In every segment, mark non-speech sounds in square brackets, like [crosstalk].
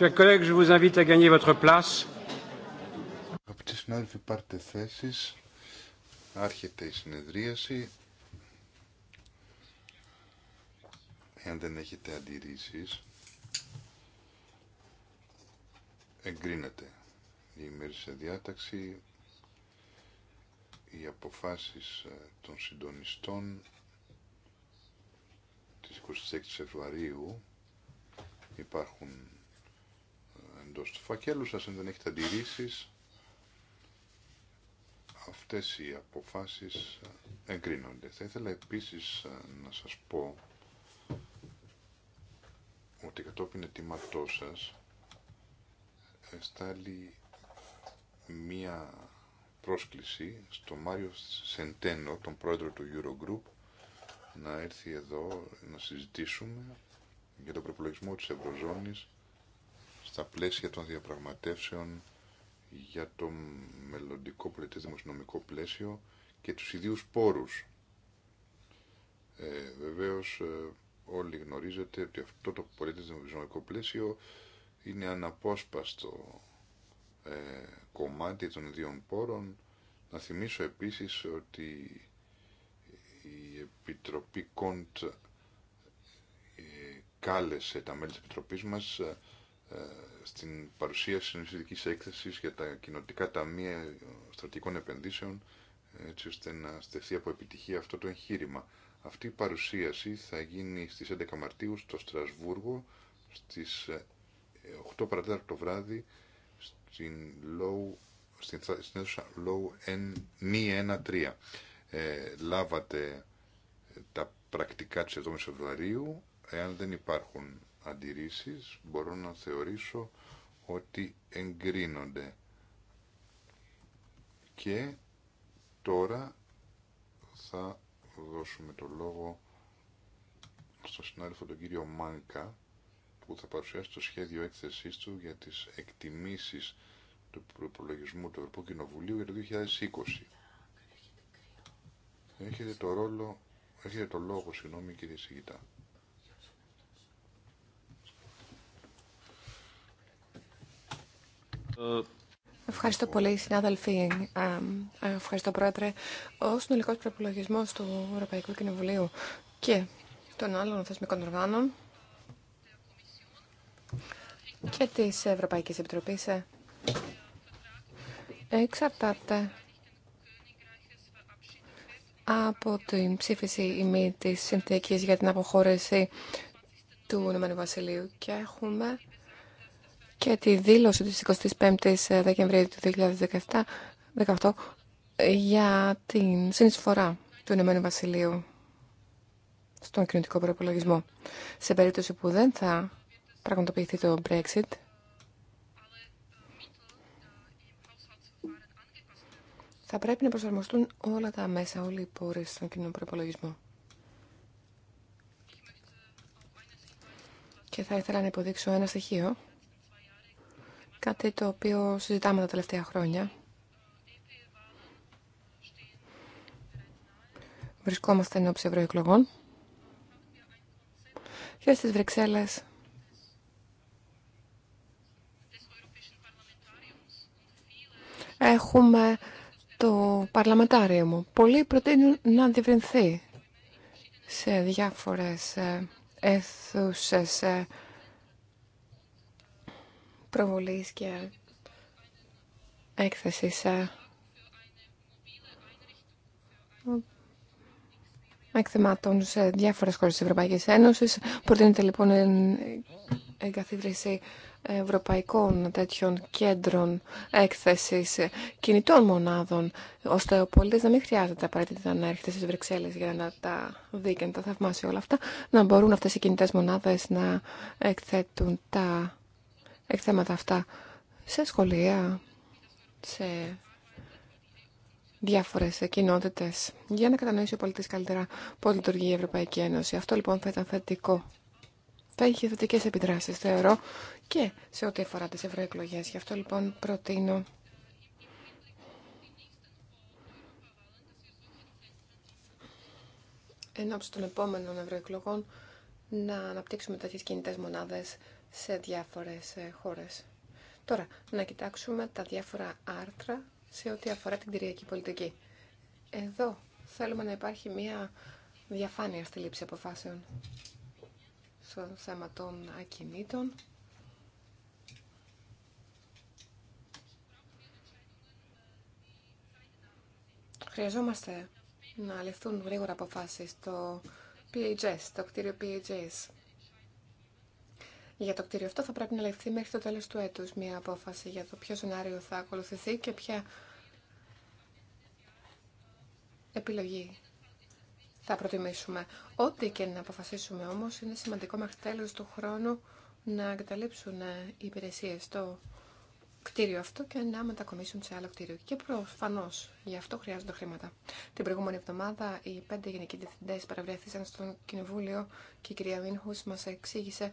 Chers collègues, je Αγαπητοί συνάδελφοι, πάρτε θέσει. Άρχεται η συνεδρίαση. Εάν δεν έχετε αντιρρήσει, εγκρίνεται η ημερήσια διάταξη. Οι αποφάσει ε, των συντονιστών τη 26 Φεβρουαρίου υπάρχουν στο φακέλου φακέλους σας αν δεν έχετε αντιρρήσει. αυτές οι αποφάσεις ε, εγκρίνονται. Θα ήθελα επίσης ε, να σας πω ότι κατόπιν ετοιματό σας εστάλει μία πρόσκληση στο Μάριο Σεντένο, τον πρόεδρο του Eurogroup, να έρθει εδώ να συζητήσουμε για τον προπολογισμό της Ευρωζώνης στα πλαίσια των διαπραγματεύσεων για το μελλοντικό πολιτικό δημοσιονομικό πλαίσιο και τους ιδίους πόρους. Ε, βεβαίως ε, όλοι γνωρίζετε ότι αυτό το πολιτικό δημοσιονομικό πλαίσιο είναι αναπόσπαστο ε, κομμάτι των ιδίων πόρων. Να θυμίσω επίσης ότι η Επιτροπή Κοντ ε, κάλεσε τα μέλη της Επιτροπής μας στην παρουσίαση τη ειδική έκθεση για τα κοινοτικά ταμεία στρατηγικών επενδύσεων, έτσι ώστε να στεθεί από επιτυχία αυτό το εγχείρημα. Αυτή η παρουσίαση θα γίνει στις 11 Μαρτίου στο Στρασβούργο στις 8 ε, παρατέταρτο το βράδυ στην Low στην, στην αίθουσα Low n ε, λάβατε τα πρακτικά της 7 Φεβρουαρίου. Εάν δεν υπάρχουν αντιρρήσεις μπορώ να θεωρήσω ότι εγκρίνονται. Και τώρα θα δώσουμε το λόγο στον συνάδελφο τον κύριο Μάνκα που θα παρουσιάσει το σχέδιο έκθεσής του για τις εκτιμήσεις του προπολογισμού του Ευρωπαϊκού Κοινοβουλίου για το 2020. Έχετε το, ρόλο, έχετε το λόγο, συγγνώμη κύριε Σιγητά. Ευχαριστώ πολύ, συνάδελφοι. Ε, ε, ευχαριστώ, Πρόεδρε. Ο συνολικό προπολογισμό του Ευρωπαϊκού Κοινοβουλίου και των άλλων θεσμικών οργάνων και τη Ευρωπαϊκή Επιτροπή ε, εξαρτάται από την ψήφιση ημί της συνθήκης για την αποχώρηση του Ηνωμένου Βασιλείου και έχουμε και τη δήλωση της 25ης Δεκεμβρίου του 2018 για την συνεισφορά του Ηνωμένου Βασιλείου στον κοινωνικό προπολογισμό. Σε περίπτωση που δεν θα πραγματοποιηθεί το Brexit, θα πρέπει να προσαρμοστούν όλα τα μέσα, όλοι οι πόροι στον κοινωνικό προπολογισμό. Και θα ήθελα να υποδείξω ένα στοιχείο Κάτι το οποίο συζητάμε τα τελευταία χρόνια. Βρισκόμαστε ενώψη ευρωεκλογών. Και στις Βρυξέλλες έχουμε το παρλαμετάριο μου. Πολλοί προτείνουν να διευρυνθεί σε διάφορες ε, αίθουσες ε, προβολής και έκθεσης ε. εκθεμάτων σε διάφορες χώρες της Ευρωπαϊκής Ένωσης. Προτείνεται λοιπόν εγκαθίδρυση ευρωπαϊκών τέτοιων κέντρων έκθεσης κινητών μονάδων, ώστε ο πολίτης να μην χρειάζεται απαραίτητα να έρχεται στις Βρυξέλλες για να τα δει και να τα θαυμάσει όλα αυτά, να μπορούν αυτές οι κινητές μονάδες να εκθέτουν τα εκθέματα αυτά σε σχολεία, σε διάφορες κοινότητε για να κατανοήσει ο πολίτης καλύτερα πώς λειτουργεί η Ευρωπαϊκή Ένωση. Αυτό λοιπόν θα ήταν θετικό. Θα είχε θετικές επιδράσεις θεωρώ και σε ό,τι αφορά τις ευρωεκλογέ. Γι' αυτό λοιπόν προτείνω εν των επόμενων ευρωεκλογών να αναπτύξουμε τέτοιες κινητές μονάδες σε διάφορες ε, χώρες. Τώρα, να κοιτάξουμε τα διάφορα άρθρα σε ό,τι αφορά την κτηριακή πολιτική. Εδώ θέλουμε να υπάρχει μία διαφάνεια στη λήψη αποφάσεων στο θέμα των ακινήτων. Χρειαζόμαστε να ληφθούν γρήγορα αποφάσεις στο PHS, το κτίριο PHS. Για το κτίριο αυτό θα πρέπει να ληφθεί μέχρι το τέλος του έτους μια απόφαση για το ποιο σενάριο θα ακολουθηθεί και ποια επιλογή θα προτιμήσουμε. Ό,τι και να αποφασίσουμε όμως είναι σημαντικό μέχρι τέλος του χρόνου να εγκαταλείψουν ε, οι υπηρεσίες στο κτίριο αυτό και να μετακομίσουν σε άλλο κτίριο. Και προφανώ γι' αυτό χρειάζονται χρήματα. Την προηγούμενη εβδομάδα οι πέντε γενικοί διευθυντέ παραβρέθησαν στον Κοινοβούλιο και η κυρία Μίνχου μα εξήγησε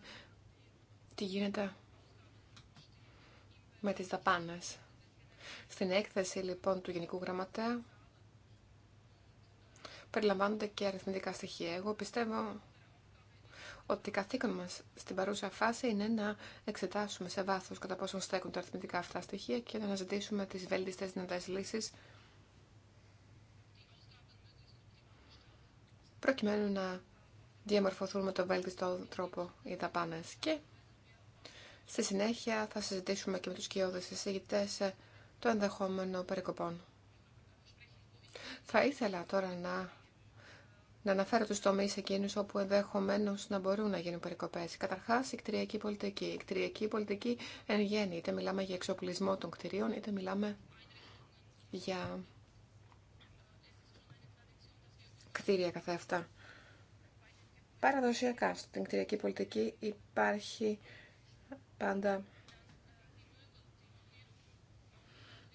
τι γίνεται με τις δαπάνες. Στην έκθεση λοιπόν του Γενικού Γραμματέα περιλαμβάνονται και αριθμητικά στοιχεία. Εγώ πιστεύω ότι καθήκον μας στην παρούσα φάση είναι να εξετάσουμε σε βάθος κατά πόσον στέκουν τα αριθμητικά αυτά στοιχεία και να αναζητήσουμε τις βέλτιστες δυνατές λύσεις προκειμένου να διαμορφωθούν με τον βέλτιστο τρόπο οι δαπάνες και Στη συνέχεια θα συζητήσουμε και με τους κοιόδες εισηγητές ε, το ενδεχόμενο περικοπών. Θα ήθελα τώρα να, να αναφέρω τους τομείς εκείνους όπου ενδεχομένως να μπορούν να γίνουν περικοπές. Καταρχάς, η κτηριακή πολιτική. Η κτηριακή πολιτική εν γέννη, είτε μιλάμε για εξοπλισμό των κτηρίων, είτε μιλάμε για κτίρια καθευτά. Παραδοσιακά στην κτηριακή πολιτική υπάρχει πάντα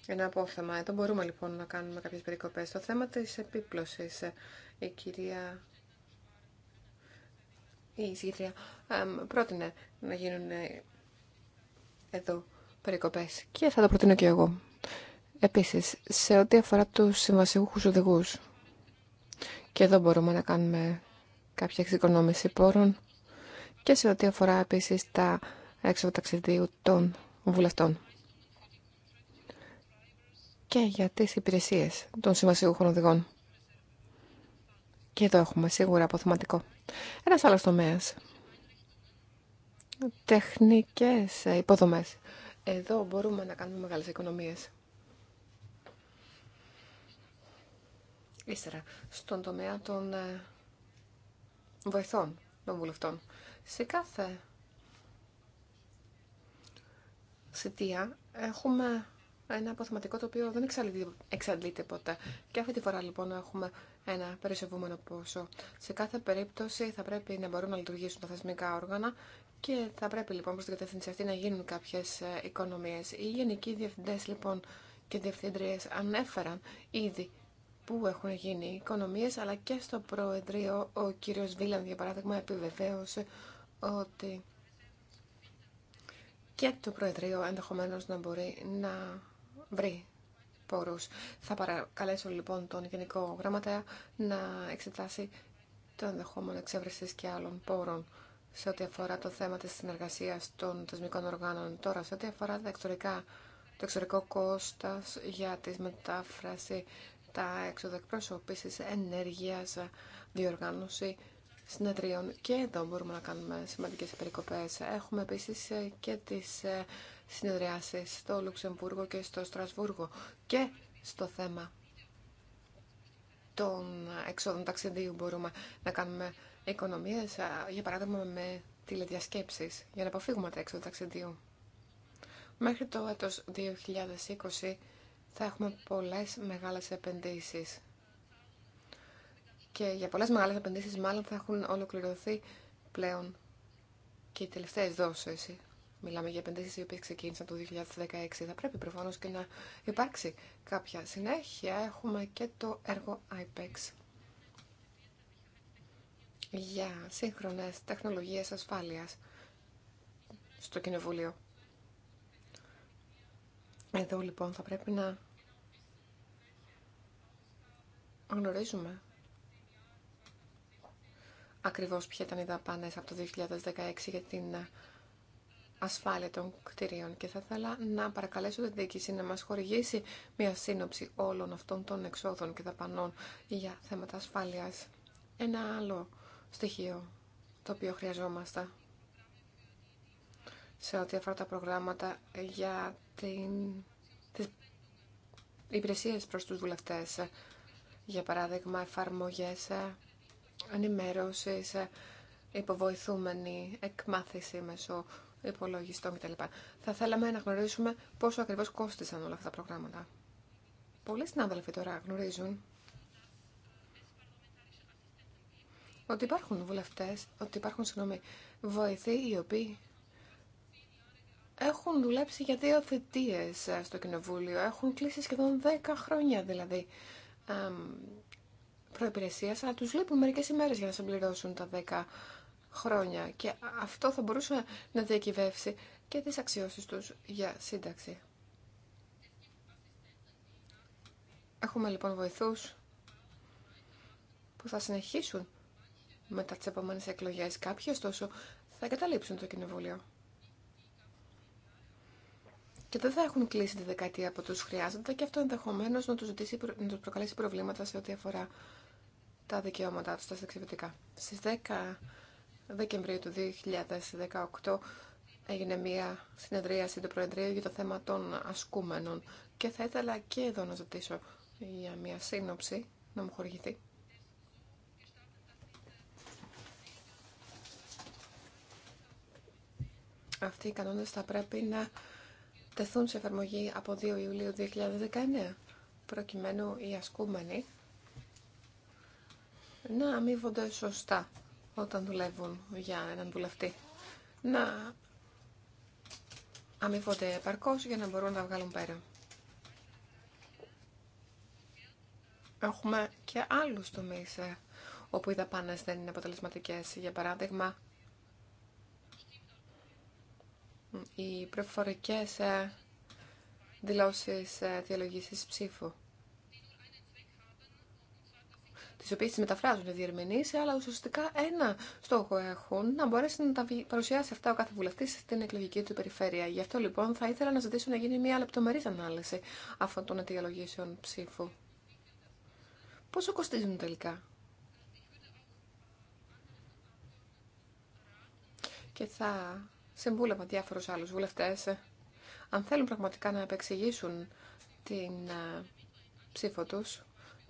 ένα απόθεμα. Εδώ μπορούμε λοιπόν να κάνουμε κάποιες περικοπές. Το θέμα της επίπλωσης, ε, η κυρία... Η συγκίτρια πρότεινε να γίνουν ε, εδώ περικοπές και θα το προτείνω και εγώ. Επίσης, σε ό,τι αφορά τους συμβασιούχους οδηγού. και εδώ μπορούμε να κάνουμε κάποια εξοικονόμηση πόρων και σε ό,τι αφορά επίσης τα από ταξιδίου των βουλευτών και για τις υπηρεσίες των Συμβασίου Χρονοδηγών. Και εδώ έχουμε σίγουρα αποθεματικό. Ένας άλλος τομέας. Τεχνικές υποδομές. Εδώ μπορούμε να κάνουμε μεγάλες οικονομίες. Ύστερα, στον τομέα των ε, βοηθών των βουλευτών. Σε κάθε θητεία έχουμε ένα αποθεματικό το οποίο δεν εξαντλείται ποτέ. Και αυτή τη φορά λοιπόν έχουμε ένα περισσευούμενο ποσό. Σε κάθε περίπτωση θα πρέπει να μπορούν να λειτουργήσουν τα θεσμικά όργανα και θα πρέπει λοιπόν προς την κατεύθυνση αυτή να γίνουν κάποιες ε, οικονομίες. Οι γενικοί διευθυντές λοιπόν και διευθύντριες ανέφεραν ήδη που έχουν γίνει οι οικονομίες αλλά και στο Προεδρείο ο κύριος Βίλαν για παράδειγμα επιβεβαίωσε ότι και το Προεδρείο ενδεχομένω να μπορεί να βρει πόρους. Θα παρακαλέσω λοιπόν τον Γενικό Γραμματέα να εξετάσει το ενδεχόμενο εξέβρεση και άλλων πόρων σε ό,τι αφορά το θέμα της συνεργασίας των θεσμικών οργάνων τώρα, σε ό,τι αφορά τα εξωτερικά, το εξωτερικό κόστας για τη μετάφραση, τα έξοδα εκπροσωπήσεις, ενέργειας, διοργάνωση συνεδρίων και εδώ μπορούμε να κάνουμε σημαντικές περικοπές. Έχουμε επίσης ε, και τις ε, συνεδριάσεις στο Λουξεμβούργο και στο Στρασβούργο και στο θέμα των εξόδων ταξιδίου μπορούμε να κάνουμε οικονομίες, ε, για παράδειγμα με τηλεδιασκέψεις, για να αποφύγουμε τα έξοδα ταξιδίου. Μέχρι το έτος 2020 θα έχουμε πολλές μεγάλες επενδύσεις και για πολλέ μεγάλε επενδύσεις μάλλον θα έχουν ολοκληρωθεί πλέον και οι τελευταίε δόσει. Μιλάμε για επενδύσεις οι οποίε ξεκίνησαν το 2016. Θα πρέπει προφανώ και να υπάρξει κάποια συνέχεια. Έχουμε και το έργο IPEX για σύγχρονες τεχνολογίες ασφάλειας στο Κοινοβούλιο. Εδώ λοιπόν θα πρέπει να γνωρίζουμε ακριβώς ποια ήταν οι δαπάνες από το 2016 για την ασφάλεια των κτηρίων και θα ήθελα να παρακαλέσω την διοίκηση να μας χορηγήσει μια σύνοψη όλων αυτών των εξόδων και δαπανών για θέματα ασφάλειας. Ένα άλλο στοιχείο το οποίο χρειαζόμαστε σε ό,τι αφορά τα προγράμματα για την... τις υπηρεσίες προς τους βουλευτές. Για παράδειγμα, εφαρμογές ενημέρωσης, ε, υποβοηθούμενη εκμάθηση μέσω υπολογιστών κτλ. Θα θέλαμε να γνωρίσουμε πόσο ακριβώς κόστησαν όλα αυτά τα προγράμματα. Πολλοί συνάδελφοι τώρα γνωρίζουν ότι υπάρχουν βουλευτές, ότι υπάρχουν συγγνώμη, βοηθοί οι οποίοι έχουν δουλέψει για δύο θητείες ε, στο Κοινοβούλιο. Έχουν κλείσει σχεδόν 10 χρόνια δηλαδή προπηρεσία, αλλά του λείπουν μερικέ ημέρε για να συμπληρώσουν τα 10 χρόνια. Και αυτό θα μπορούσε να διακυβεύσει και τι αξιώσει του για σύνταξη. Έχουμε λοιπόν βοηθού που θα συνεχίσουν μετά τι επόμενε εκλογέ. Κάποιοι, ωστόσο, θα εγκαταλείψουν το κοινοβούλιο. Και δεν θα έχουν κλείσει τη δεκαετία που του χρειάζεται και αυτό ενδεχομένω να του προκαλέσει προβλήματα σε ό,τι αφορά τα δικαιώματά τους, τα Στις 10 Δεκεμβρίου του 2018 έγινε μια συνεδρίαση του Προεδρείου για το θέμα των ασκούμενων και θα ήθελα και εδώ να ζητήσω για μια σύνοψη να μου χορηγηθεί. Αυτοί οι κανόνες θα πρέπει να τεθούν σε εφαρμογή από 2 Ιουλίου 2019 προκειμένου οι ασκούμενοι να αμείβονται σωστά όταν δουλεύουν για έναν βουλευτή. Να αμείβονται επαρκώ για να μπορούν να βγάλουν πέρα. Έχουμε και άλλους τομείς ε, όπου οι δαπάνες δεν είναι αποτελεσματικές. Για παράδειγμα, οι προφορικές ε, δηλώσεις ε, διαλογής ψήφου τις οποίε τι μεταφράζουν οι διερμηνείς, αλλά ουσιαστικά ένα στόχο έχουν, να μπορέσει να τα παρουσιάσει αυτά ο κάθε βουλευτή στην εκλογική του περιφέρεια. Γι' αυτό λοιπόν θα ήθελα να ζητήσω να γίνει μια λεπτομερής ανάλυση αυτών των αιτιολογήσεων ψήφου. Πόσο κοστίζουν τελικά. Και θα συμβούλευα διάφορους άλλους βουλευτές, ε. αν θέλουν πραγματικά να επεξηγήσουν την ε, ψήφο τους,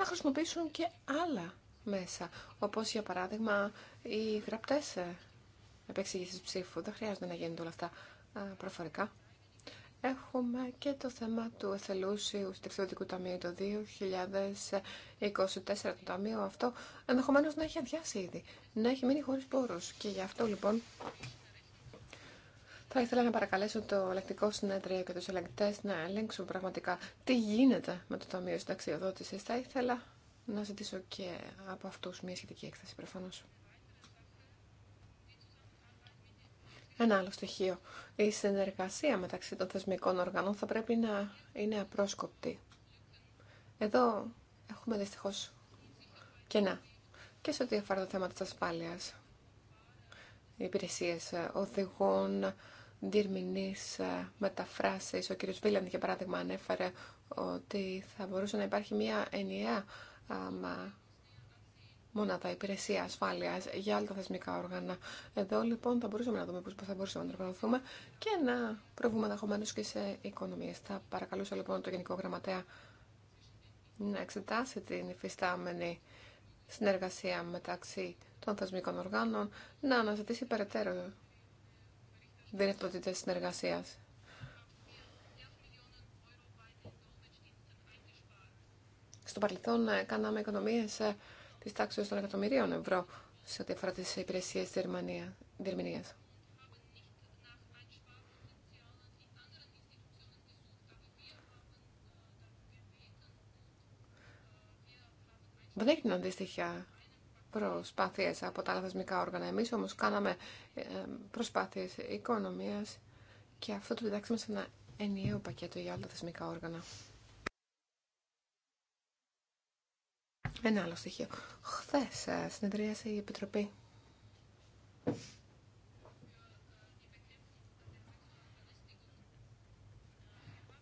να χρησιμοποιήσουν και άλλα μέσα, όπως για παράδειγμα οι γραπτές ε, επεξηγήσεις ψήφου. Δεν χρειάζεται να γίνονται όλα αυτά ε, προφορικά. Έχουμε και το θέμα του εθελούσιου συντεξιδοτικού ταμείου το 2024. Το ταμείο αυτό ενδεχομένω να έχει αδειάσει ήδη, να έχει μείνει χωρί πόρου. Και γι' αυτό λοιπόν θα ήθελα να παρακαλέσω το ελεκτικό συνέδριο και τους ελεγκτές να ελέγξουν πραγματικά τι γίνεται με το Ταμείο Συνταξιοδότηση. Θα ήθελα να ζητήσω και από αυτούς μια σχετική έκθεση προφανώς. Ένα άλλο στοιχείο. Η συνεργασία μεταξύ των θεσμικών οργανών θα πρέπει να είναι απρόσκοπτη. Εδώ έχουμε δυστυχώς κενά. Και σε ό,τι αφορά το θέμα της ασφάλειας. Οι υπηρεσίες ε, οδηγών, διερμηνή ε, μεταφράσει Ο κ. Βίλαντ, για παράδειγμα, ανέφερε ότι θα μπορούσε να υπάρχει μια ενιαία μονάδα υπηρεσία ασφάλεια για όλα τα θεσμικά όργανα. Εδώ λοιπόν θα μπορούσαμε να δούμε πώ θα μπορούσαμε να οργανωθούμε και να προβούμε ενδεχομένω και σε οικονομίε. Θα παρακαλούσα λοιπόν το Γενικό Γραμματέα να εξετάσει την υφιστάμενη συνεργασία μεταξύ των θεσμικών οργάνων, να αναζητήσει περαιτέρω δυνατότητες συνεργασίας. Στο παρελθόν ε, κάναμε οικονομίες ε, της τάξης των εκατομμυρίων ευρώ σε ό,τι αφορά τις υπηρεσίες διερμηνίας. Δεν έγιναν αντίστοιχα προσπάθειες από τα άλλα όργανα. Εμείς όμως κάναμε ε, προσπάθειες οικονομίας και αυτό το διδάξαμε σε ένα ενιαίο πακέτο για όλα τα θεσμικά όργανα. Ένα άλλο στοιχείο. Χθες ε, συνεδρίασε η Επιτροπή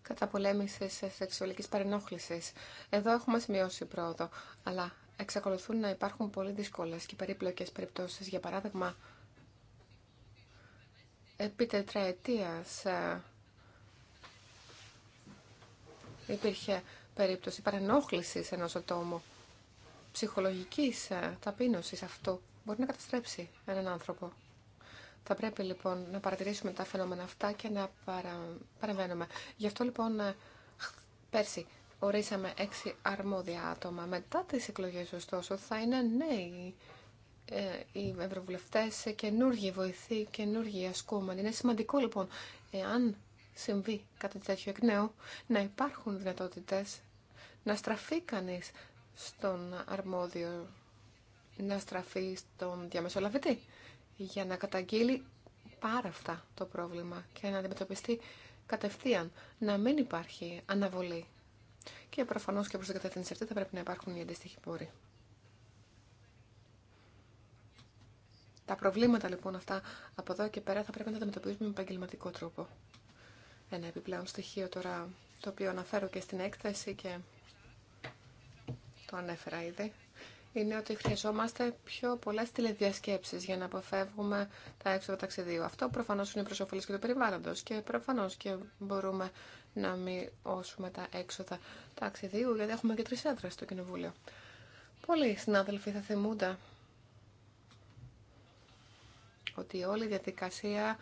καταπολέμησης ε, σεξουαλικής παρενόχλησης. Εδώ έχουμε σημειώσει πρόοδο, αλλά εξακολουθούν να υπάρχουν πολύ δύσκολες και περίπλοκες περιπτώσεις. Για παράδειγμα, επί τετραετίας ε, υπήρχε περίπτωση παρενόχλησης ενός ατόμου ψυχολογικής ε, ταπείνωσης. Αυτό μπορεί να καταστρέψει έναν άνθρωπο. Θα πρέπει λοιπόν να παρατηρήσουμε τα φαινόμενα αυτά και να παρα... παρεμβαίνουμε. Γι' αυτό λοιπόν ε, πέρσι ορίσαμε έξι αρμόδια άτομα. Μετά τις εκλογές, ωστόσο, θα είναι νέοι ε, οι ευρωβουλευτές, καινούργιοι βοηθοί, καινούργιοι ασκούμενοι. Είναι σημαντικό, λοιπόν, εάν συμβεί κάτι τέτοιο εκ νέου, να υπάρχουν δυνατότητες να στραφεί κανείς στον αρμόδιο, να στραφεί στον διαμεσολαβητή, για να καταγγείλει πάρα αυτά το πρόβλημα και να αντιμετωπιστεί κατευθείαν, να μην υπάρχει αναβολή και προφανώς και προς την κατεύθυνση αυτή θα πρέπει να υπάρχουν οι αντίστοιχοι πόροι. Τα προβλήματα λοιπόν αυτά από εδώ και πέρα θα πρέπει να τα αντιμετωπίζουμε με επαγγελματικό τρόπο. Ένα επιπλέον στοιχείο τώρα το οποίο αναφέρω και στην έκθεση και το ανέφερα ήδη είναι ότι χρειαζόμαστε πιο πολλέ τηλεδιασκέψει για να αποφεύγουμε τα έξοδα ταξιδίου. Αυτό προφανώ είναι προ όφελο και του περιβάλλοντο και προφανώ και μπορούμε να μειώσουμε τα έξοδα ταξιδίου, γιατί έχουμε και τρει έδρε στο Κοινοβούλιο. Πολλοί συνάδελφοι θα θυμούνται ότι όλη η διαδικασία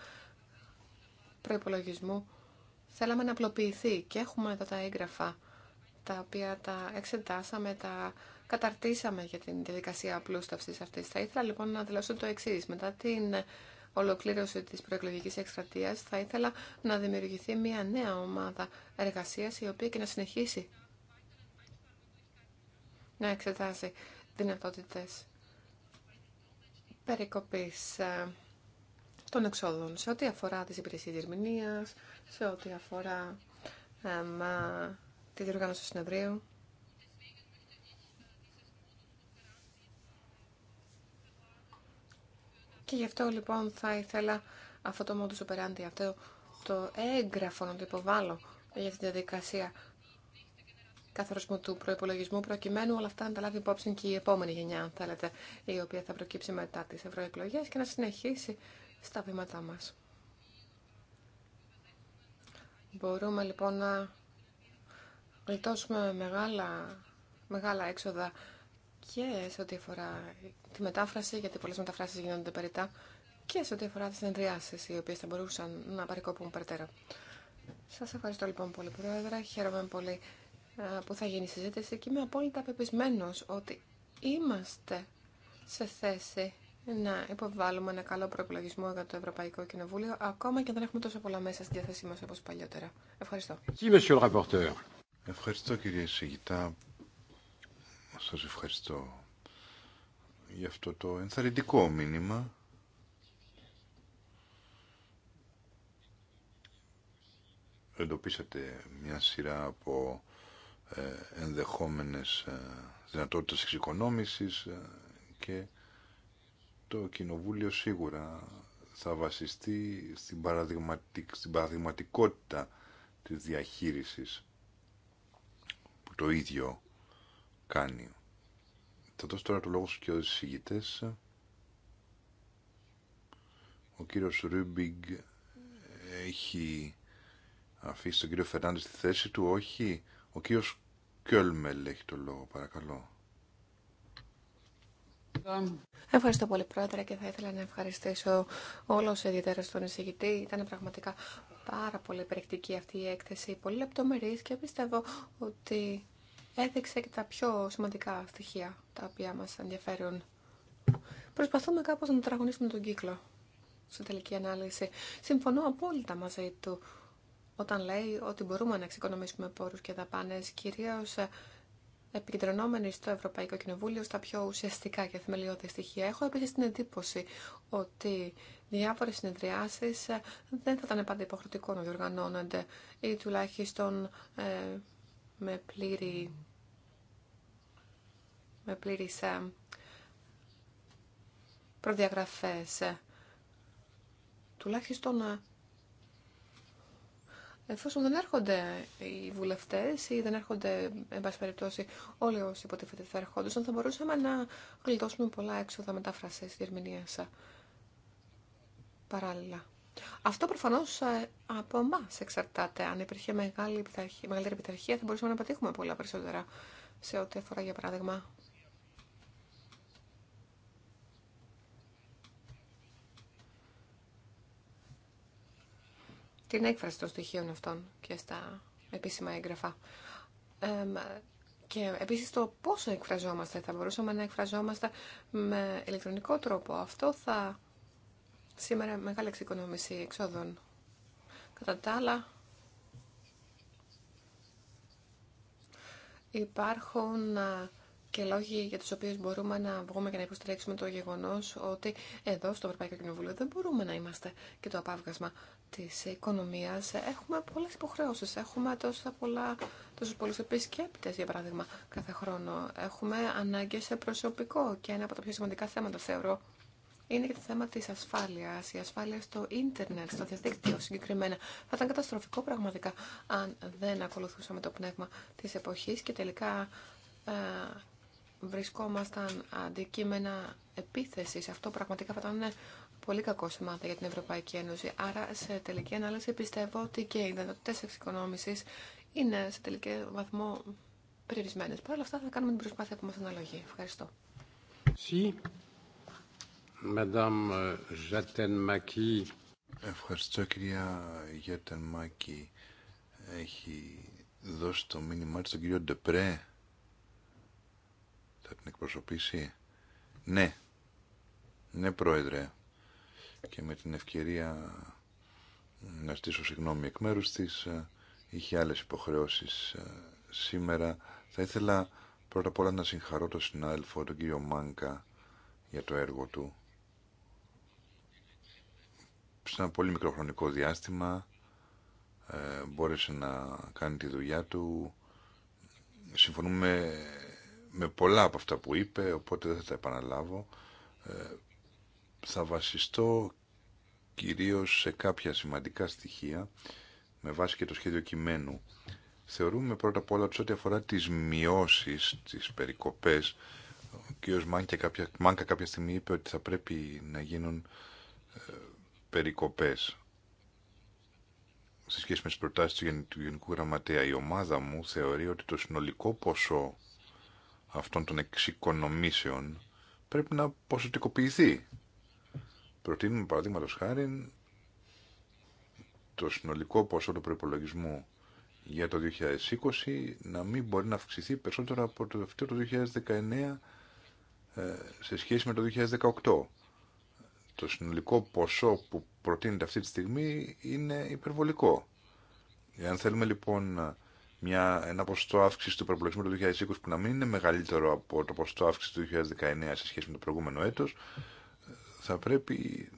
προπολογισμού θέλαμε να απλοποιηθεί και έχουμε εδώ τα έγγραφα τα οποία τα εξετάσαμε, τα καταρτήσαμε για την διαδικασία απλούσταυση αυτής. Θα ήθελα λοιπόν να δηλώσω το εξή. Μετά την ολοκλήρωση της προεκλογική εκστρατεία. θα ήθελα να δημιουργηθεί μια νέα ομάδα εργασία η οποία και να συνεχίσει να εξετάζει δυνατότητε περικοπή ε, των εξόδων σε ό,τι αφορά τις υπηρεσίες διερμηνίας, σε ό,τι αφορά ε, τη διοργάνωση του συνεδρίου. Και γι' αυτό λοιπόν θα ήθελα αυτό το μόντου operandi, αυτό το έγγραφο να το υποβάλω για την διαδικασία καθορισμού του προπολογισμού, προκειμένου όλα αυτά να τα λάβει υπόψη και η επόμενη γενιά, αν θέλετε, η οποία θα προκύψει μετά τις ευρωεκλογέ και να συνεχίσει στα βήματά μα. Μπορούμε λοιπόν να γλιτώσουμε μεγάλα έξοδα και σε ό,τι αφορά τη μετάφραση, γιατί πολλές μεταφράσεις γίνονται περιτά, και σε ό,τι αφορά τις συνεδριάσεις, οι οποίες θα μπορούσαν να παρικόπουν περαιτέρω. Σας ευχαριστώ λοιπόν πολύ, Πρόεδρε. Χαίρομαι πολύ ε, που θα γίνει η συζήτηση και είμαι απόλυτα πεπισμένο ότι είμαστε σε θέση να υποβάλουμε ένα καλό προπολογισμό για το Ευρωπαϊκό Κοινοβούλιο, ακόμα και αν δεν έχουμε τόσο πολλά μέσα στη διάθεσή μα όπω παλιότερα. Ευχαριστώ. Ευχαριστώ κύριε Σιγητά. Σας ευχαριστώ για αυτό το ενθαρρυντικό μήνυμα. εντοπίσατε μια σειρά από ε, ενδεχόμενες ε, δυνατότητες εξοικονόμησης ε, και το Κοινοβούλιο σίγουρα θα βασιστεί στην, παραδειγματικ στην παραδειγματικότητα της διαχείρισης που το ίδιο κάνει. Θα δώσω τώρα το λόγο στους και συγητές. Ο κύριος Ρούμπιγκ έχει αφήσει τον κύριο Φερνάνδη στη θέση του, όχι. Ο κύριος Κιόλμελ έχει το λόγο, παρακαλώ. Ευχαριστώ πολύ πρόεδρε και θα ήθελα να ευχαριστήσω όλους ιδιαίτερα τον εισηγητή. Ήταν πραγματικά πάρα πολύ περιεκτική αυτή η έκθεση, πολύ λεπτομερής και πιστεύω ότι έδειξε και τα πιο σημαντικά στοιχεία τα οποία μας ενδιαφέρουν. Προσπαθούμε κάπως να τραγωνίσουμε τον κύκλο σε τελική ανάλυση. Συμφωνώ απόλυτα μαζί του όταν λέει ότι μπορούμε να εξοικονομήσουμε πόρους και δαπάνες, κυρίως ε, επικεντρωνόμενοι στο Ευρωπαϊκό Κοινοβούλιο στα πιο ουσιαστικά και θεμελιώδη στοιχεία. Έχω επίσης την εντύπωση ότι διάφορες συνεδριάσεις ε, δεν θα ήταν πάντα υποχρεωτικό να διοργανώνονται ή τουλάχιστον ε, με πλήρη με πλήρεις ε, προδιαγραφές. Τουλάχιστον ε, εφόσον δεν έρχονται οι βουλευτές ή δεν έρχονται, εν πάση περιπτώσει, όλοι όσοι υποτίθεται θα έρχονται, θα μπορούσαμε να γλιτώσουμε πολλά έξοδα μετάφρασης διερμηνίας ε, παράλληλα. Αυτό προφανώ από εμά εξαρτάται. Αν υπήρχε μεγάλη επιταρχία, μεγαλύτερη επιταρχία, θα μπορούσαμε να πετύχουμε πολλά περισσότερα σε ό,τι αφορά, για παράδειγμα, την έκφραση των στοιχείων αυτών και στα επίσημα έγγραφα. Και επίση το πόσο εκφραζόμαστε. Θα μπορούσαμε να εκφραζόμαστε με ηλεκτρονικό τρόπο. Αυτό θα σήμερα μεγάλη εξοικονόμηση εξόδων. Κατά τα άλλα, υπάρχουν ε, και λόγοι για τους οποίους μπορούμε να βγούμε και να υποστηρίξουμε το γεγονός ότι εδώ στο Ευρωπαϊκό Κοινοβούλιο δεν μπορούμε να είμαστε και το απάβγασμα της οικονομίας. Έχουμε πολλές υποχρεώσεις, έχουμε τόσα πολλά, τόσους πολλούς επισκέπτες για παράδειγμα κάθε χρόνο. Έχουμε ανάγκη σε προσωπικό και ένα από τα πιο σημαντικά θέματα θεωρώ είναι και το θέμα τη ασφάλεια. Η ασφάλεια στο ίντερνετ, στο διαδίκτυο συγκεκριμένα. Θα ήταν καταστροφικό πραγματικά αν δεν ακολουθούσαμε το πνεύμα τη εποχή και τελικά ε, βρισκόμασταν αντικείμενα επίθεση. Αυτό πραγματικά θα ήταν πολύ κακό σημάδι για την Ευρωπαϊκή Ένωση. Άρα, σε τελική ανάλυση, πιστεύω ότι και οι δυνατότητε εξοικονόμηση είναι σε τελικό βαθμό περιορισμένε. Παρ' όλα αυτά, θα κάνουμε την προσπάθεια που μα αναλογεί. Ευχαριστώ. Sí. Madame Ευχαριστώ, κυρία Γιατεν Μάκη. Έχει δώσει το μήνυμά στον κύριο Ντεπρέ θα την εκπροσωπήσει. Ναι, ναι πρόεδρε και με την ευκαιρία να στήσω συγγνώμη εκ μέρους της ε, είχε άλλες υποχρεώσεις ε, σήμερα. Θα ήθελα πρώτα απ' όλα να συγχαρώ τον συνάδελφο τον κύριο Μάνκα για το έργο του. Σε ένα πολύ μικροχρονικό διάστημα ε, μπόρεσε να κάνει τη δουλειά του. Συμφωνούμε με πολλά από αυτά που είπε, οπότε δεν θα τα επαναλάβω. Ε, θα βασιστώ κυρίως σε κάποια σημαντικά στοιχεία, με βάση και το σχέδιο κειμένου. Θεωρούμε πρώτα απ' όλα ότι ό,τι αφορά τις μειώσεις, τις περικοπές, ο κ. Μάνκα κάποια, Μάνκα κάποια στιγμή είπε ότι θα πρέπει να γίνουν ε, περικοπές σε σχέση με τις προτάσεις του Γενικού Γραμματέα. Η ομάδα μου θεωρεί ότι το συνολικό ποσό αυτών των εξοικονομήσεων πρέπει να ποσοτικοποιηθεί. Προτείνουμε παραδείγματος χάρη το συνολικό ποσό του προπολογισμού για το 2020 να μην μπορεί να αυξηθεί περισσότερο από το δεύτερο του 2019 ε, σε σχέση με το 2018. Το συνολικό ποσό που προτείνεται αυτή τη στιγμή είναι υπερβολικό. Εάν θέλουμε λοιπόν μια, ένα ποσοστό αύξηση του προπολογισμού του 2020 που να μην είναι μεγαλύτερο από το ποσοστό αύξηση του 2019 σε σχέση με το προηγούμενο έτος, θα πρέπει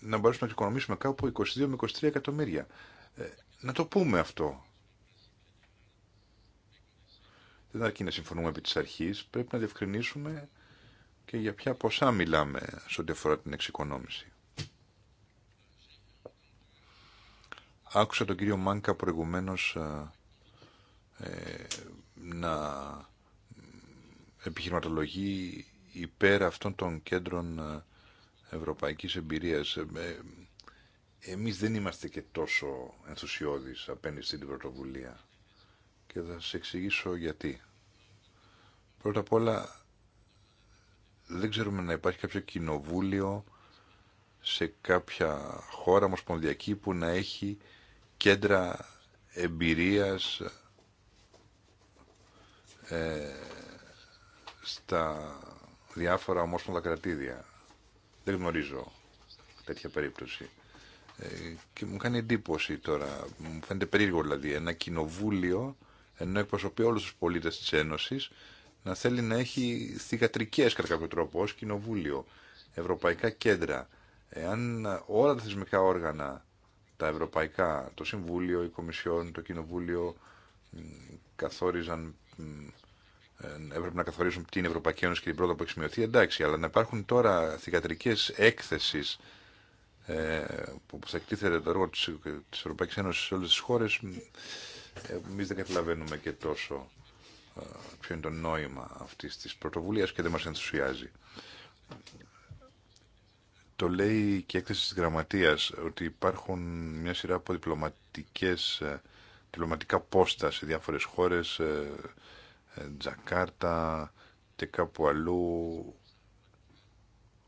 να μπορέσουμε να οικονομήσουμε κάπου 22 με 23 εκατομμύρια. Ε, να το πούμε αυτό. Δεν αρκεί να συμφωνούμε επί της αρχής, πρέπει να διευκρινίσουμε και για ποια ποσά μιλάμε σε ό,τι αφορά την εξοικονόμηση. Άκουσα τον κύριο Μάνκα προηγουμένως ε, ε, να επιχειρηματολογεί υπέρ αυτών των κέντρων ε, ευρωπαϊκής εμπειρίας. Ε, εμείς δεν είμαστε και τόσο ενθουσιώδεις απέναντι στην πρωτοβουλία και θα σας εξηγήσω γιατί. Πρώτα απ' όλα δεν ξέρουμε να υπάρχει κάποιο κοινοβούλιο σε κάποια χώρα μοσπονδιακή που να έχει κέντρα εμπειρίας ε, στα διάφορα ομόσπονδα κρατήδια. Δεν γνωρίζω τέτοια περίπτωση. Ε, και μου κάνει εντύπωση τώρα, μου φαίνεται περίεργο δηλαδή, ένα κοινοβούλιο, ενώ εκπροσωπεί όλους τους πολίτες της Ένωσης, να θέλει να έχει θηγατρικές κατά κάποιο τρόπο ως κοινοβούλιο, ευρωπαϊκά κέντρα. Εάν όλα τα θεσμικά όργανα τα ευρωπαϊκά, το Συμβούλιο, η Κομισιόν, το Κοινοβούλιο καθόριζαν, ε, έπρεπε να καθορίσουν την Ευρωπαϊκή Ένωση και την πρώτα που έχει σημειωθεί, εντάξει, αλλά να υπάρχουν τώρα θηγατρικές έκθεσεις ε, που θα εκτίθεται το έργο της Ευρωπαϊκής Ένωσης σε όλες τις χώρες, ε, εμεί δεν καταλαβαίνουμε και τόσο ποιο είναι το νόημα αυτής της πρωτοβουλίας και δεν μας ενθουσιάζει. Το λέει και η έκθεση της γραμματείας ότι υπάρχουν μια σειρά από διπλωματικές, ε, διπλωματικά πόστα σε διάφορες χώρες, ε, ε, Τζακάρτα και κάπου αλλού.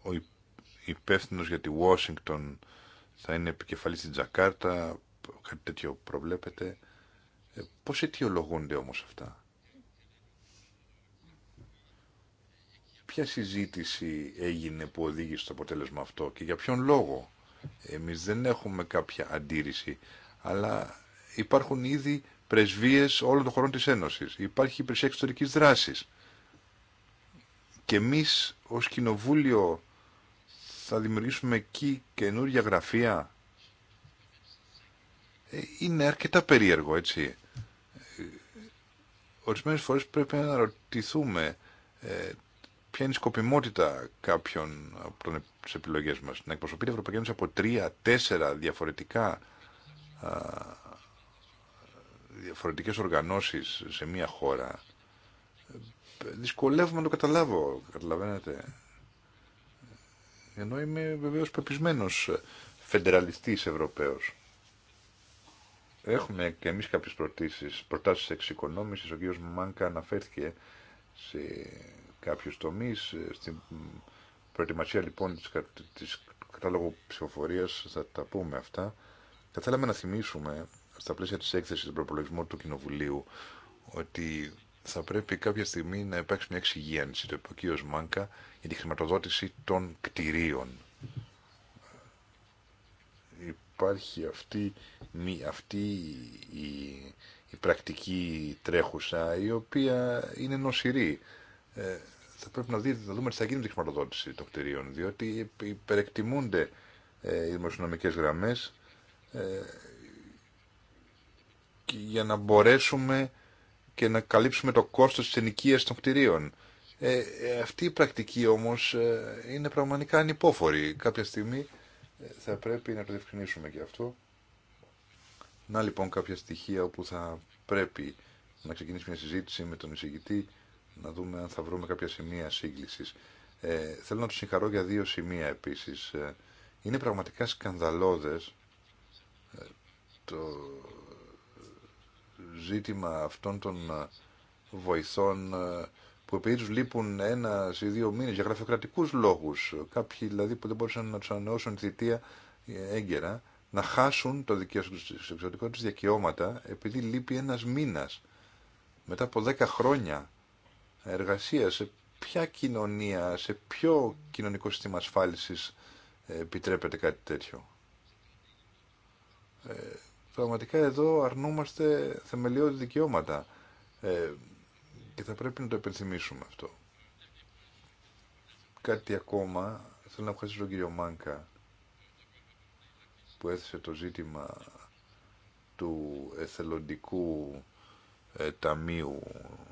Ο υπεύθυνο για τη Washington θα είναι επικεφαλής στην Τζακάρτα, κάτι τέτοιο προβλέπεται. Πώς αιτιολογούνται όμως αυτά. Ποια συζήτηση έγινε που οδήγησε στο αποτέλεσμα αυτό και για ποιον λόγο. Εμείς δεν έχουμε κάποια αντίρρηση, αλλά υπάρχουν ήδη πρεσβείες όλων των χωρών της Ένωσης. Υπάρχει υπηρεσία εξωτερική δράσης. Και εμείς ως κοινοβούλιο θα δημιουργήσουμε εκεί καινούργια γραφεία. Ε, είναι αρκετά περίεργο, έτσι. Ε, ορισμένες φορές πρέπει να ρωτηθούμε ε, ποια είναι η σκοπιμότητα κάποιων από τι επιλογέ μα. Να εκπροσωπείται η Ευρωπαϊκή Ένωση από τρία-τέσσερα διαφορετικά διαφορετικές οργανώσεις σε μία χώρα δυσκολεύομαι να το καταλάβω καταλαβαίνετε ενώ είμαι βεβαίως πεπισμένος φεντεραλιστής Ευρωπαίος έχουμε και εμείς κάποιες προτάσεις, προτάσεις εξοικονόμησης ο κ. Μάνκα αναφέρθηκε σε Κάποιου τομεί. Ε, στην προετοιμασία λοιπόν της, της κατάλογου ψηφοφορία θα τα πούμε αυτά. Θα θέλαμε να θυμίσουμε στα πλαίσια τη έκθεση του προπολογισμού του Κοινοβουλίου ότι θα πρέπει κάποια στιγμή να υπάρξει μια εξυγίανση, του είπε ο Μάνκα, για τη χρηματοδότηση των κτηρίων. Υπάρχει αυτή, αυτή η, η πρακτική τρέχουσα, η οποία είναι νοσηρή. Ε, θα πρέπει να, να δούμε τι θα γίνει με τη χρηματοδότηση των κτηρίων, διότι υπερεκτιμούνται ε, οι δημοσιονομικέ γραμμές ε, για να μπορέσουμε και να καλύψουμε το κόστος της ενοικίας των κτηρίων. Ε, ε αυτή η πρακτική όμως ε, είναι πραγματικά ανυπόφορη. Κάποια στιγμή ε, θα πρέπει να το διευκρινίσουμε και αυτό. Να λοιπόν κάποια στοιχεία όπου θα πρέπει να ξεκινήσει μια συζήτηση με τον εισηγητή να δούμε αν θα βρούμε κάποια σημεία σύγκληση. Ε, θέλω να του συγχαρώ για δύο σημεία επίσης. Ε, είναι πραγματικά σκανδαλώδες ε, το ζήτημα αυτών των ε, βοηθών που επειδή τους λείπουν ένα ή δύο μήνε για γραφειοκρατικού λόγους, κάποιοι δηλαδή που δεν μπορούσαν να του ανανεώσουν τη θητεία έγκαιρα, να χάσουν το δικαίωμα τους εξωτικό του δικαιώματα επειδή λείπει ένα μήνα Μετά από δέκα χρόνια Εργασία. σε ποια κοινωνία, σε ποιο κοινωνικό σύστημα ασφάλισης ε, επιτρέπεται κάτι τέτοιο. Ε, πραγματικά εδώ αρνούμαστε θεμελιώδη δικαιώματα ε, και θα πρέπει να το επενθυμίσουμε αυτό. Κάτι ακόμα, θέλω να ευχαριστήσω τον κύριο Μάνκα που έθεσε το ζήτημα του εθελοντικού ε, ταμείου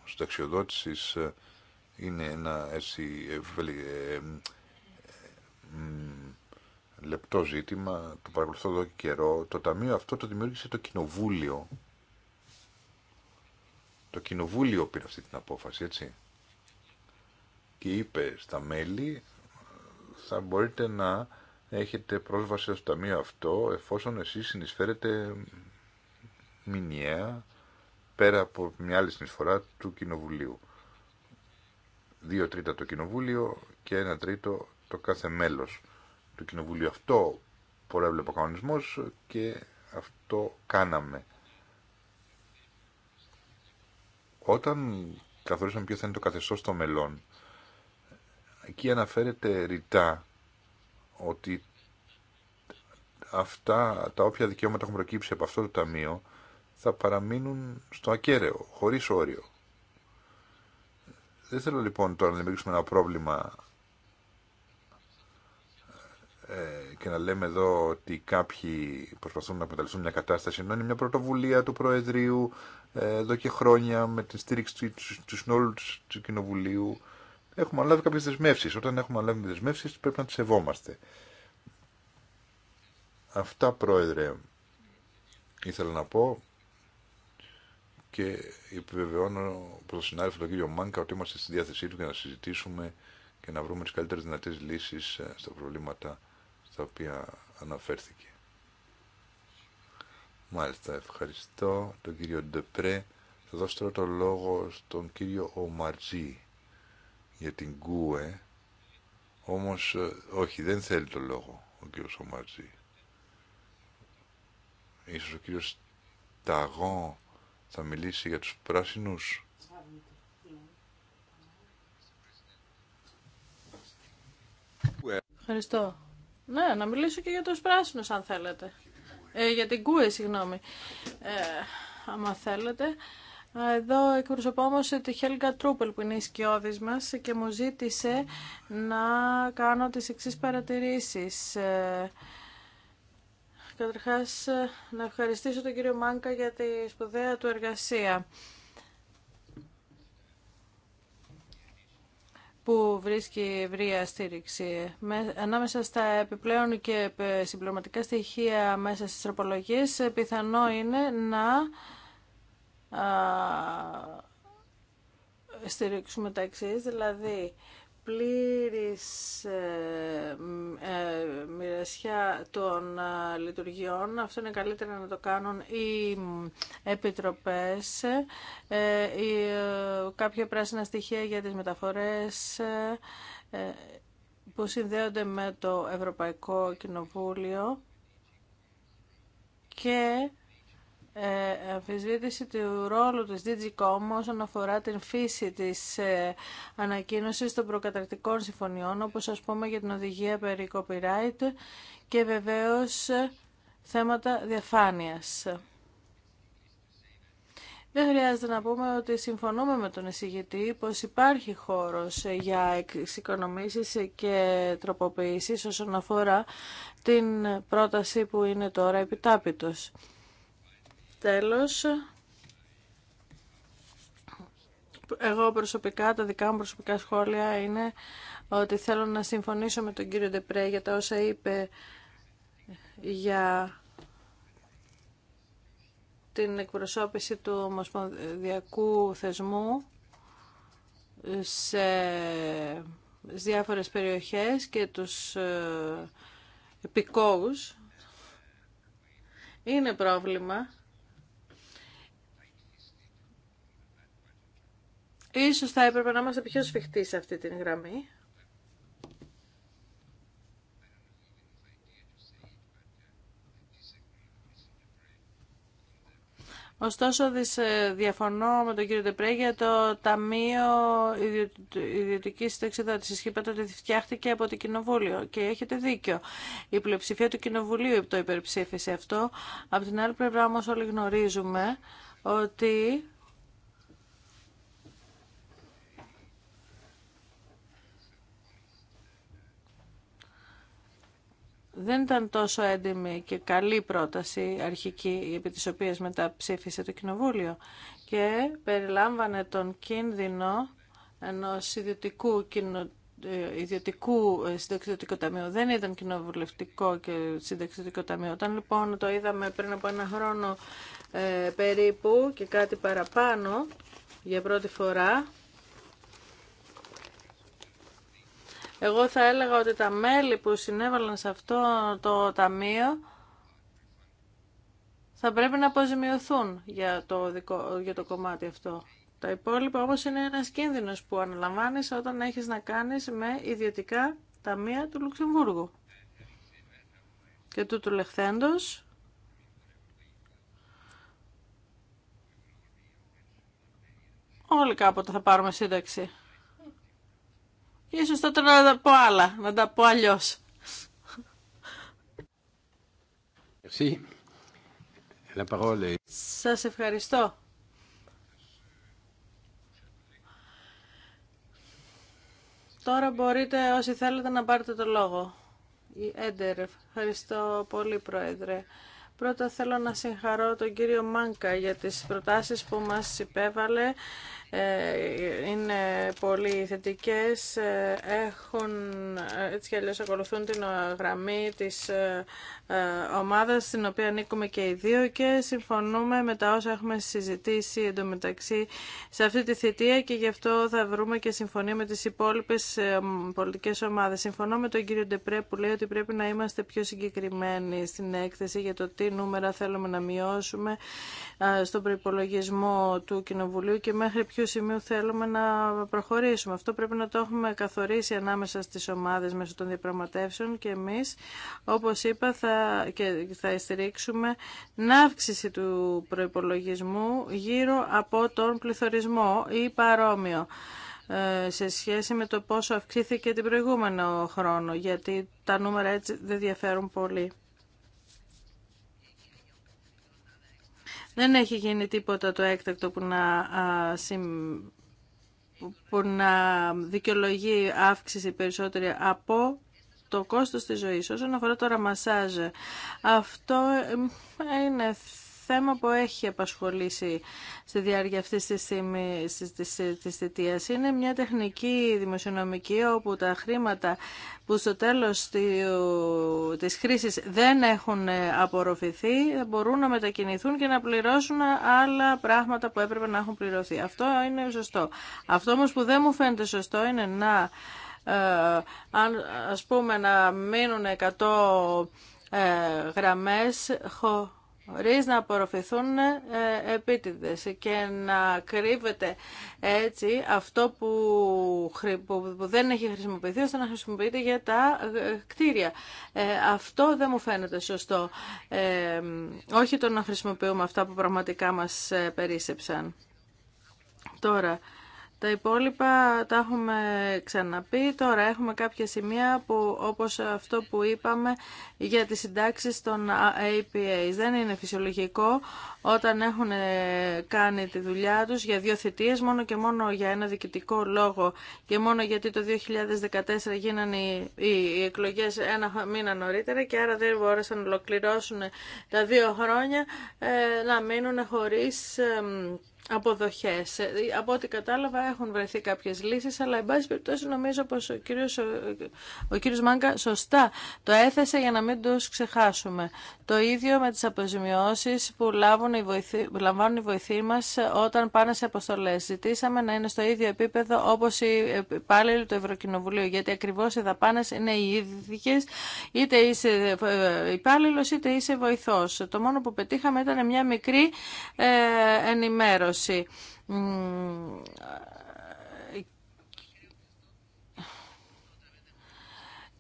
συνταξιοδότησης ε, είναι ένα έτσι ε, λεπτό ζήτημα, το παρακολουθώ εδώ και καιρό. Το ταμείο αυτό το δημιούργησε το κοινοβούλιο. Το κοινοβούλιο πήρε αυτή την απόφαση, έτσι. Και είπε στα μέλη, θα μπορείτε να έχετε πρόσβαση στο ταμείο αυτό, εφόσον εσείς συνεισφέρετε μηνιαία πέρα από μια άλλη συνεισφορά του Κοινοβουλίου. Δύο τρίτα το Κοινοβούλιο και ένα τρίτο το κάθε μέλος του Κοινοβουλίου. Αυτό προέβλεπε ο κανονισμός και αυτό κάναμε. Όταν καθορίσαμε ποιο θα είναι το καθεστώς των μελών, εκεί αναφέρεται ρητά ότι αυτά τα όποια δικαιώματα έχουν προκύψει από αυτό το ταμείο θα παραμείνουν στο ακέραιο, χωρίς όριο. Δεν θέλω λοιπόν τώρα να δημιουργήσουμε ένα πρόβλημα ε, και να λέμε εδώ ότι κάποιοι προσπαθούν να αποτελεστούν μια κατάσταση ενώ είναι μια πρωτοβουλία του Προεδρείου ε, εδώ και χρόνια με τη στήριξη του συνόλου του Κοινοβουλίου. Έχουμε αναλάβει κάποιες δεσμεύσει. Όταν έχουμε αναλάβει δεσμεύσει πρέπει να τις σεβόμαστε. Αυτά, Πρόεδρε, ήθελα να πω και επιβεβαιώνω προ τον συνάδελφο τον κύριο Μάνκα ότι είμαστε στη διάθεσή του για να συζητήσουμε και να βρούμε τι καλύτερε δυνατέ λύσει ε, στα προβλήματα στα οποία αναφέρθηκε. Μάλιστα, ευχαριστώ τον κύριο Ντεπρέ. Θα δώσω τώρα το λόγο στον κύριο Ομαρτζή για την ΚΟΕ. Όμως, ε, όχι, δεν θέλει το λόγο ο κύριος Ομαρτζή. Ίσως ο κύριος Ταγόν θα μιλήσει για τους πράσινους. Ευχαριστώ. Ναι, να μιλήσω και για τους πράσινους αν θέλετε. Ε, για την ΚΟΕ, συγγνώμη. Ε, άμα θέλετε. Εδώ εκπροσωπώ όμως τη Χέλγα Τρούπελ που είναι η σκιώδης μας και μου ζήτησε να κάνω τις εξής παρατηρήσεις. Ε, Καταρχάς, να ευχαριστήσω τον κύριο Μάνκα για τη σπουδαία του εργασία που βρίσκει ευρεία στήριξη. ανάμεσα στα επιπλέον και συμπληρωματικά στοιχεία μέσα στις τροπολογίες, πιθανό είναι να στηρίξουμε τα εξής, δηλαδή πλήρης ε, ε, μοιρασιά των ε, λειτουργιών. Αυτό είναι καλύτερα να το κάνουν οι επιτροπές, κάποια πράσινα στοιχεία για τις μεταφορές που συνδέονται με το Ευρωπαϊκό Κοινοβούλιο και ε, αμφισβήτηση του ρόλου της DGCOM όσον αφορά την φύση της ε, ανακοίνωσης των προκαταρκτικών συμφωνιών, όπως ας πούμε για την οδηγία περί copyright και βεβαίως ε, θέματα διαφάνειας. Δεν χρειάζεται να πούμε ότι συμφωνούμε με τον εισηγητή πως υπάρχει χώρος για εξοικονομήσεις και τροποποιήσεις όσον αφορά την πρόταση που είναι τώρα επιτάπητος. Τέλος, εγώ προσωπικά, τα δικά μου προσωπικά σχόλια είναι ότι θέλω να συμφωνήσω με τον κύριο Ντεπρέ για τα όσα είπε για την εκπροσώπηση του ομοσπονδιακού θεσμού σε διάφορες περιοχές και τους ε, επικόους. Είναι πρόβλημα Ίσως θα έπρεπε να είμαστε πιο σφιχτοί σε αυτή την γραμμή. Ωστόσο, ε, διαφωνώ με τον κύριο Τεπρέ για το Ταμείο Ιδιωτική Συνταξιδότηση. Είπατε ότι φτιάχτηκε από το Κοινοβούλιο και έχετε δίκιο. Η πλειοψηφία του Κοινοβουλίου το υπερψήφισε αυτό. Από την άλλη πλευρά, όμω, όλοι γνωρίζουμε ότι δεν ήταν τόσο έντιμη και καλή πρόταση αρχική επί της οποίας μετά ψήφισε το Κοινοβούλιο και περιλάμβανε τον κίνδυνο ενός ιδιωτικού κοινο, ε, ιδιωτικού ε, ταμείου. Δεν ήταν κοινοβουλευτικό και συνταξιδιωτικό ταμείο. Όταν λοιπόν το είδαμε πριν από ένα χρόνο ε, περίπου και κάτι παραπάνω για πρώτη φορά, Εγώ θα έλεγα ότι τα μέλη που συνέβαλαν σε αυτό το ταμείο θα πρέπει να αποζημιωθούν για το, δικό, για το κομμάτι αυτό. Τα υπόλοιπα όμως είναι ένας κίνδυνος που αναλαμβάνεις όταν έχεις να κάνεις με ιδιωτικά ταμεία του Λουξεμβούργου. Και τούτου λεχθέντος, όλοι κάποτε θα πάρουμε σύνταξη. Ίσως θα να τα πω άλλα, να τα πω αλλιώς. Σας ευχαριστώ. Τώρα μπορείτε όσοι θέλετε να πάρετε το λόγο. Η Έντερ, ευχαριστώ πολύ Πρόεδρε. Πρώτα θέλω να συγχαρώ τον κύριο Μάνκα για τις προτάσεις που μας υπέβαλε ε, είναι πολύ θετικές. Ε, έχουν, ε, έτσι κι αλλιώς ακολουθούν την γραμμή της ομάδας στην οποία ανήκουμε και οι δύο και συμφωνούμε με τα όσα έχουμε συζητήσει εντωμεταξύ σε αυτή τη θητεία και γι' αυτό θα βρούμε και συμφωνία με τις υπόλοιπες πολιτικές ομάδες. Συμφωνώ με τον κύριο Ντεπρέ που λέει ότι πρέπει να είμαστε πιο συγκεκριμένοι στην έκθεση για το τι νούμερα θέλουμε να μειώσουμε στον προπολογισμό του Κοινοβουλίου και μέχρι ποιο σημείου σημείο θέλουμε να προχωρήσουμε. Αυτό πρέπει να το έχουμε καθορίσει ανάμεσα στις ομάδες μέσω των διαπραγματεύσεων και εμείς, όπως είπα, θα, και θα στηρίξουμε την αύξηση του προϋπολογισμού γύρω από τον πληθωρισμό ή παρόμοιο ε, σε σχέση με το πόσο αυξήθηκε την προηγούμενο χρόνο, γιατί τα νούμερα έτσι δεν διαφέρουν πολύ. Δεν έχει γίνει τίποτα το έκτακτο που να, που να δικαιολογεί αύξηση περισσότερη από το κόστος της ζωής. Όσον αφορά τώρα μασάζε, αυτό είναι θέμα που έχει απασχολήσει στη διάρκεια αυτή τη στιγμή Είναι μια τεχνική δημοσιονομική όπου τα χρήματα που στο τέλος της χρήση δεν έχουν απορροφηθεί μπορούν να μετακινηθούν και να πληρώσουν άλλα πράγματα που έπρεπε να έχουν πληρωθεί. Αυτό είναι σωστό. Αυτό όμω που δεν μου φαίνεται σωστό είναι να ε, αν ας πούμε να μείνουν 100 ε, γραμμές χωρίς να απορροφηθούν ε, επίτηδες και να κρύβεται έτσι αυτό που, δεν έχει χρησιμοποιηθεί ώστε να χρησιμοποιείται για τα ε, κτίρια. Ε, αυτό δεν μου φαίνεται σωστό. όχι το να χρησιμοποιούμε αυτά που πραγματικά μας περίσεψαν. Τώρα, τα υπόλοιπα τα έχουμε ξαναπεί. Τώρα έχουμε κάποια σημεία που, όπως αυτό που είπαμε για τις συντάξεις των APA. Δεν είναι φυσιολογικό όταν έχουν κάνει τη δουλειά τους για δύο θητείες, μόνο και μόνο για ένα διοικητικό λόγο και μόνο γιατί το 2014 γίνανε οι εκλογές ένα μήνα νωρίτερα και άρα δεν μπόρεσαν να ολοκληρώσουν τα δύο χρόνια ε, να μείνουν χωρίς αποδοχές. Ε, από ό,τι κατάλαβα έχουν βρεθεί κάποιες λύσεις, αλλά εν πάση περιπτώσει νομίζω πως ο κύριος, ο κύριος Μάγκα σωστά το έθεσε για να μην τους ξεχάσουμε. Το ίδιο με τις αποζημιώσεις που, λάβουν οι βοηθοί, λαμβάνουν οι βοηθοί μας όταν πάνε σε αποστολές. Ζητήσαμε να είναι στο ίδιο επίπεδο όπως οι υπάλληλοι του Ευρωκοινοβουλίου, γιατί ακριβώς οι δαπάνες είναι οι ίδιες, είτε είσαι ε, υπάλληλο είτε είσαι βοηθός. Το μόνο που πετύχαμε ήταν μια μικρή ε, ενημέρωση περίπτωση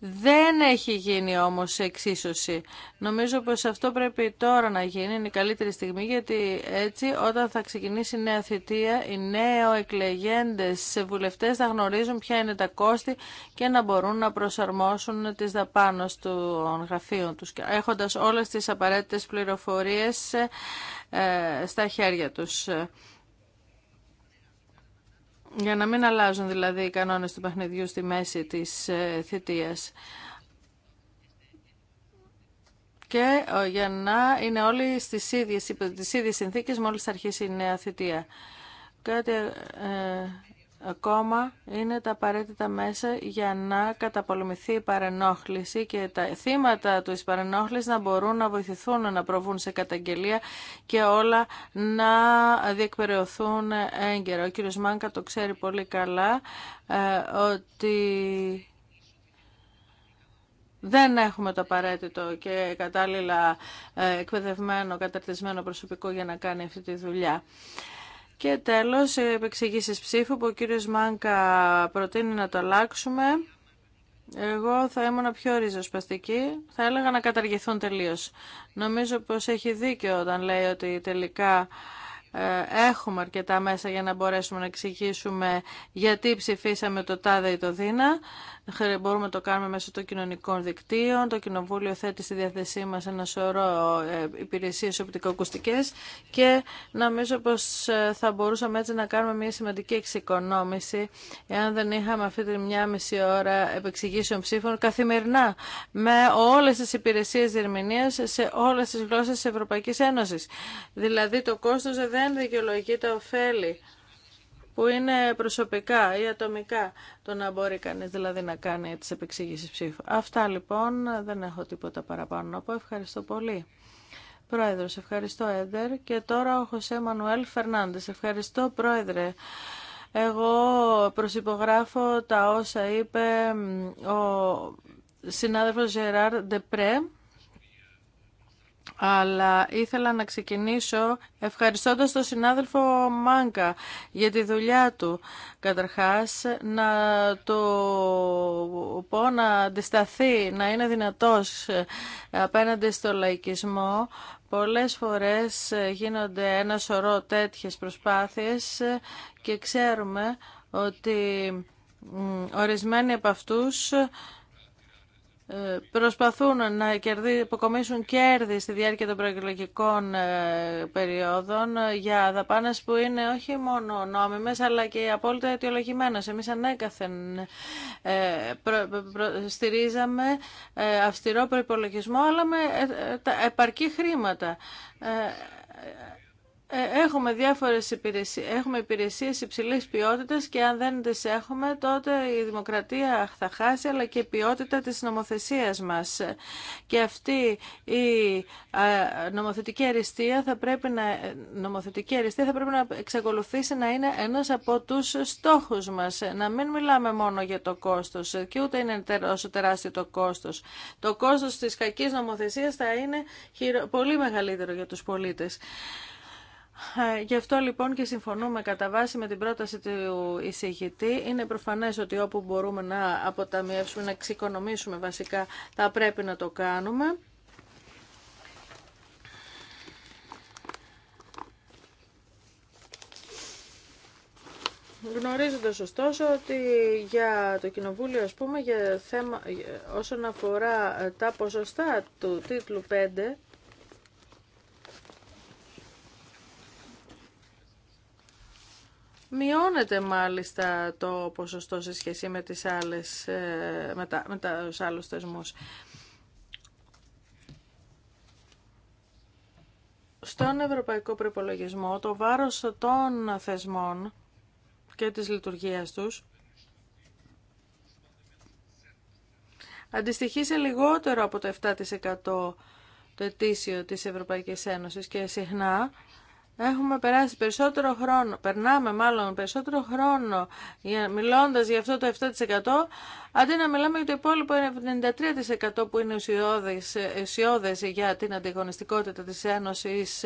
Δεν έχει γίνει όμως εξίσωση. Νομίζω πως αυτό πρέπει τώρα να γίνει, είναι η καλύτερη στιγμή, γιατί έτσι όταν θα ξεκινήσει η νέα θητεία, οι νέο εκλεγέντες βουλευτές θα γνωρίζουν ποια είναι τα κόστη και να μπορούν να προσαρμόσουν τις δαπάνες των γραφείων τους, έχοντας όλες τις απαραίτητες πληροφορίες ε, στα χέρια τους. Για να μην αλλάζουν δηλαδή οι κανόνες του παιχνιδιού στη μέση της ε, θητείας. Και για να είναι όλοι στις ίδιες, τις ίδιες συνθήκες μόλις αρχίσει η νέα θητεία. Κάτι ε, ακόμα είναι τα απαραίτητα μέσα για να καταπολεμηθεί η παρενόχληση και τα θύματα του παρενόχλησης να μπορούν να βοηθηθούν να προβούν σε καταγγελία και όλα να διεκπαιρεωθούν έγκαιρα. Ο κύριος Μάνκα το ξέρει πολύ καλά ε, ότι δεν έχουμε το απαραίτητο και κατάλληλα ε, εκπαιδευμένο, καταρτισμένο προσωπικό για να κάνει αυτή τη δουλειά. Και τέλος, επεξηγήσεις ψήφου που ο κύριος Μάνκα προτείνει να το αλλάξουμε. Εγώ θα ήμουν πιο ριζοσπαστική. Θα έλεγα να καταργηθούν τελείως. Νομίζω πως έχει δίκιο όταν λέει ότι τελικά ε, έχουμε αρκετά μέσα για να μπορέσουμε να εξηγήσουμε γιατί ψηφίσαμε το τάδε ή το δίνα. Μπορούμε να το κάνουμε μέσω των κοινωνικών δικτύων. Το Κοινοβούλιο θέτει στη διάθεσή μα ένα σωρό ε, υπηρεσίε οπτικοακουστικές και νομίζω πως ε, θα μπορούσαμε έτσι να κάνουμε μια σημαντική εξοικονόμηση εάν δεν είχαμε αυτή τη μια μισή ώρα επεξηγήσεων ψήφων καθημερινά με όλε τι υπηρεσίε διερμηνία σε όλε τι γλώσσε τη Ευρωπαϊκή Ένωση. Δηλαδή το κόστο δεν δεν δικαιολογεί τα ωφέλη που είναι προσωπικά ή ατομικά το να μπορεί κανείς δηλαδή να κάνει τις επεξήγησεις ψήφου. Αυτά λοιπόν δεν έχω τίποτα παραπάνω να πω. Ευχαριστώ πολύ. Πρόεδρο, ευχαριστώ Έντερ και τώρα ο Χωσέ Μανουέλ Φερνάντες. Ευχαριστώ Πρόεδρε. Εγώ προσυπογράφω τα όσα είπε ο συνάδελφος Γεράρ Ντεπρέ αλλά ήθελα να ξεκινήσω ευχαριστώντας τον συνάδελφο Μάνκα για τη δουλειά του. Καταρχάς, να το πω να αντισταθεί, να είναι δυνατός ε, απέναντι στο λαϊκισμό. Πολλές φορές ε, γίνονται ένα σωρό τέτοιες προσπάθειες ε, και ξέρουμε ότι ορισμένοι από αυτούς ε, προσπαθούν να αποκομίσουν κέρδη στη διάρκεια των προεκλογικών ε, περιόδων ε, για δαπάνες που είναι όχι μόνο νόμιμες αλλά και απόλυτα αιτιολογημένες. Εμείς ανέκαθεν στηρίζαμε αυστηρό προϋπολογισμό αλλά με τα επαρκή χρήματα. Ε, έχουμε διάφορες υπηρεσίες, έχουμε υπηρεσίες υψηλής ποιότητας και αν δεν τις έχουμε τότε η δημοκρατία θα χάσει αλλά και η ποιότητα της νομοθεσίας μας. Και αυτή η ε, νομοθετική αριστεία θα πρέπει να, ε, νομοθετική αριστεία θα πρέπει να εξακολουθήσει να είναι ένας από τους στόχους μας. Να μην μιλάμε μόνο για το κόστος και ούτε είναι τόσο τεράστιο το κόστος. Το κόστος της κακής νομοθεσίας θα είναι πολύ μεγαλύτερο για τους πολίτες. Ε, γι' αυτό λοιπόν και συμφωνούμε κατά βάση με την πρόταση του εισηγητή. Είναι προφανές ότι όπου μπορούμε να αποταμιεύσουμε, να ξεκονομήσουμε βασικά, θα πρέπει να το κάνουμε. Γνωρίζοντας ωστόσο ότι για το Κοινοβούλιο, ας πούμε, για θέμα, όσον αφορά τα ποσοστά του τίτλου 5, Μειώνεται μάλιστα το ποσοστό σε σχέση με, τις άλλες, ε, με, τα, με τα, τους άλλους θεσμούς. Στον ευρωπαϊκό προπολογισμό το βάρος των θεσμών και της λειτουργίας τους αντιστοιχεί σε λιγότερο από το 7% το ετήσιο της Ευρωπαϊκής Ένωσης και συχνά Έχουμε περάσει περισσότερο χρόνο, περνάμε μάλλον περισσότερο χρόνο μιλώντας για αυτό το 7% αντί να μιλάμε για το υπόλοιπο 93% που είναι ουσιώδες, για την αντιγωνιστικότητα της Ένωσης,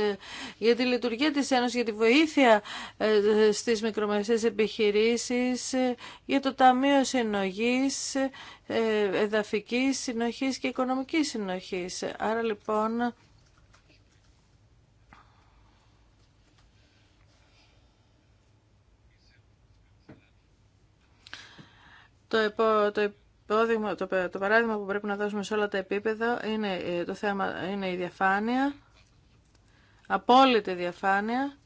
για τη λειτουργία της Ένωσης, για τη βοήθεια ε, στις μικρομεσαίες επιχειρήσεις, για το Ταμείο Συνογής, ε, Εδαφικής Συνοχής και Οικονομικής Συνοχής. Άρα λοιπόν... Το, επό, το, το, παράδειγμα που πρέπει να δώσουμε σε όλα τα επίπεδα είναι, ε, το θέμα, είναι η διαφάνεια, απόλυτη διαφάνεια.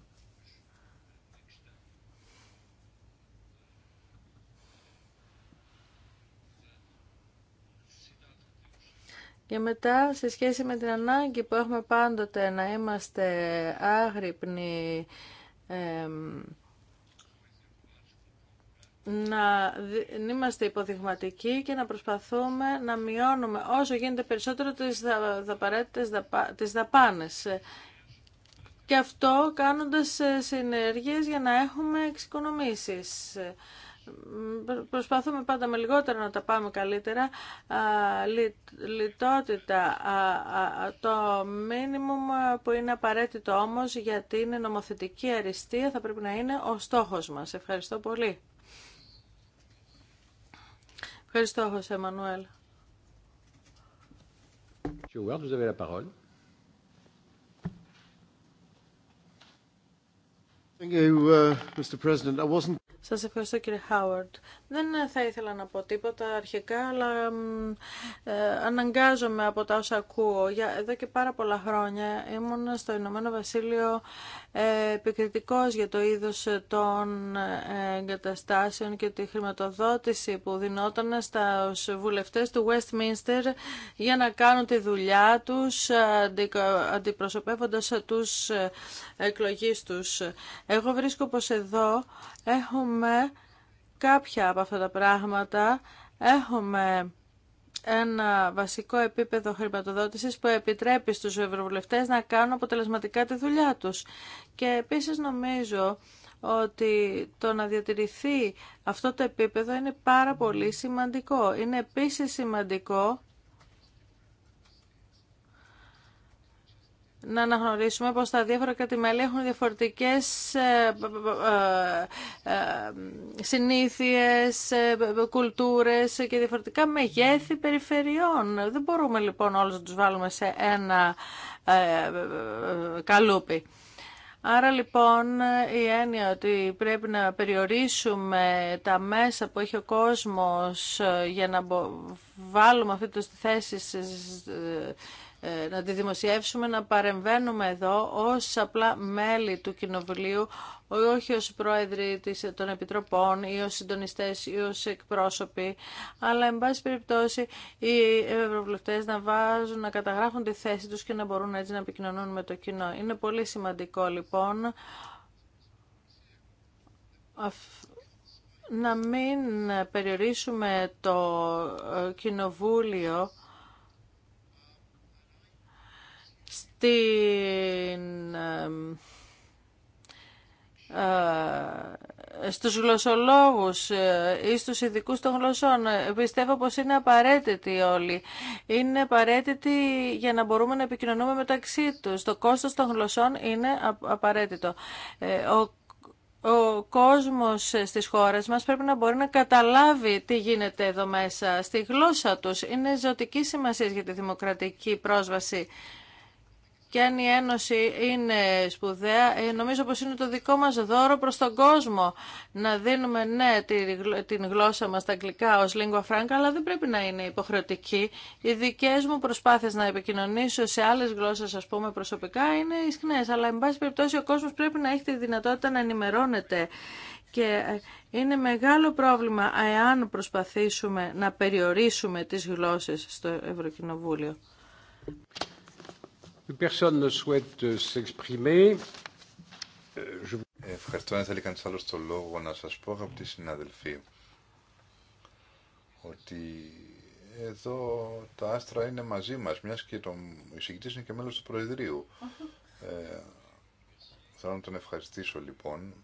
Και μετά, σε σχέση με την ανάγκη που έχουμε πάντοτε να είμαστε άγρυπνοι, εμ, να είμαστε υποδειγματικοί και να προσπαθούμε να μειώνουμε όσο γίνεται περισσότερο τις απαραίτητες δαπάνες. Και αυτό κάνοντας ε, συνεργίες για να έχουμε εξοικονομήσεις. Προσπαθούμε πάντα με λιγότερα να τα πάμε καλύτερα. Λιτότητα, το μίνιμουμ που είναι απαραίτητο όμως γιατί είναι νομοθετική αριστεία θα πρέπει να είναι ο στόχος μας. Ευχαριστώ πολύ. Ευχαριστώ, Χωσέ Μανουέλ. Σας ευχαριστώ κύριε Χάουαρντ. Δεν θα ήθελα να πω τίποτα αρχικά, αλλά ε, αναγκάζομαι από τα όσα ακούω. Για, εδώ και πάρα πολλά χρόνια ήμουν στο Ηνωμένο Βασίλειο επικριτικός για το είδος των εγκαταστάσεων και τη χρηματοδότηση που δινόταν στα βουλευτές του Westminster για να κάνουν τη δουλειά τους αντιπροσωπεύοντας τους εκλογίστους. τους. Εγώ βρίσκω πως εδώ έχουμε κάποια από αυτά τα πράγματα. Έχουμε ένα βασικό επίπεδο χρηματοδότησης που επιτρέπει στους ευρωβουλευτές να κάνουν αποτελεσματικά τη δουλειά τους. Και επίσης νομίζω ότι το να διατηρηθεί αυτό το επίπεδο είναι πάρα πολύ σημαντικό. Είναι επίσης σημαντικό να αναγνωρίσουμε πως τα διάφορα κρατημέλη έχουν διαφορετικές ε, ε, ε, συνήθειες, κουλτούρες και διαφορετικά μεγέθη περιφερειών. Δεν μπορούμε λοιπόν όλους να τους βάλουμε σε ένα καλούπι. Άρα λοιπόν η έννοια ότι πρέπει να περιορίσουμε τα μέσα που έχει ο κόσμος για να βάλουμε αυτή τη θέση ε, να τη δημοσιεύσουμε, να παρεμβαίνουμε εδώ ως απλά μέλη του Κοινοβουλίου, όχι ως πρόεδροι των Επιτροπών ή ως συντονιστές ή ως εκπρόσωποι, αλλά εν πάση περιπτώσει οι ευρωβουλευτές να βάζουν, να καταγράφουν τη θέση τους και να μπορούν έτσι να επικοινωνούν με το κοινό. Είναι πολύ σημαντικό λοιπόν να μην περιορίσουμε το ε, κοινοβούλιο στην ε, στους γλωσσολόγους ε, ή στους ειδικούς των γλωσσών. Πιστεύω πως είναι απαραίτητοι όλοι. Είναι απαραίτητοι για να μπορούμε να επικοινωνούμε μεταξύ τους. Το κόστος των γλωσσών είναι απαραίτητο. Ε, ο ο κόσμος στις χώρες μας πρέπει να μπορεί να καταλάβει τι γίνεται εδώ μέσα στη γλώσσα τους. Είναι ζωτική σημασία για τη δημοκρατική πρόσβαση και αν η Ένωση είναι σπουδαία, ε, νομίζω πως είναι το δικό μας δώρο προς τον κόσμο να δίνουμε ναι την γλώσσα μας τα αγγλικά ως lingua franca, αλλά δεν πρέπει να είναι υποχρεωτική. Οι δικές μου προσπάθειες να επικοινωνήσω σε άλλες γλώσσες ας πούμε προσωπικά είναι ισχνές, αλλά εν πάση περιπτώσει ο κόσμος πρέπει να έχει τη δυνατότητα να ενημερώνεται και ε, είναι μεγάλο πρόβλημα εάν προσπαθήσουμε να περιορίσουμε τις γλώσσες στο Ευρωκοινοβούλιο. Euh, euh, Ευχαριστώ. Αν θέλει κανεί άλλο το λόγο να σα πω, αγαπητοί συνάδελφοι, ότι εδώ τα άστρα είναι μαζί μα, μιας και το εισηγητή είναι και μέλος του Προεδρείου. Ε, θέλω να τον ευχαριστήσω λοιπόν.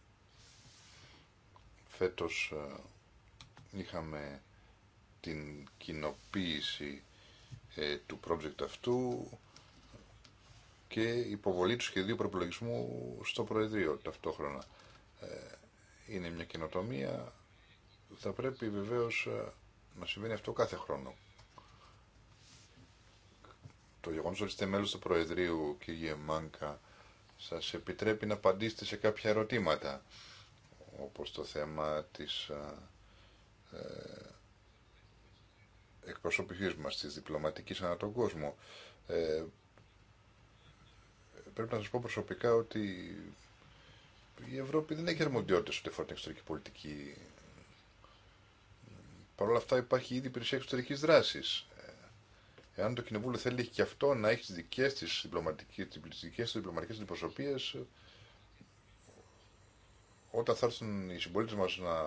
Φέτο ε, είχαμε την κοινοποίηση ε, του project αυτού και υποβολή του σχεδίου προπολογισμού στο Προεδρείο ταυτόχρονα. Ε, είναι μια καινοτομία. Θα πρέπει βεβαίως ε, να συμβαίνει αυτό κάθε χρόνο. Το γεγονό ότι είστε μέλος του Προεδρείου, κύριε Μάνκα, σας επιτρέπει να απαντήσετε σε κάποια ερωτήματα, όπως το θέμα της ε, ε εκπροσωπικής μας, της διπλωματικής ανά τον κόσμο πρέπει να σα πω προσωπικά ότι η Ευρώπη δεν έχει αρμοδιότητες ό,τι αφορά την εξωτερική πολιτική. Παρ' όλα αυτά υπάρχει ήδη υπηρεσία εξωτερική δράση. Ε, εάν το Κοινοβούλιο θέλει και αυτό να έχει τι δικέ τη διπλωματικέ αντιπροσωπείε, όταν θα έρθουν οι συμπολίτε μα να,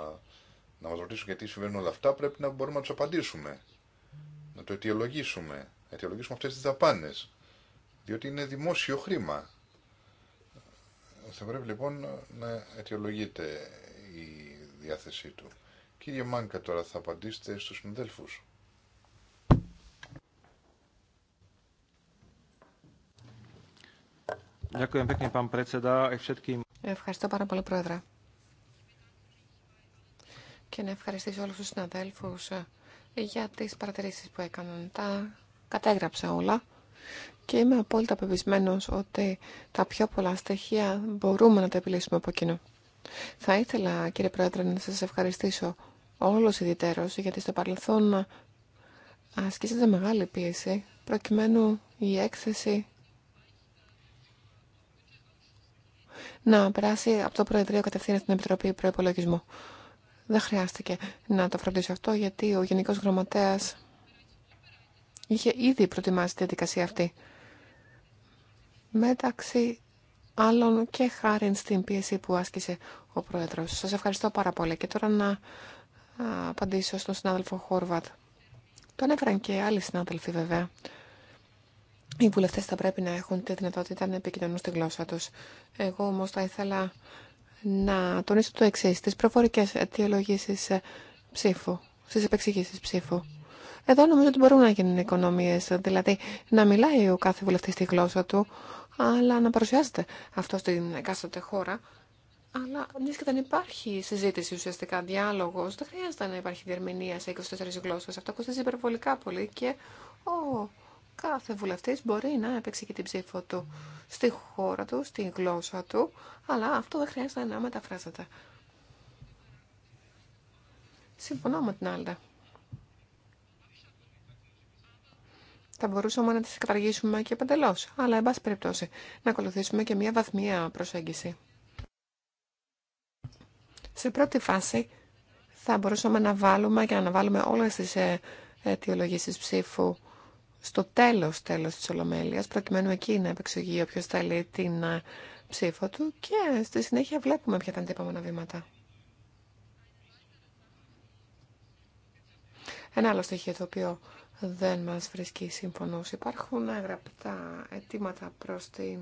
να μα ρωτήσουν γιατί συμβαίνουν όλα αυτά, πρέπει να μπορούμε να του απαντήσουμε. Να το αιτιολογήσουμε. Να αιτιολογήσουμε αυτέ τι δαπάνε διότι είναι δημόσιο χρήμα. Θα πρέπει λοιπόν να αιτιολογείται η διάθεσή του. Κύριε Μάνκα τώρα θα απαντήσετε στους συνδέλφους. Ευχαριστώ πάρα πολύ, Πρόεδρε. Και να ευχαριστήσω όλους τους συναδέλφους για τις παρατηρήσεις που έκαναν. Τα κατέγραψα όλα και είμαι απόλυτα πεπισμένο ότι τα πιο πολλά στοιχεία μπορούμε να τα επιλύσουμε από κοινού. Θα ήθελα, κύριε Πρόεδρε, να σας ευχαριστήσω όλος ιδιαίτερος, γιατί στο παρελθόν ασκήσατε μεγάλη πίεση, προκειμένου η έκθεση να περάσει από το Προεδρείο κατευθείαν στην Επιτροπή Προπολογισμού. Δεν χρειάστηκε να το φροντίσω αυτό, γιατί ο Γενικός Γραμματέας είχε ήδη προτιμάσει τη διαδικασία αυτή μεταξύ άλλων και χάρη στην πίεση που άσκησε ο Πρόεδρος. Σας ευχαριστώ πάρα πολύ και τώρα να απαντήσω στον συνάδελφο Χόρβατ. Το ανέφεραν και άλλοι συνάδελφοι βέβαια. Οι βουλευτέ θα πρέπει να έχουν τη δυνατότητα να επικοινωνούν στη γλώσσα του. Εγώ όμω θα ήθελα να τονίσω το εξή τις προφορικέ αιτιολογήσει ε, ψήφου, στι επεξηγήσει ψήφου. Εδώ νομίζω ότι μπορούν να γίνουν οικονομίε, δηλαδή να μιλάει ο κάθε βουλευτή στη γλώσσα του, αλλά να παρουσιάζεται αυτό στην εκάστοτε χώρα. Αλλά και δεν υπάρχει συζήτηση ουσιαστικά, διάλογο. Δεν χρειάζεται να υπάρχει διερμηνία σε 24 γλώσσε. Αυτό κοστίζει υπερβολικά πολύ και ο κάθε βουλευτή μπορεί να έπαιξει την ψήφο του στη χώρα του, στη γλώσσα του, αλλά αυτό δεν χρειάζεται να μεταφράζεται. Συμφωνώ με την άλλη. θα μπορούσαμε να τις καταργήσουμε και παντελώς. Αλλά, εν πάση περιπτώσει, να ακολουθήσουμε και μια βαθμία προσέγγιση. Σε πρώτη φάση θα μπορούσαμε να βάλουμε και να αναβάλουμε όλες τις ε, αιτιολογήσεις ψήφου στο τέλος, τέλος της Ολομέλειας, προκειμένου εκεί να επεξηγεί όποιο θέλει την ε, ψήφο του και στη συνέχεια βλέπουμε ποια ήταν τα επόμενα βήματα. Ένα άλλο στοιχείο το οποίο δεν μας βρίσκει σύμφωνος. Υπάρχουν γραπτά αιτήματα προς την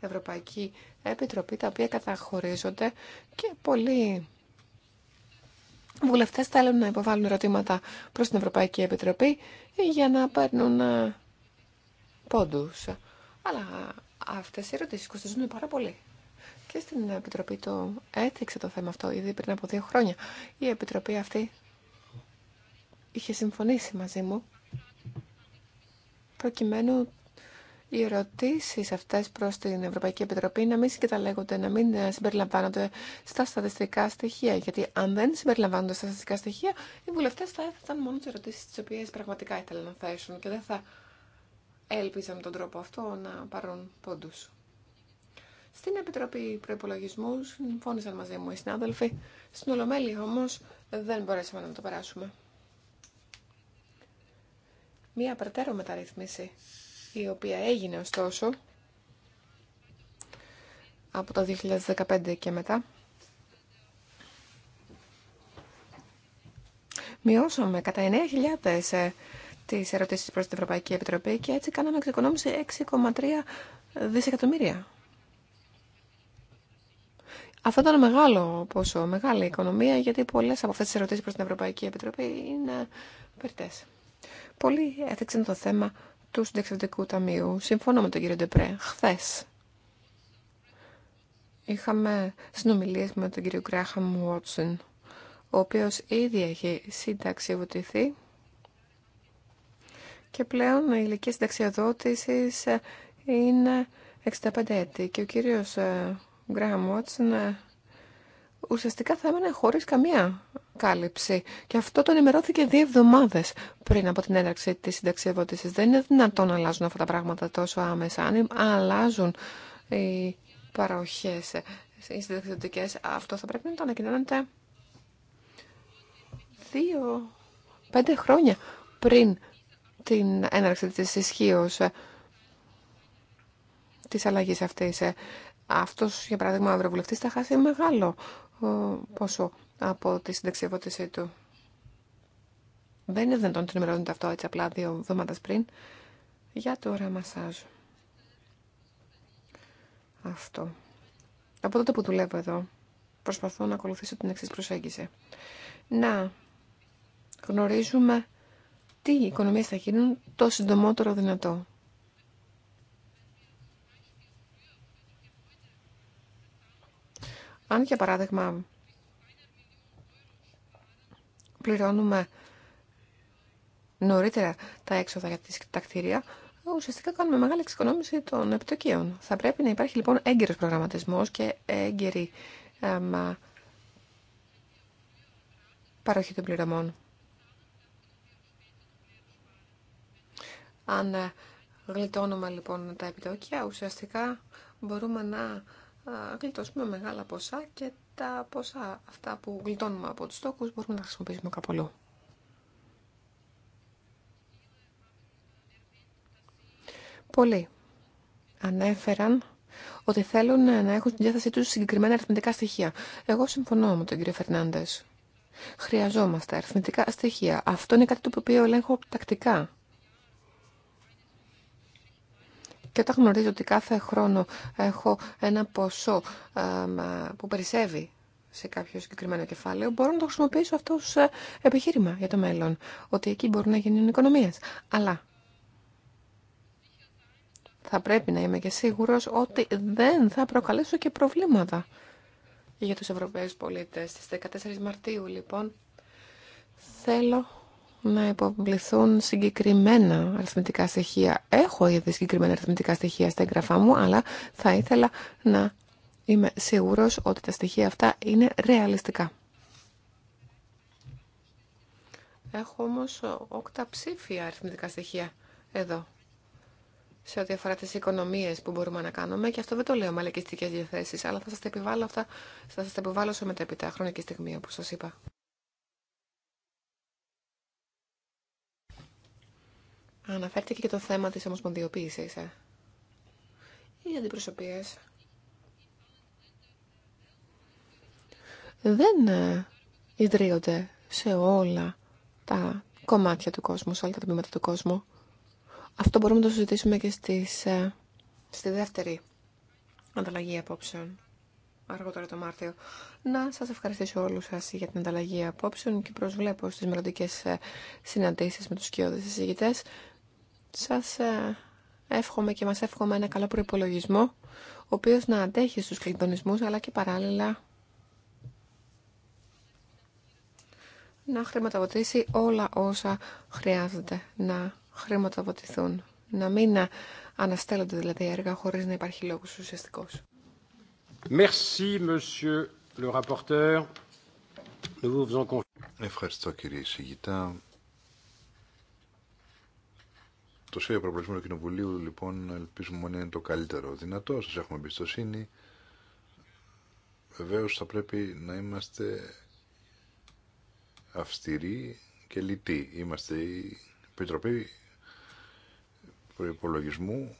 Ευρωπαϊκή Επιτροπή, τα οποία καταχωρίζονται και πολλοί βουλευτές θέλουν να υποβάλουν ερωτήματα προς την Ευρωπαϊκή Επιτροπή για να παίρνουν ε, πόντους. Αλλά αυτές οι ερωτήσεις κοστίζουν πάρα πολύ. Και στην Επιτροπή το έθιξε το θέμα αυτό ήδη πριν από δύο χρόνια. Η Επιτροπή αυτή είχε συμφωνήσει μαζί μου προκειμένου οι ερωτήσει αυτέ προ την Ευρωπαϊκή Επιτροπή να μην συγκαταλέγονται, να μην ε, συμπεριλαμβάνονται στα στατιστικά στοιχεία. Γιατί αν δεν συμπεριλαμβάνονται στα στατιστικά στοιχεία, οι βουλευτέ θα έθεταν μόνο τι ερωτήσει τι οποίε πραγματικά ήθελαν να θέσουν και δεν θα έλπιζαν με τον τρόπο αυτό να πάρουν πόντου. Στην Επιτροπή Προπολογισμού συμφώνησαν μαζί μου οι συνάδελφοι. Στην Ολομέλη όμω δεν μπορέσαμε να το περάσουμε μία περαιτέρω μεταρρύθμιση, η οποία έγινε ωστόσο από το 2015 και μετά. Μειώσαμε κατά 9.000 ε, τις ερωτήσεις προς την Ευρωπαϊκή Επιτροπή και έτσι κάναμε εξοικονόμηση 6,3 δισεκατομμύρια. Αυτό ήταν μεγάλο πόσο, μεγάλη οικονομία, γιατί πολλές από αυτές τις ερωτήσεις προς την Ευρωπαϊκή Επιτροπή είναι περιττές. Πολύ έθεξαν το θέμα του συνταξιδευτικού ταμείου. Συμφωνώ με τον κύριο Ντεπρέ. Χθε είχαμε συνομιλίες με τον κύριο Γκράχαμ Βότσον, ο οποίος ήδη έχει συνταξιοδοτηθεί και πλέον η ηλικία συνταξιοδότηση είναι 65 έτη και ο κύριος Γκράχαμ ε, Βότσον ουσιαστικά θα έμενε χωρίς καμία κάλυψη. Και αυτό το ενημερώθηκε δύο εβδομάδες πριν από την έναρξη της συνταξιοδότησης. Δεν είναι δυνατόν να αλλάζουν αυτά τα πράγματα τόσο άμεσα. Αν αλλάζουν οι παροχές, οι συνταξιοδοτικές, αυτό θα πρέπει να το ανακοινώνεται δύο, πέντε χρόνια πριν την έναρξη της ισχύω ε, της αλλαγής αυτής. Ε, αυτός, για παράδειγμα, ο Ευρωβουλευτής θα χάσει μεγάλο πόσο από τη συνταξιοδότησή του. Δεν είναι δυνατόν να ενημερώνεται αυτό έτσι απλά δύο εβδομάδε πριν για το ραμασάζ. Αυτό. Από τότε που δουλεύω εδώ, προσπαθώ να ακολουθήσω την εξή προσέγγιση. Να γνωρίζουμε τι οικονομίε θα γίνουν το συντομότερο δυνατό. Αν για παράδειγμα πληρώνουμε νωρίτερα τα έξοδα για τα κτίρια, ουσιαστικά κάνουμε μεγάλη εξοικονόμηση των επιτοκίων. Θα πρέπει να υπάρχει λοιπόν έγκυρος προγραμματισμός και έγκαιρη παροχή των πληρωμών. Αν ε, γλιτώνουμε λοιπόν τα επιτόκια, ουσιαστικά μπορούμε να γλιτώσουμε μεγάλα ποσά και τα ποσά αυτά που γλιτώνουμε από τους στόχους μπορούμε να χρησιμοποιήσουμε κάπου αλλού. Πολλοί ανέφεραν ότι θέλουν να έχουν στην διάθεσή τους συγκεκριμένα αριθμητικά στοιχεία. Εγώ συμφωνώ με τον κύριο Φερνάντες. Χρειαζόμαστε αριθμητικά στοιχεία. Αυτό είναι κάτι το οποίο ελέγχω τακτικά. Και όταν γνωρίζω ότι κάθε χρόνο έχω ένα ποσό ε, που περισσεύει σε κάποιο συγκεκριμένο κεφάλαιο, μπορώ να το χρησιμοποιήσω αυτό ως ε, επιχείρημα για το μέλλον. Ότι εκεί μπορούν να γίνουν οικονομίες. Αλλά θα πρέπει να είμαι και σίγουρος ότι δεν θα προκαλέσω και προβλήματα για τους Ευρωπαίους πολίτες. Στις 14 Μαρτίου, λοιπόν, θέλω να υποβληθούν συγκεκριμένα αριθμητικά στοιχεία. Έχω ήδη συγκεκριμένα αριθμητικά στοιχεία στα εγγραφά μου, αλλά θα ήθελα να είμαι σίγουρος ότι τα στοιχεία αυτά είναι ρεαλιστικά. Έχω όμως όκτα ψήφια αριθμητικά στοιχεία εδώ σε ό,τι αφορά τις οικονομίες που μπορούμε να κάνουμε. Και αυτό δεν το λέω με διαθέσει, αλλά θα σας τα επιβάλλω αυτά, θα σα τα επιβάλλω σε μετέπειτα χρονική στιγμή, όπως σας είπα. Αναφέρθηκε και το θέμα της ομοσπονδιοποίησης. Ε. Οι αντιπροσωπείες δεν ε, ιδρύονται σε όλα τα κομμάτια του κόσμου, σε όλα τα τμήματα του κόσμου. Αυτό μπορούμε να το συζητήσουμε και στις, ε, στη δεύτερη ανταλλαγή απόψεων αργότερα το Μάρτιο. Να σας ευχαριστήσω όλους σας για την ανταλλαγή απόψεων και προσβλέπω στις μελλοντικέ ε, συναντήσεις με τους κοιόδες εισηγητές σας ε, εύχομαι και μας εύχομαι ένα καλό προϋπολογισμό, ο οποίος να αντέχει στους κλειδονισμούς, αλλά και παράλληλα να χρηματοδοτήσει όλα όσα χρειάζεται να χρηματοδοτηθούν. Να μην αναστέλλονται δηλαδή έργα χωρίς να υπάρχει λόγος ουσιαστικός. Merci, monsieur le rapporteur. Ευχαριστώ κύριε Σιγητά. Το σχέδιο προπολογισμού του Κοινοβουλίου, λοιπόν, ελπίζουμε να είναι το καλύτερο δυνατό. Σα έχουμε εμπιστοσύνη. Βεβαίω θα πρέπει να είμαστε αυστηροί και λυτοί. Είμαστε η Επιτροπή Προπολογισμού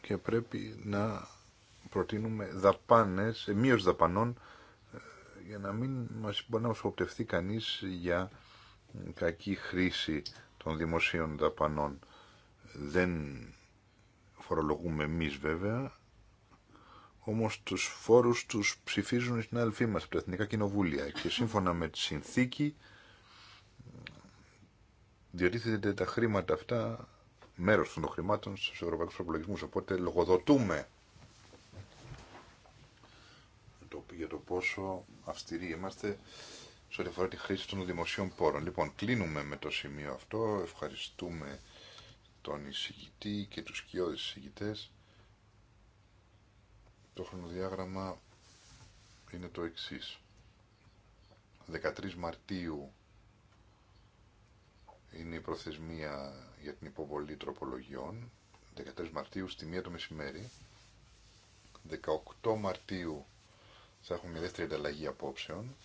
και πρέπει να προτείνουμε δαπάνες, μείωση δαπανών για να μην μας μπορεί να μας κανείς για κακή χρήση των δημοσίων δαπανών δεν φορολογούμε εμείς βέβαια, όμως τους φόρους τους ψηφίζουν οι συνάδελφοί μας από τα Εθνικά Κοινοβούλια και σύμφωνα με τη συνθήκη διατίθεται τα χρήματα αυτά, μέρος των χρημάτων στους ευρωπαϊκούς προπολογισμούς, οπότε λογοδοτούμε για το πόσο αυστηροί είμαστε σε ό,τι αφορά τη χρήση των δημοσίων πόρων. Λοιπόν, κλείνουμε με το σημείο αυτό. Ευχαριστούμε τον εισηγητή και τους κοιόδης εισηγητές. Το χρονοδιάγραμμα είναι το εξής. 13 Μαρτίου είναι η προθεσμία για την υποβολή τροπολογιών. 13 Μαρτίου στη μια το μεσημέρι. 18 Μαρτίου θα έχουμε μια δεύτερη ανταλλαγή απόψεων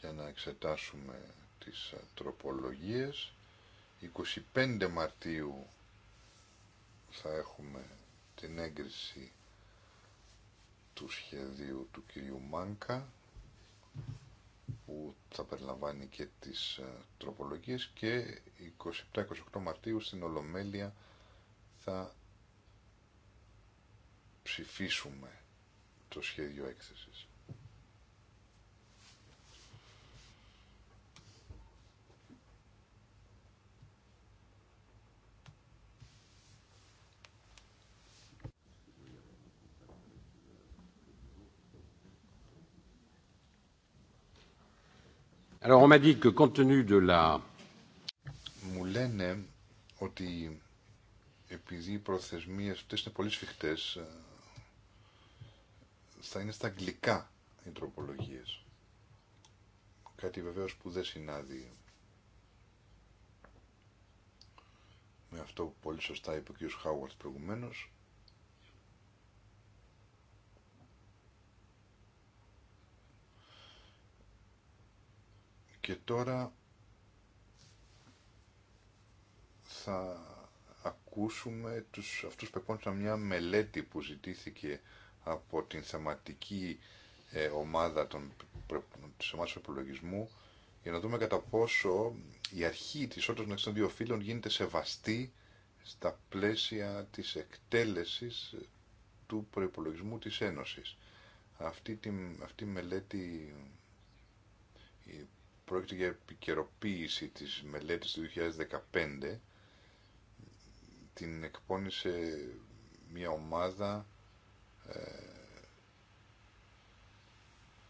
για να εξετάσουμε τις ε, τροπολογίες. 25 Μαρτίου θα έχουμε την έγκριση του σχεδίου του κυρίου Μάνκα που θα περιλαμβάνει και τις ε, τροπολογίες και 27-28 Μαρτίου στην Ολομέλεια θα ψηφίσουμε το σχέδιο έκθεσης. Μου λένε ότι επειδή οι προθεσμίες αυτές είναι πολύ σφιχτές, ε, θα είναι στα αγγλικά οι τροπολογίες. Κάτι βεβαίω που δεν συνάδει με αυτό που πολύ σωστά είπε ο κ. Χάουαρτ προηγουμένως. Και τώρα θα ακούσουμε τους, αυτούς που εκπώνησαν μια μελέτη που ζητήθηκε από την θεματική ε, ομάδα των, της ομάδας προπολογισμού για να δούμε κατά πόσο η αρχή της όρτας των δύο φύλων γίνεται σεβαστή στα πλαίσια της εκτέλεσης του προϋπολογισμού της Ένωσης. Αυτή, τη, αυτή η μελέτη Πρόκειται για επικαιροποίηση της μελέτης του 2015. Την εκπώνησε μια ομάδα ε,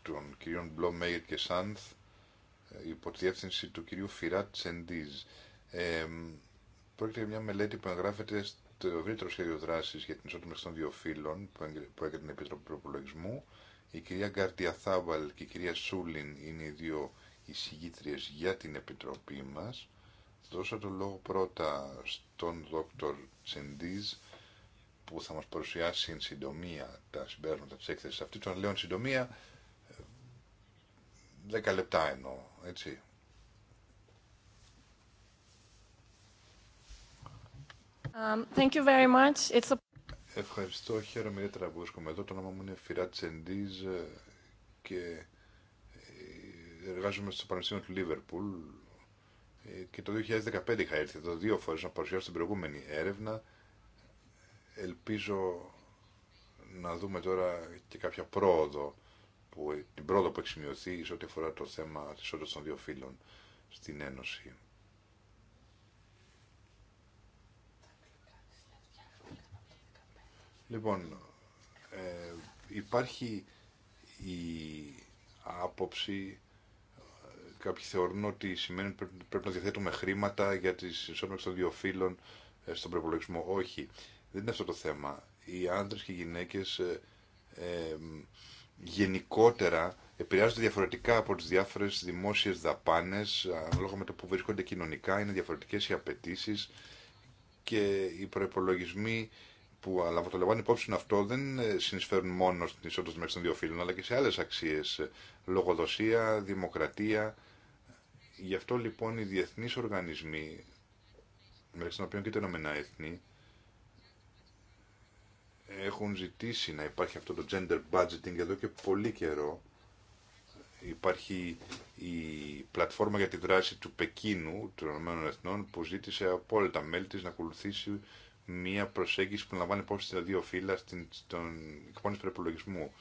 των κυρίων Μπλομέιρ και Σάνθ ε, υπό τη διεύθυνση του κυρίου Φιράτ Τσεντίζ. Ε, πρόκειται για μια μελέτη που εγγράφεται στο ευρύτερο σχέδιο δράση για την ισότητα των δύο φύλων που έκανε την Επιτροπή Προπολογισμού. Η κυρία Γκάρτια Θάβαλ και η κυρία Σούλιν είναι οι δύο εισηγήτριες για την Επιτροπή μας. Δώσα το λόγο πρώτα στον Δόκτωρ Τσεντίζ που θα μας παρουσιάσει εν συντομία τα συμπέρασματα της έκθεσης αυτή. Τον λέω εν συντομία 10 λεπτά εννοώ, έτσι. Um, thank you very much. It's a... Ευχαριστώ, χαίρομαι ιδιαίτερα που βρίσκομαι εδώ. Το όνομα μου είναι Φυρά Τσεντίζ ε, και εργάζομαι στο Πανεπιστήμιο του Λίβερπουλ ε, και το 2015 είχα έρθει εδώ δύο φορές να παρουσιάσω την προηγούμενη έρευνα. Ελπίζω να δούμε τώρα και κάποια πρόοδο, που, την πρόοδο που έχει σημειωθεί σε ό,τι αφορά το θέμα της όντας των δύο φύλων στην Ένωση. Λοιπόν, ε, υπάρχει η άποψη Κάποιοι θεωρούν ότι σημαίνει ότι πρέπει να διαθέτουμε χρήματα για τι ισότητε των δύο φύλων ε, στον προπολογισμό. Όχι, δεν είναι αυτό το θέμα. Οι άντρε και οι γυναίκε ε, ε, γενικότερα επηρεάζονται διαφορετικά από τι διάφορε δημόσιε δαπάνε, ανάλογα με το που βρίσκονται κοινωνικά, είναι διαφορετικέ οι απαιτήσει και οι προπολογισμοί που αλλά το λαμβάνει υπόψη αυτό δεν ε, συνεισφέρουν μόνο στην ισότητα των δύο φύλων, αλλά και σε άλλες αξίες, λογοδοσία, δημοκρατία, Γι' αυτό λοιπόν οι διεθνείς οργανισμοί, μεταξύ των οποίων και τα Ηνωμένα Έθνη, έχουν ζητήσει να υπάρχει αυτό το gender budgeting εδώ και πολύ καιρό. Υπάρχει η πλατφόρμα για τη δράση του Πεκίνου των Ηνωμένων Εθνών που ζήτησε από όλα τα μέλη της να ακολουθήσει μία προσέγγιση που λαμβάνει υπόψη τα δύο φύλλα στην, εκπόνηση του προπολογισμού.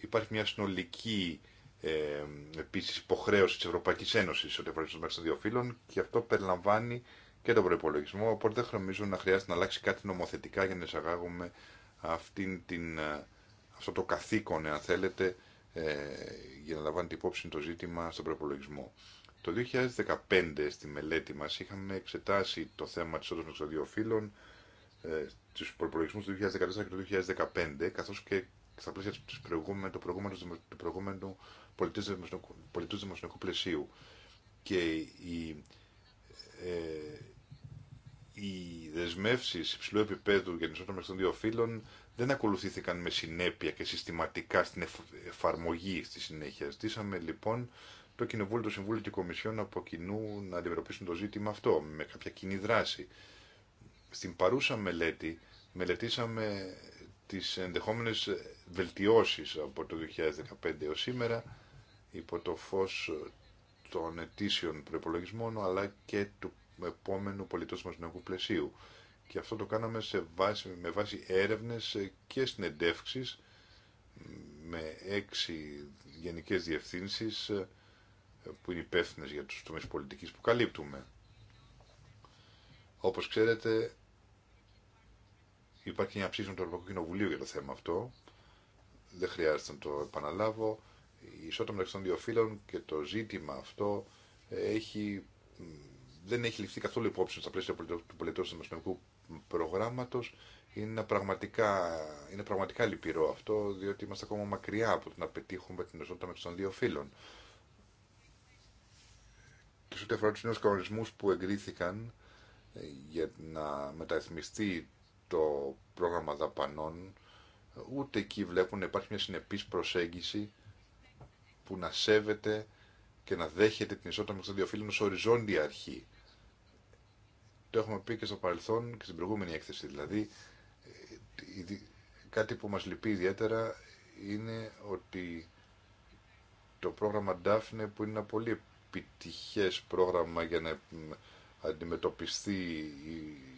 Υπάρχει μια συνολική ε, επίση υποχρέωση τη Ευρωπαϊκή Ένωση ό,τι αφορά τι των δύο και αυτό περιλαμβάνει και τον προπολογισμό. Οπότε δεν χρονίζω να χρειάζεται να αλλάξει κάτι νομοθετικά για να εισαγάγουμε αυτήν την, ε, αυτό το καθήκον, αν θέλετε, ε, για να λαμβάνετε υπόψη το ζήτημα στον προπολογισμό. Το 2015 στη μελέτη μας είχαμε εξετάσει το θέμα της όντως των δύο φύλων ε, στους του 2014 και του 2015 καθώς και στα πλαίσια του προηγούμενου πολιτού δημοσιονομικού πλαισίου και οι, ε, οι δεσμεύσει υψηλού επίπεδου για την ισότητα των δύο φύλων δεν ακολουθήθηκαν με συνέπεια και συστηματικά στην εφαρμογή στη συνέχεια. Στήσαμε λοιπόν το Κοινοβούλιο, το Συμβούλιο και η Κομισιόν από κοινού να αντιμετωπίσουν το ζήτημα αυτό με κάποια κοινή δράση. Στην παρούσα μελέτη μελετήσαμε τις ενδεχόμενες βελτιώσεις από το 2015 έως σήμερα υπό το φως των ετήσιων προπολογισμών αλλά και του επόμενου πολιτός δημοσιονομικού πλαισίου. Και αυτό το κάναμε με βάση έρευνες και συνεντεύξεις με έξι γενικές διευθύνσεις που είναι υπεύθυνε για τους τομείς πολιτικής που καλύπτουμε. Όπως ξέρετε υπάρχει μια ψήφιση το Ευρωπαϊκό Κοινοβουλίου για το θέμα αυτό. Δεν χρειάζεται να το επαναλάβω η ισότητα μεταξύ των δύο φύλων και το ζήτημα αυτό έχει, δεν έχει ληφθεί καθόλου υπόψη στα πλαίσια του πολιτικού δημοσιονομικού προγράμματο. Είναι πραγματικά, είναι πραγματικά λυπηρό αυτό, διότι είμαστε ακόμα μακριά από το να πετύχουμε την ισότητα μεταξύ των δύο φύλων. Και σε ό,τι αφορά του νέου κανονισμού που εγκρίθηκαν ε, για να μεταρρυθμιστεί το πρόγραμμα δαπανών, ε, ούτε εκεί βλέπουν να υπάρχει μια συνεπής προσέγγιση που να σέβεται και να δέχεται την ισότητα μεταξύ των δύο φίλων ως οριζόντια αρχή. Το έχουμε πει και στο παρελθόν και στην προηγούμενη έκθεση. Δηλαδή, ε, κάτι που μας λυπεί ιδιαίτερα είναι ότι το πρόγραμμα DAFNE που είναι ένα πολύ επιτυχές πρόγραμμα για να αντιμετωπιστεί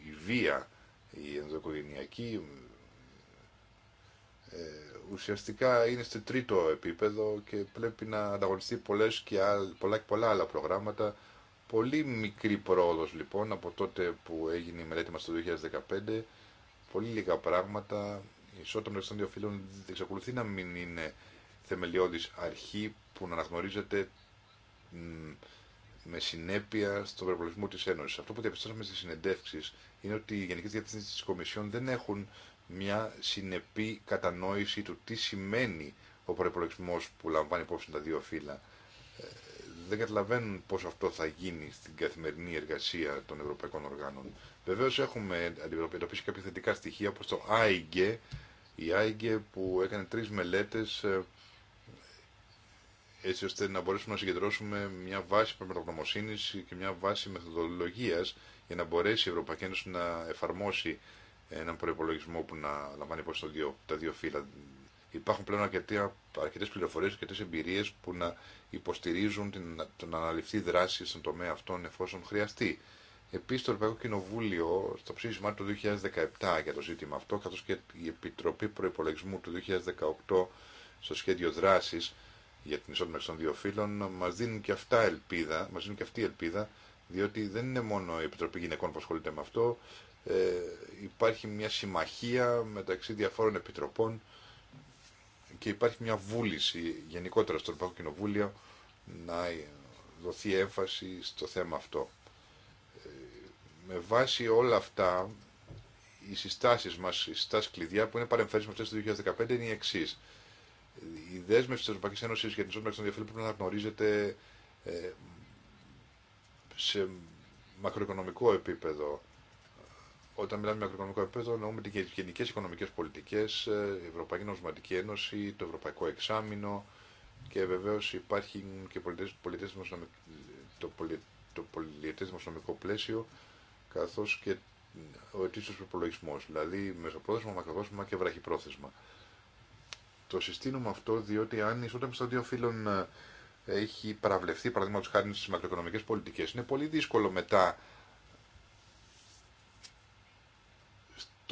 η βία η ενδοκογενειακή. Ε, ουσιαστικά είναι στο τρίτο επίπεδο και πρέπει να ανταγωνιστεί πολλές και πολλά και πολλά άλλα προγράμματα. Πολύ μικρή πρόοδος λοιπόν από τότε που έγινε η μελέτη μας το 2015. Πολύ λίγα πράγματα. Η ισότητα μεταξύ των δύο φύλων εξακολουθεί να μην είναι θεμελιώδης αρχή που να αναγνωρίζεται με συνέπεια στον προπολογισμό τη Ένωση. Αυτό που διαπιστώσαμε στι συνεντεύξει είναι ότι οι γενικέ διευθύνσει τη Κομισιόν δεν έχουν μια συνεπή κατανόηση του τι σημαίνει ο προπολογισμό που λαμβάνει υπόψη τα δύο φύλλα. Ε, δεν καταλαβαίνουν πώ αυτό θα γίνει στην καθημερινή εργασία των ευρωπαϊκών οργάνων. Βεβαίω έχουμε αντιμετωπίσει κάποια θετικά στοιχεία όπω το ΆΙΓΕ, η ΆΙΓΕ που έκανε τρει μελέτε ε, έτσι ώστε να μπορέσουμε να συγκεντρώσουμε μια βάση πραγματογνωμοσύνη και μια βάση μεθοδολογία για να μπορέσει η Ευρωπαϊκή Ένωση να εφαρμόσει έναν προπολογισμό που να λαμβάνει υπόψη τα δύο φύλλα. Υπάρχουν πλέον αρκετέ πληροφορίε, αρκετέ εμπειρίε που να υποστηρίζουν την, την να δράση στον τομέα αυτών εφόσον χρειαστεί. Επίση, το Ευρωπαϊκό Κοινοβούλιο, στο ψήφισμά του 2017 για το ζήτημα αυτό, καθώ και η Επιτροπή Προπολογισμού του 2018 στο σχέδιο δράση για την ισότητα των δύο φύλων, μα δίνουν και αυτά ελπίδα, μας δίνουν και αυτή η ελπίδα, διότι δεν είναι μόνο η Επιτροπή Γυναικών που ασχολείται με αυτό, ε, υπάρχει μια συμμαχία μεταξύ διαφόρων επιτροπών και υπάρχει μια βούληση γενικότερα στο Ευρωπαϊκό Κοινοβούλιο να δοθεί έμφαση στο θέμα αυτό. Ε, με βάση όλα αυτά, οι συστάσεις μας, οι συστάσεις κλειδιά που είναι με αυτές του 2015 είναι οι εξή. Η δέσμευση της Ευρωπαϊκής για την ισότητα των διαφύλων πρέπει να γνωρίζεται ε, σε μακροοικονομικό επίπεδο όταν μιλάμε για μακροοικονομικό επίπεδο, εννοούμε τι γενικέ οικονομικέ πολιτικέ, ε, η Ευρωπαϊκή Νομισματική Ένωση, το Ευρωπαϊκό Εξάμεινο και βεβαίω υπάρχει και πολιτές, το, πολιτισμο το δημοσιονομικό πλαίσιο, καθώ και ο ετήσιο προπολογισμό, δηλαδή μεσοπρόθεσμα, μακροπρόθεσμα και βραχυπρόθεσμα. Το συστήνουμε αυτό διότι αν η ισότητα των δύο φύλων ε, έχει παραβλεφθεί, παραδείγματο χάρη στι μακροοικονομικέ πολιτικέ, είναι πολύ δύσκολο μετά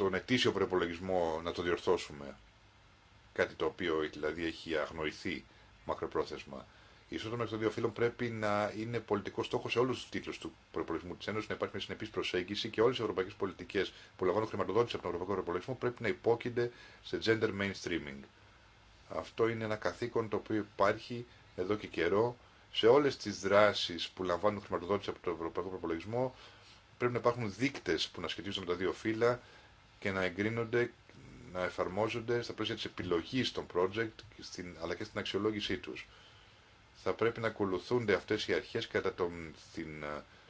τον ετήσιο προπολογισμό να το διορθώσουμε. Κάτι το οποίο δηλαδή έχει αγνοηθεί μακροπρόθεσμα. Η ισότητα μεταξύ των δύο φύλων πρέπει να είναι πολιτικό στόχο σε όλου του τίτλου του προπολογισμού τη Ένωση, να υπάρχει μια συνεπή προσέγγιση και όλε οι ευρωπαϊκέ πολιτικέ που λαμβάνουν χρηματοδότηση από τον ευρωπαϊκό προπολογισμό πρέπει να υπόκεινται σε gender mainstreaming. Αυτό είναι ένα καθήκον το οποίο υπάρχει εδώ και καιρό σε όλε τι δράσει που λαμβάνουν χρηματοδότηση από τον ευρωπαϊκό προπολογισμό. Πρέπει να υπάρχουν δείκτε που να σχετίζονται με τα δύο φύλλα και να εγκρίνονται, να εφαρμόζονται στα πλαίσια της επιλογής των project αλλά και στην αξιολόγησή τους. Θα πρέπει να ακολουθούνται αυτές οι αρχές κατά τον, την,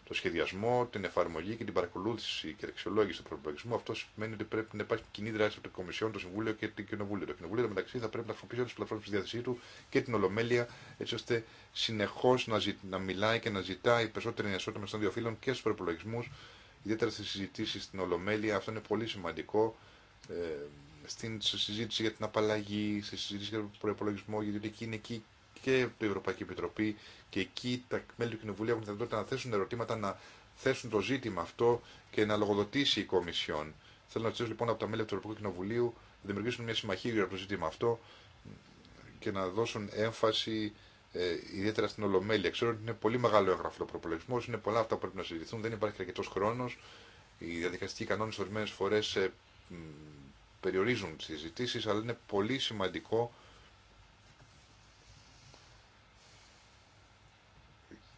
το σχεδιασμό, την εφαρμογή και την παρακολούθηση και την αξιολόγηση του προπολογισμού. Αυτό σημαίνει ότι πρέπει να υπάρχει κοινή δράση από την Κομισιόν, το Συμβούλιο και την Κοινοβούλιο. Το Κοινοβούλιο μεταξύ θα πρέπει να χρησιμοποιήσει όλε τι πλατφόρμε στη διάθεσή του και την Ολομέλεια, έτσι ώστε συνεχώ να, να μιλάει και να ζητάει περισσότερη ενισότητα μεταξύ των δύο φύλων και στου προπολογισμού ιδιαίτερα στις συζητήσεις στην Ολομέλεια, αυτό είναι πολύ σημαντικό, ε, στην συζήτηση για την απαλλαγή, στη συζήτηση για τον προπολογισμό, γιατί εκεί είναι εκεί και η Ευρωπαϊκή Επιτροπή και εκεί τα μέλη του Κοινοβουλίου έχουν δυνατότητα να θέσουν ερωτήματα, να θέσουν το ζήτημα αυτό και να λογοδοτήσει η Κομισιόν. Θέλω να ζητήσω λοιπόν από τα μέλη του Ευρωπαϊκού Κοινοβουλίου να δημιουργήσουν μια συμμαχία για το ζήτημα αυτό και να δώσουν έμφαση ε, ιδιαίτερα στην Ολομέλεια. Ξέρω ότι είναι πολύ μεγάλο έγγραφο ο προπολογισμό, είναι πολλά αυτά που πρέπει να συζητηθούν, δεν υπάρχει αρκετό χρόνο. Οι διαδικαστικοί κανόνε ορισμένε φορέ ε, περιορίζουν τι συζητήσει, αλλά είναι πολύ σημαντικό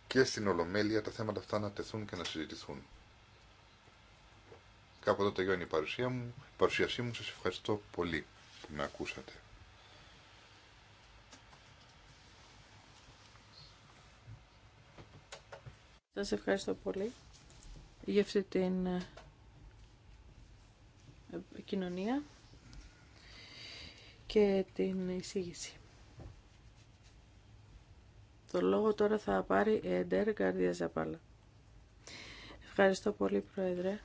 και στην Ολομέλεια τα θέματα αυτά να τεθούν και να συζητηθούν. Κάπου εδώ τελειώνει η παρουσία μου, η παρουσίασή μου. Σας ευχαριστώ πολύ που με ακούσατε. Σας ευχαριστώ πολύ για αυτή την ε, ε, κοινωνία και την εισήγηση. Το λόγο τώρα θα πάρει η Εντέρ Καρδία Ζαπάλα. Ευχαριστώ πολύ, Πρόεδρε.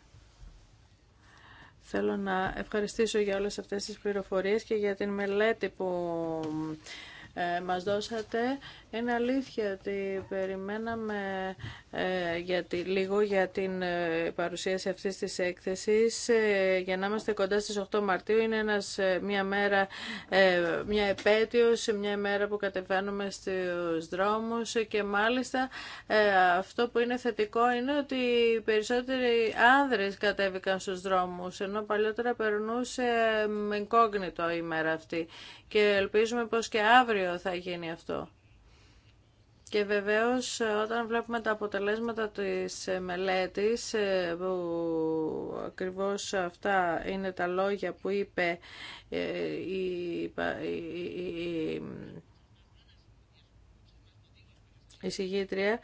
Θέλω να ευχαριστήσω για όλες αυτές τις πληροφορίες και για την μελέτη που ε, μας δώσατε. Είναι αλήθεια ότι περιμέναμε ε, γιατί, λίγο για την ε, παρουσίαση αυτής της έκθεσης. για να είμαστε κοντά στις 8 Μαρτίου είναι ένας, μια μέρα, μια επέτειος, μια μέρα που κατεβαίνουμε στους δρόμους και μάλιστα αυτό που είναι θετικό είναι ότι οι περισσότεροι άνδρες κατέβηκαν στους δρόμους ενώ παλιότερα περνούσε εγκόγνητο η μέρα αυτή και ελπίζουμε πως και αύριο θα γίνει αυτό. Και βεβαίως όταν βλέπουμε τα αποτελέσματα της ε, μελέτης ε, που ακριβώς αυτά είναι τα λόγια που είπε ε, η, η συγγήτρια,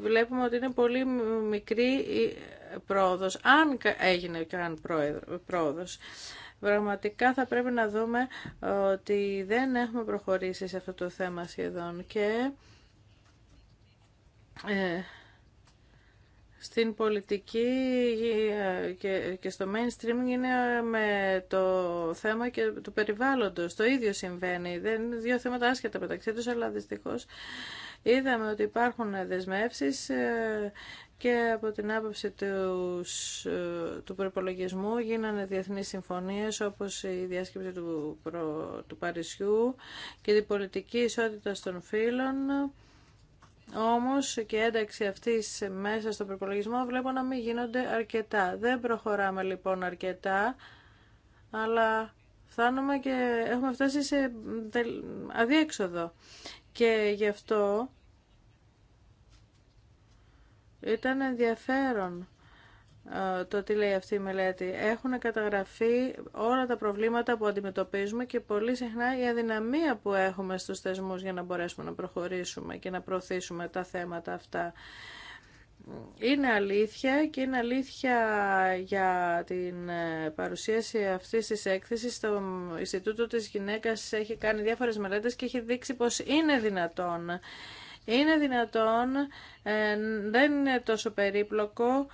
βλέπουμε ότι είναι πολύ μικρή η πρόοδος, αν έγινε καν πρόοδος. Πραγματικά θα πρέπει να δούμε ε, ότι δεν έχουμε προχωρήσει σε αυτό το θέμα σχεδόν και ε, στην πολιτική ε, και στο mainstream είναι με το θέμα και του περιβάλλοντος. Το ίδιο συμβαίνει. Δεν είναι δύο θέματα άσχετα μεταξύ τους, αλλά δυστυχώς είδαμε ότι υπάρχουν δεσμεύσεις και από την άποψη ε, του προπολογισμού γίνανε διεθνείς συμφωνίες όπως η διάσκεψη του, του Παρισιού και την πολιτική ισότητα των φύλων. Όμως και ένταξη αυτής μέσα στον προπολογισμό βλέπω να μην γίνονται αρκετά. Δεν προχωράμε λοιπόν αρκετά, αλλά φτάνουμε και έχουμε φτάσει σε αδιέξοδο. Και γι' αυτό ήταν ενδιαφέρον ε, το τι λέει αυτή η μελέτη. Έχουν καταγραφεί όλα τα προβλήματα που αντιμετωπίζουμε και πολύ συχνά η αδυναμία που έχουμε στους θεσμούς για να μπορέσουμε να προχωρήσουμε και να προωθήσουμε τα θέματα αυτά. Είναι αλήθεια και είναι αλήθεια για την ε, παρουσίαση αυτής της έκθεσης. Το Ινστιτούτο της Γυναίκας έχει κάνει διάφορες μελέτες και έχει δείξει πως είναι δυνατόν είναι δυνατόν, ε, δεν είναι τόσο περίπλοκο,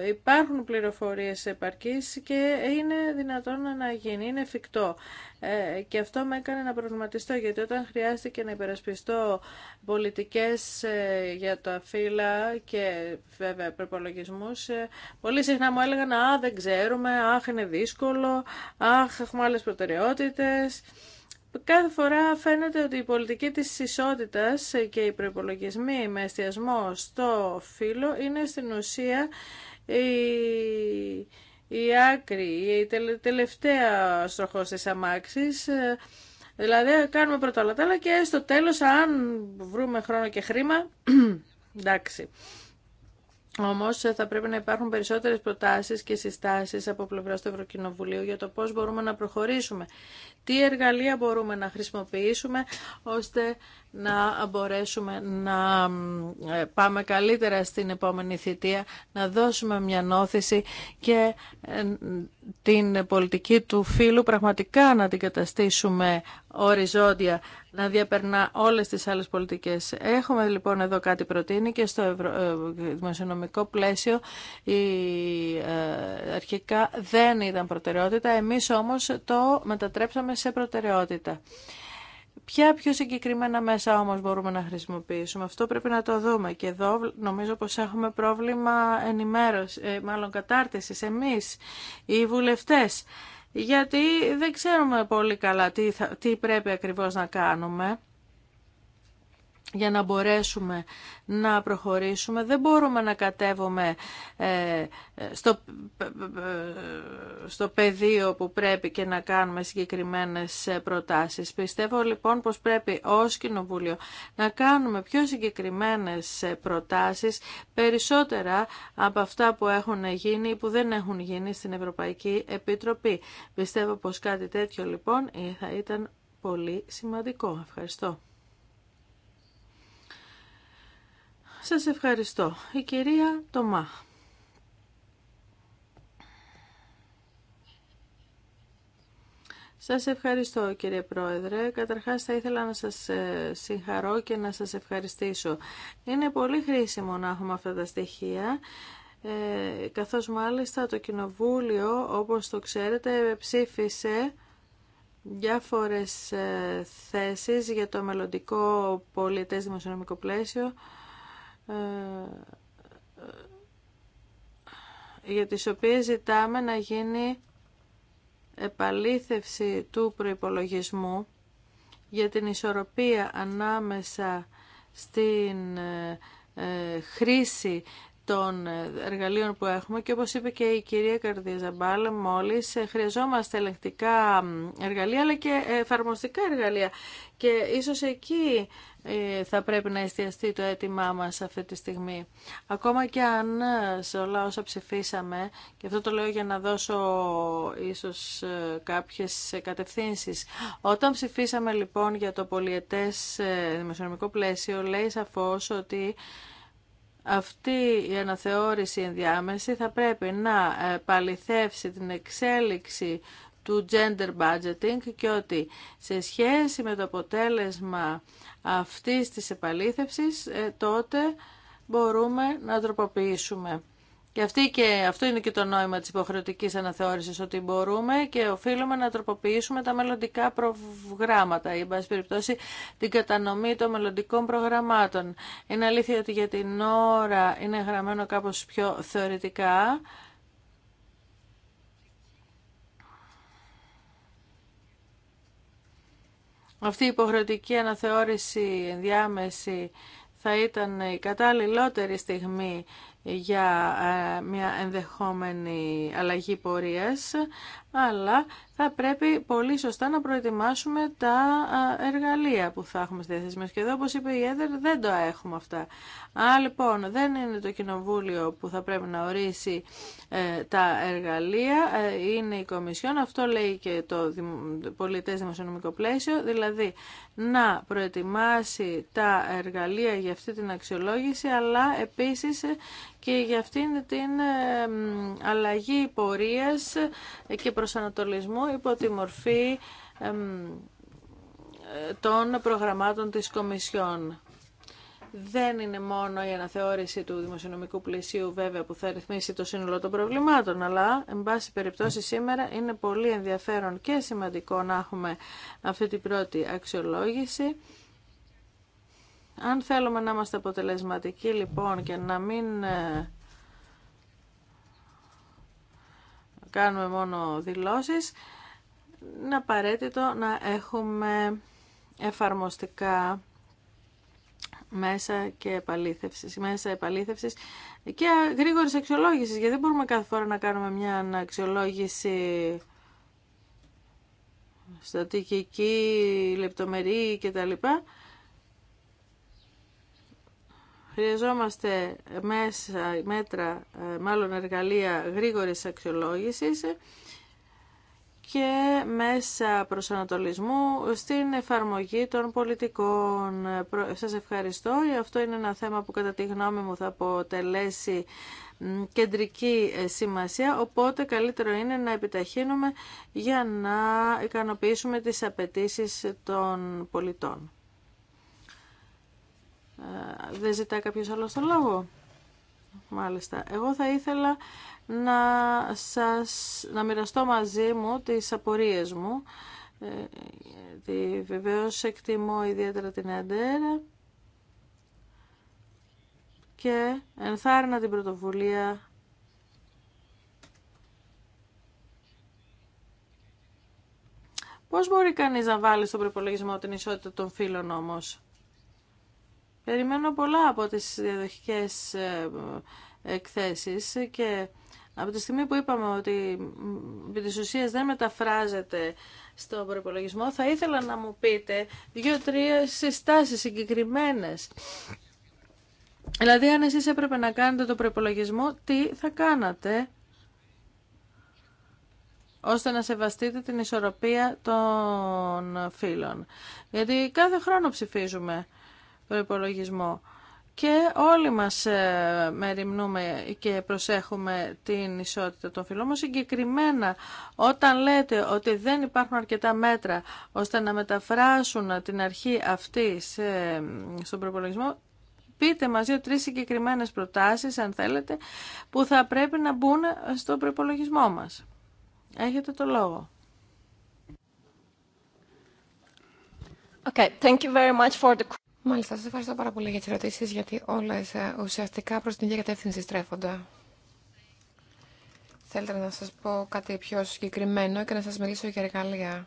ε, υπάρχουν πληροφορίες επαρκής και είναι δυνατόν να γίνει, είναι εφικτό. Ε, και αυτό με έκανε να προβληματιστώ, γιατί όταν χρειάστηκε να υπερασπιστώ πολιτικές για τα φύλλα και βέβαια προπολογισμού, πολύ συχνά μου έλεγαν «Α, δεν ξέρουμε, αχ, είναι δύσκολο, αχ, έχουμε άλλες προτεραιότητες». Κάθε φορά φαίνεται ότι η πολιτική της ισότητας και οι προπολογισμοί με εστιασμό στο φύλλο είναι στην ουσία η, η άκρη, η τελευταία στροχός της αμάξης. Δηλαδή κάνουμε πρώτα όλα τα άλλα και στο τέλος αν βρούμε χρόνο και χρήμα, [clears throat] εντάξει. Όμω ε, θα πρέπει να υπάρχουν περισσότερε προτάσει και συστάσει από πλευρά του Ευρωκοινοβουλίου για το πώ μπορούμε να προχωρήσουμε. Τι εργαλεία μπορούμε να χρησιμοποιήσουμε ώστε να μπορέσουμε να ε, πάμε καλύτερα στην επόμενη θητεία, να δώσουμε μια νόθηση και ε, την πολιτική του φίλου πραγματικά να την καταστήσουμε οριζόντια, να διαπερνά όλες τις άλλες πολιτικές. Έχουμε λοιπόν εδώ κάτι προτείνει και στο ε, δημοσιονομικό πλαίσιο η, αρχικά δεν ήταν προτεραιότητα, εμείς όμως το μετατρέψαμε σε προτεραιότητα. Ποια πιο συγκεκριμένα μέσα όμως μπορούμε να χρησιμοποιήσουμε. Αυτό πρέπει να το δούμε. Και εδώ νομίζω πως έχουμε πρόβλημα ενημέρωση, ε, μάλλον κατάρτισης εμείς, οι βουλευτές. Γιατί δεν ξέρουμε πολύ καλά τι, τι πρέπει ακριβώς να κάνουμε για να μπορέσουμε να προχωρήσουμε. Δεν μπορούμε να κατέβουμε ε, ε, στο, ε, στο πεδίο που πρέπει και να κάνουμε συγκεκριμένες προτάσεις. Πιστεύω λοιπόν πως πρέπει ως Κοινοβούλιο να κάνουμε πιο συγκεκριμένες προτάσεις, περισσότερα από αυτά που έχουν γίνει ή που δεν έχουν γίνει στην Ευρωπαϊκή Επιτροπή. Πιστεύω πως κάτι τέτοιο λοιπόν θα ήταν πολύ σημαντικό. Ευχαριστώ. Σας ευχαριστώ. Η κυρία Τομά. Σας ευχαριστώ κύριε Πρόεδρε. Καταρχάς θα ήθελα να σας ε, συγχαρώ και να σας ευχαριστήσω. Είναι πολύ χρήσιμο να έχουμε αυτά τα στοιχεία. Ε, καθώς μάλιστα το Κοινοβούλιο, όπως το ξέρετε, ψήφισε διάφορες ε, θέσεις για το μελλοντικό πολιτές δημοσιονομικό πλαίσιο ε, ε, για τις οποίες ζητάμε να γίνει επαλήθευση του προϋπολογισμού για την ισορροπία ανάμεσα στην ε, χρήση των ε, εργαλείων που έχουμε και όπως είπε και η κυρία Καρδιαζαμπάλ μόλις ε, χρειαζόμαστε ελεκτικά εργαλεία αλλά και εφαρμοστικά εργαλεία και ίσως εκεί ε, θα πρέπει να εστιαστεί το αίτημά μας αυτή τη στιγμή. Ακόμα και αν σε όλα όσα ψηφίσαμε, και αυτό το λέω για να δώσω ίσως κάποιες κατευθύνσεις, όταν ψηφίσαμε λοιπόν για το πολιετές δημοσιονομικό πλαίσιο λέει σαφώς ότι αυτή η αναθεώρηση ενδιάμεση θα πρέπει να ε, παληθεύσει την εξέλιξη του gender budgeting και ότι σε σχέση με το αποτέλεσμα αυτής της επαλήθευσης ε, τότε μπορούμε να τροποποιήσουμε και, αυτή και αυτό είναι και το νόημα της υποχρεωτικής αναθεώρησης, ότι μπορούμε και οφείλουμε να τροποποιήσουμε τα μελλοντικά προγράμματα, ή εν πάση περιπτώσει την κατανομή των μελλοντικών προγραμμάτων. Είναι αλήθεια ότι για την ώρα είναι γραμμένο κάπως πιο θεωρητικά, Αυτή η υποχρεωτική αναθεώρηση ενδιάμεση θα ήταν η κατάλληλότερη στιγμή για ε, μια ενδεχόμενη αλλαγή πορείας, αλλά θα πρέπει πολύ σωστά να προετοιμάσουμε τα ε, εργαλεία που θα έχουμε στη θέση μας. Και εδώ, όπως είπε η Έδερ, δεν το έχουμε αυτά. Α, λοιπόν, δεν είναι το Κοινοβούλιο που θα πρέπει να ορίσει ε, τα εργαλεία, είναι η Κομισιόν, αυτό λέει και το πολιτές δημοσιονομικό πλαίσιο, δηλαδή να προετοιμάσει τα εργαλεία για αυτή την αξιολόγηση, αλλά επίσης και για αυτήν την αλλαγή πορείας και προσανατολισμού υπό τη μορφή των προγραμμάτων της Κομισιόν. Δεν είναι μόνο η αναθεώρηση του δημοσιονομικού πλαισίου βέβαια που θα ρυθμίσει το σύνολο των προβλημάτων, αλλά εν πάση περιπτώσει σήμερα είναι πολύ ενδιαφέρον και σημαντικό να έχουμε αυτή την πρώτη αξιολόγηση. Αν θέλουμε να είμαστε αποτελεσματικοί λοιπόν και να μην ε, κάνουμε μόνο δηλώσεις, είναι απαραίτητο να έχουμε εφαρμοστικά μέσα και επαλήθευσης, μέσα επαλήθευσης και γρήγορη αξιολόγηση γιατί δεν μπορούμε κάθε φορά να κάνουμε μια αξιολόγηση στατικική, λεπτομερή κτλ. Χρειαζόμαστε μέσα, μέτρα, ε, μάλλον εργαλεία γρήγορης αξιολόγησης και μέσα προσανατολισμού στην εφαρμογή των πολιτικών. Σας ευχαριστώ. Ε, αυτό είναι ένα θέμα που κατά τη γνώμη μου θα αποτελέσει κεντρική ε, σημασία, οπότε καλύτερο είναι να επιταχύνουμε για να ικανοποιήσουμε τις απαιτήσεις των πολιτών. Ε, δεν ζητάει κάποιος άλλος το λόγο. Μάλιστα. Εγώ θα ήθελα να, σας, να μοιραστώ μαζί μου τις απορίες μου. Ε, βεβαίως εκτιμώ ιδιαίτερα την Αντέρα και ενθάρρυνα την πρωτοβουλία Πώς μπορεί κανείς να βάλει στον προπολογισμό την ισότητα των φίλων όμως. Περιμένω πολλά από τις διαδοχικές ε, εκθέσεις και από τη στιγμή που είπαμε ότι επί της ουσίας δεν μεταφράζεται στον προπολογισμό, θα ήθελα να μου πείτε δύο-τρία συστάσεις συγκεκριμένες. Δηλαδή, αν εσείς έπρεπε να κάνετε το προπολογισμό, τι θα κάνατε ώστε να σεβαστείτε την ισορροπία των φύλων. Γιατί κάθε χρόνο ψηφίζουμε προϋπολογισμό. Και όλοι μας ε, μεριμνούμε και προσέχουμε την ισότητα των φυλών. Όμως συγκεκριμένα όταν λέτε ότι δεν υπάρχουν αρκετά μέτρα ώστε να μεταφράσουν την αρχή αυτή σε, στον προπολογισμό, πείτε μας δύο-τρεις συγκεκριμένες προτάσεις, αν θέλετε, που θα πρέπει να μπουν στον προπολογισμό μας. Έχετε το λόγο. Okay, thank you very much for the... Μάλιστα, σας ευχαριστώ πάρα πολύ για τις ερωτήσεις, γιατί όλες ε, ουσιαστικά προς την ίδια κατεύθυνση στρέφονται. Θέλετε να σας πω κάτι πιο συγκεκριμένο και να σας μιλήσω για εργαλεία.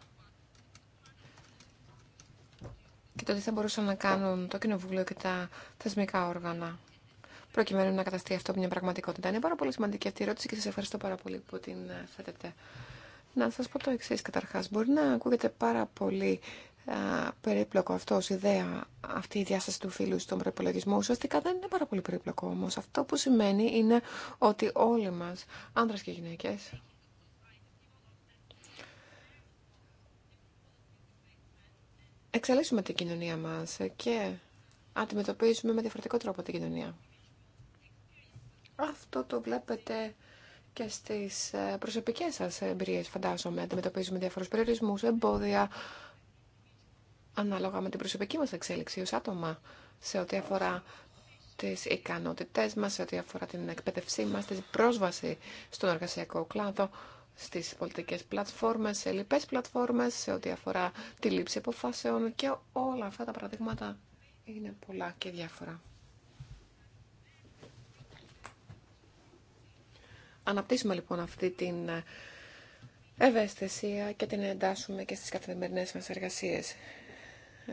Και το τι θα μπορούσαν να κάνουν το Κοινοβούλιο και τα θεσμικά όργανα. Προκειμένου να καταστεί αυτό μια πραγματικότητα. Είναι πάρα πολύ σημαντική αυτή η ερώτηση και σας ευχαριστώ πάρα πολύ που την ε, θέτετε. Να σας πω το εξής καταρχάς. Μπορεί να ακούγεται πάρα πολύ περίπλοκο αυτό, ιδέα, αυτή η διάσταση του φίλου στον προπολογισμό. Ουσιαστικά δεν είναι πάρα πολύ περίπλοκο όμω. Αυτό που σημαίνει είναι ότι όλοι μα, άντρε και γυναίκε, εξελίσσουμε την κοινωνία μας και αντιμετωπίζουμε με διαφορετικό τρόπο την κοινωνία. Αυτό το βλέπετε και στις ε, προσωπικές σας εμπειρίες, φαντάζομαι. Αντιμετωπίζουμε διάφορους περιορισμούς, εμπόδια, ανάλογα με την προσωπική μας εξέλιξη ως άτομα σε ό,τι αφορά τις ικανότητές μας, σε ό,τι αφορά την εκπαίδευσή μας, την πρόσβαση στον εργασιακό κλάδο, στις πολιτικές πλατφόρμες, σε λοιπές πλατφόρμες, σε ό,τι αφορά τη λήψη αποφάσεων και όλα αυτά τα παραδείγματα είναι πολλά και διάφορα. Αναπτύσσουμε λοιπόν αυτή την ευαισθησία και την εντάσσουμε και στις καθημερινές μας εργασίες.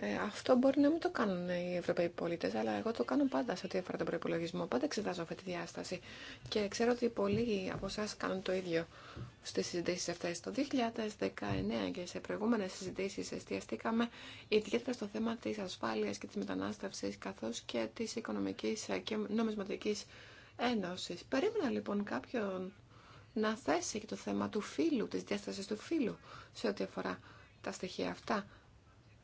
Ε, αυτό μπορεί να μην το κάνουν οι Ευρωπαίοι πολίτε, αλλά εγώ το κάνω πάντα σε ό,τι αφορά τον προπολογισμό. Πάντα εξετάζω αυτή τη διάσταση. Και ξέρω ότι πολλοί από εσά κάνουν το ίδιο στι συζητήσει αυτέ. Το 2019 και σε προηγούμενε συζητήσει εστιαστήκαμε ιδιαίτερα στο θέμα τη ασφάλεια και τη μετανάστευση, καθώ και τη οικονομική και νομισματική ένωση. Περίμενα λοιπόν κάποιον να θέσει και το θέμα του φύλου, τη διάσταση του φύλου σε ό,τι αφορά τα στοιχεία αυτά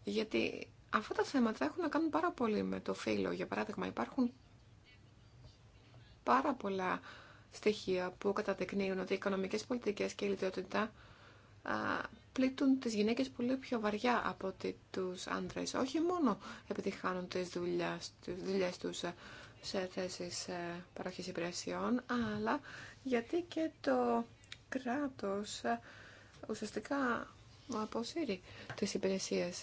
γιατί αυτά τα θέματα έχουν να κάνουν πάρα πολύ με το φύλλο. Για παράδειγμα, υπάρχουν πάρα πολλά στοιχεία που κατατεκνύουν ότι οι οικονομικές πολιτικές και η λιτότητα πλήττουν τις γυναίκες πολύ πιο βαριά από ότι τους άντρες. Όχι μόνο επιτυχάνουν τις δουλειές, τις δουλειές τους σε θέσεις παροχής υπηρεσιών, αλλά γιατί και το κράτος ουσιαστικά αποσύρει τις υπηρεσίες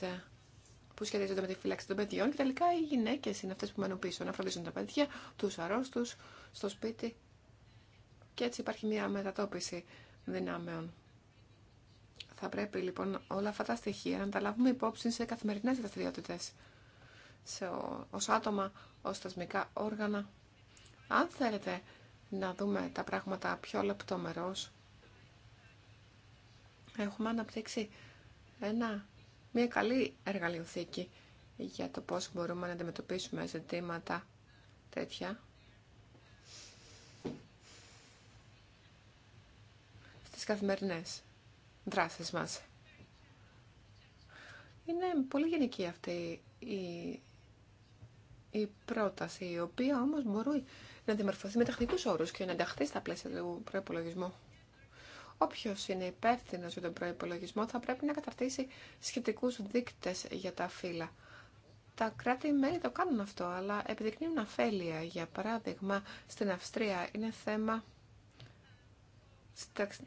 που σχετίζονται με τη φύλαξη των παιδιών και τελικά οι γυναίκε είναι αυτέ που μένουν πίσω να φροντίζουν τα παιδιά, του αρρώστου, στο σπίτι. Και έτσι υπάρχει μια μετατόπιση δυνάμεων. Θα πρέπει λοιπόν όλα αυτά τα στοιχεία να τα λάβουμε υπόψη σε καθημερινέ δραστηριότητε, ω άτομα, ω θεσμικά όργανα. Αν θέλετε να δούμε τα πράγματα πιο λεπτομερώς, έχουμε αναπτύξει ένα μια καλή εργαλειοθήκη για το πώς μπορούμε να αντιμετωπίσουμε ζητήματα τέτοια. Στις καθημερινές δράσεις μας. Είναι πολύ γενική αυτή η, πρόταση, η οποία όμως μπορεί να δημορφωθεί με τεχνικούς όρους και να ενταχθεί στα πλαίσια του προϋπολογισμού. Όποιο είναι υπεύθυνο για τον προπολογισμό θα πρέπει να καταρτήσει σχετικού δείκτε για τα φύλλα. Τα κράτη-μέλη το κάνουν αυτό, αλλά επιδεικνύουν αφέλεια. Για παράδειγμα, στην Αυστρία είναι θέμα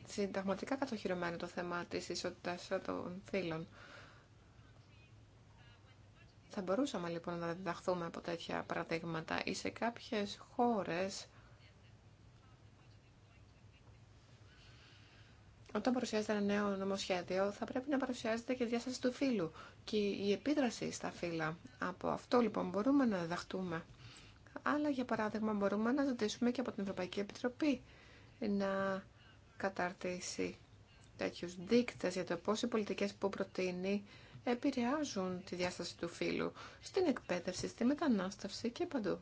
συνταγματικά κατοχυρωμένο το θέμα της ισότητας των φύλων. Θα μπορούσαμε λοιπόν να διδαχθούμε από τέτοια παραδείγματα ή σε κάποιες χώρες Όταν παρουσιάζεται ένα νέο νομοσχέδιο, θα πρέπει να παρουσιάζεται και η διάσταση του φύλου και η επίδραση στα φύλλα. Από αυτό λοιπόν μπορούμε να διδαχτούμε. Αλλά για παράδειγμα μπορούμε να ζητήσουμε και από την Ευρωπαϊκή Επιτροπή να καταρτήσει τέτοιους δείκτες για το πώς οι πολιτικές που προτείνει επηρεάζουν τη διάσταση του φύλου στην εκπαίδευση, στη μετανάστευση και παντού.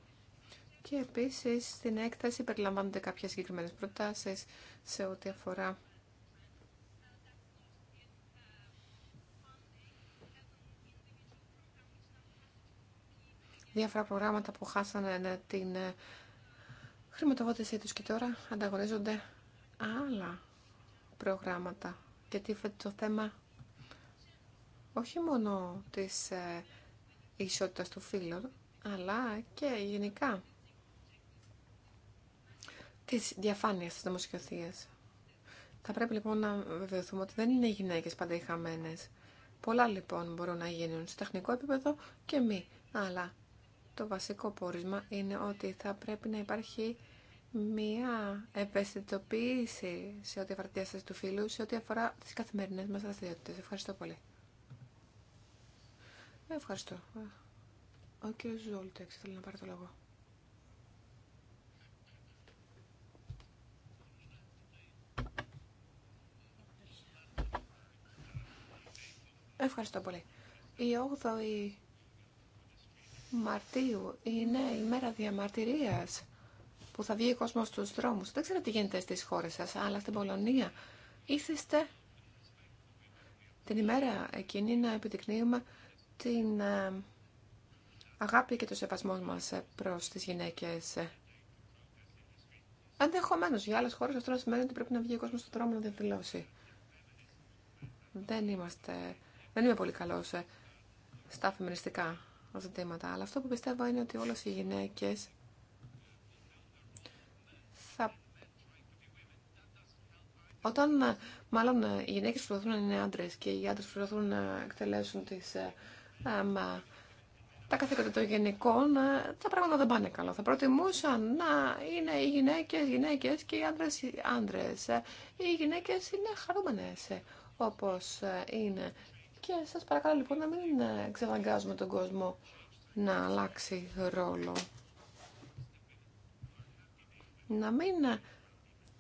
Και επίσης στην έκταση περιλαμβάνονται κάποιες συγκεκριμένε προτάσεις σε ό,τι αφορά διάφορα προγράμματα που χάσανε ε, την ε, χρηματοδότησή τους και τώρα ανταγωνίζονται άλλα προγράμματα και τίθεται το θέμα όχι μόνο της ε, ισότητας του φύλου, αλλά και γενικά της διαφάνειας της νομοσχεδίας. Θα πρέπει λοιπόν να βεβαιωθούμε ότι δεν είναι οι γυναίκες πάντα οι χαμένες. Πολλά λοιπόν μπορούν να γίνουν σε τεχνικό επίπεδο και μη, αλλά το βασικό πόρισμα είναι ότι θα πρέπει να υπάρχει μία ευαισθητοποίηση σε ό,τι αφορά τη διάσταση του φίλου, σε ό,τι αφορά τις καθημερινές μας δραστηριότητε. Ευχαριστώ πολύ. Ευχαριστώ. Ο κ. Ζόλτεξ θέλει να πάρει το λόγο. Ευχαριστώ πολύ. Η 8η Μαρτίου είναι η μέρα διαμαρτυρίας που θα βγει ο κόσμος στους δρόμους. Δεν ξέρω τι γίνεται στις χώρες σας, αλλά στην Πολωνία ήθεστε την ημέρα εκείνη να επιδεικνύουμε την ε, αγάπη και το σεβασμό μας προς τις γυναίκες. Ενδεχομένω για άλλε χώρε αυτό να σημαίνει ότι πρέπει να βγει ο κόσμο στον δρόμο να διαδηλώσει. Δεν είμαστε. Δεν είμαι πολύ καλό ε, στα φεμινιστικά. Αλλά αυτό που πιστεύω είναι ότι όλες οι γυναίκες θα... Όταν, μάλλον, οι γυναίκες προσπαθούν να είναι άντρες και οι άντρες προσπαθούν να εκτελέσουν τις, ε, ε, τα καθήκοντα των γενικών, ε, τα πράγματα δεν πάνε καλά. Θα προτιμούσαν να είναι οι γυναίκες γυναίκες και οι άντρες άντρες. Οι γυναίκες είναι χαρούμενες όπως είναι και σας παρακαλώ λοιπόν να μην εξαναγκάζουμε τον κόσμο να αλλάξει ρόλο. Να μην ε,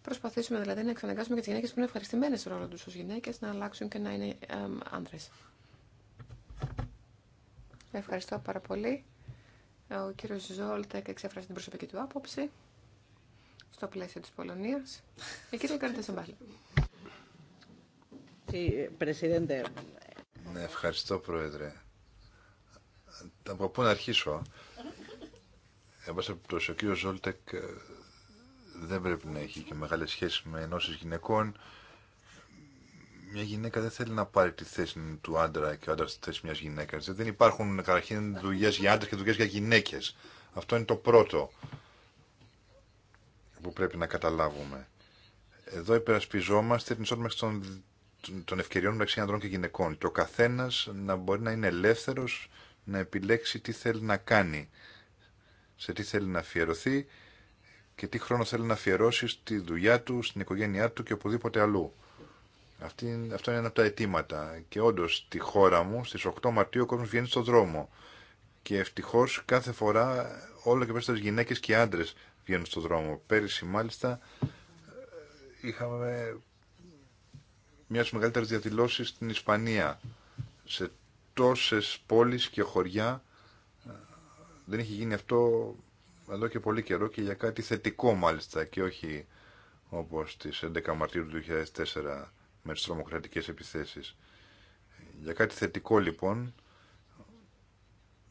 προσπαθήσουμε δηλαδή να εξαναγκάσουμε και τις γυναίκες που είναι ευχαριστημένες στο ρόλο τους ως γυναίκες να αλλάξουν και να είναι ε, άντρες. Ευχαριστώ πάρα πολύ. Ο κύριος Ζόλτεκ εξέφρασε την προσωπική του άποψη στο πλαίσιο της Πολωνίας. Ε, Η κυρία Presidente, ναι, ευχαριστώ Πρόεδρε. Από πού να αρχίσω. Εμπάσχευτος, ο κύριο Ζόλτεκ ε, δεν πρέπει να έχει και μεγάλες σχέσεις με ενώσεις γυναικών. Μια γυναίκα δεν θέλει να πάρει τη θέση του άντρα και ο άντρας τη θέση μιας γυναίκας. Δεν υπάρχουν καταρχήν δουλειές για άντρες και δουλειές για γυναίκες. Αυτό είναι το πρώτο που πρέπει να καταλάβουμε. Εδώ υπερασπιζόμαστε την ισότητα των των ευκαιριών μεταξύ ανδρών και γυναικών και ο καθένας να μπορεί να είναι ελεύθερος να επιλέξει τι θέλει να κάνει, σε τι θέλει να αφιερωθεί και τι χρόνο θέλει να αφιερώσει στη δουλειά του, στην οικογένειά του και οπουδήποτε αλλού. Αυτή, αυτό είναι ένα από τα αιτήματα. Και όντω στη χώρα μου, στις 8 Μαρτίου, ο κόσμος βγαίνει στον δρόμο. Και ευτυχώ κάθε φορά όλο και περισσότερε γυναίκες και άντρε βγαίνουν στον δρόμο. Πέρυσι, μάλιστα, ε, είχαμε μια από τι μεγαλύτερε διαδηλώσει στην Ισπανία. Σε τόσε πόλει και χωριά ε, δεν έχει γίνει αυτό εδώ και πολύ καιρό και για κάτι θετικό μάλιστα και όχι όπως τις 11 Μαρτίου του 2004 με τις τρομοκρατικέ επιθέσει. Για κάτι θετικό λοιπόν,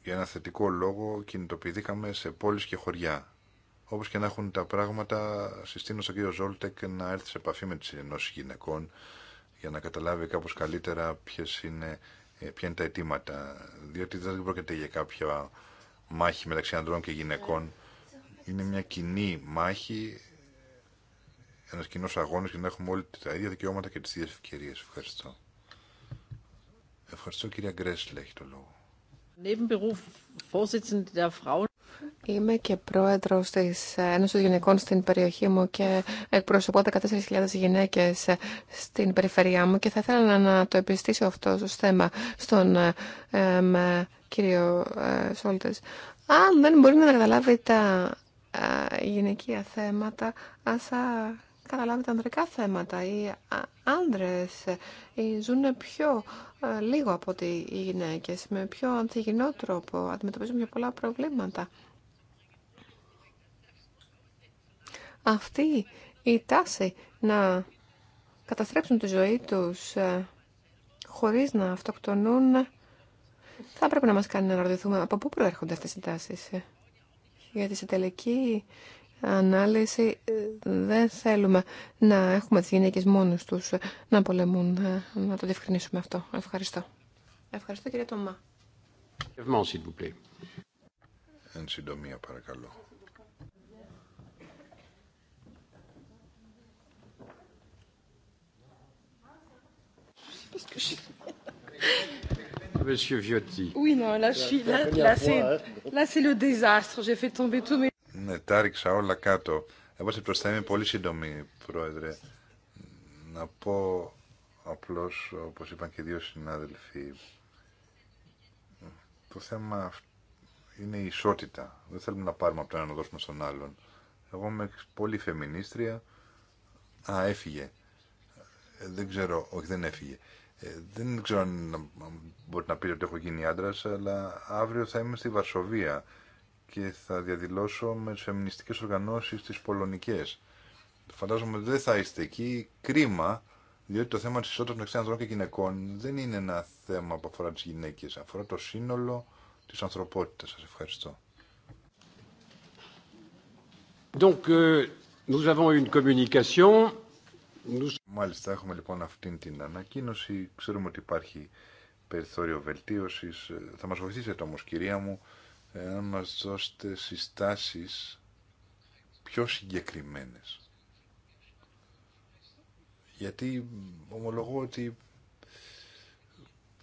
για ένα θετικό λόγο κινητοποιηθήκαμε σε πόλεις και χωριά. Όπως και να έχουν τα πράγματα, συστήνω στον κύριο Ζόλτεκ να έρθει σε επαφή με τις ενώσεις γυναικών για να καταλάβει κάπως καλύτερα ποιες είναι, ε, ποια είναι τα αιτήματα. Διότι δεν πρόκειται για κάποια μάχη μεταξύ ανδρών και γυναικών. Είναι μια κοινή μάχη, ένας κοινό αγώνας για να έχουμε όλοι τα ίδια δικαιώματα και τις ίδιες ευκαιρίες. Ευχαριστώ. Ευχαριστώ κυρία Γκρέσλε, έχει το λόγο. Είμαι και πρόεδρο τη Ένωση Γυναικών στην περιοχή μου και εκπροσωπώ 14.000 γυναίκε στην περιφερειά μου και θα ήθελα να το επιστήσω αυτό το θέμα στον κύριο ε, Σόλτε. Αν δεν μπορεί να καταλάβει τα ε, γυναικεία θέματα, α καταλάβει τα ανδρικά θέματα. Οι άντρε ε, ζουν πιο ε, λίγο από ότι οι γυναίκε, με πιο ανθυγινό τρόπο, αντιμετωπίζουν πιο πολλά προβλήματα. αυτή η τάση να καταστρέψουν τη ζωή τους ε, χωρίς να αυτοκτονούν, θα πρέπει να μας κάνει να ρωτηθούμε από πού προέρχονται αυτές οι τάσεις. Γιατί σε τελική ανάλυση ε, δεν θέλουμε να έχουμε τις γυναίκες μόνους τους ε, να πολεμούν, να το διευκρινίσουμε αυτό. Ευχαριστώ. Ευχαριστώ κύριε Τωμά. Εν συντομία παρακαλώ. pense que je... Monsieur Viotti. Oui, non, là, Ναι, τα όλα κάτω. Εγώ σε θα είμαι πολύ σύντομη, Πρόεδρε. Να πω απλώς, όπως είπαν και δύο συνάδελφοι, το θέμα είναι η ισότητα. Δεν θέλουμε να πάρουμε από το ένα να δώσουμε στον άλλον. Εγώ είμαι πολύ φεμινίστρια. Α, έφυγε. Ε, δεν ξέρω, όχι δεν έφυγε. Ε, δεν ξέρω αν μπορείτε να πείτε ότι έχω γίνει άντρα, αλλά αύριο θα είμαι στη Βαρσοβία και θα διαδηλώσω με τι φεμινιστικέ οργανώσει τι πολωνικέ. Φαντάζομαι ότι δεν θα είστε εκεί. Κρίμα, διότι το θέμα τη ισότητα μεταξύ ανδρών και γυναικών δεν είναι ένα θέμα που αφορά τι γυναίκε. Αφορά το σύνολο τη ανθρωπότητα. Σα ευχαριστώ. Donc, euh, nous avons une communication. Μάλιστα έχουμε λοιπόν αυτή την ανακοίνωση. Ξέρουμε ότι υπάρχει περιθώριο βελτίωση. Ε, θα μας βοηθήσετε όμω, κυρία μου ε, να μας δώσετε συστάσεις πιο συγκεκριμένε. Γιατί ομολογώ ότι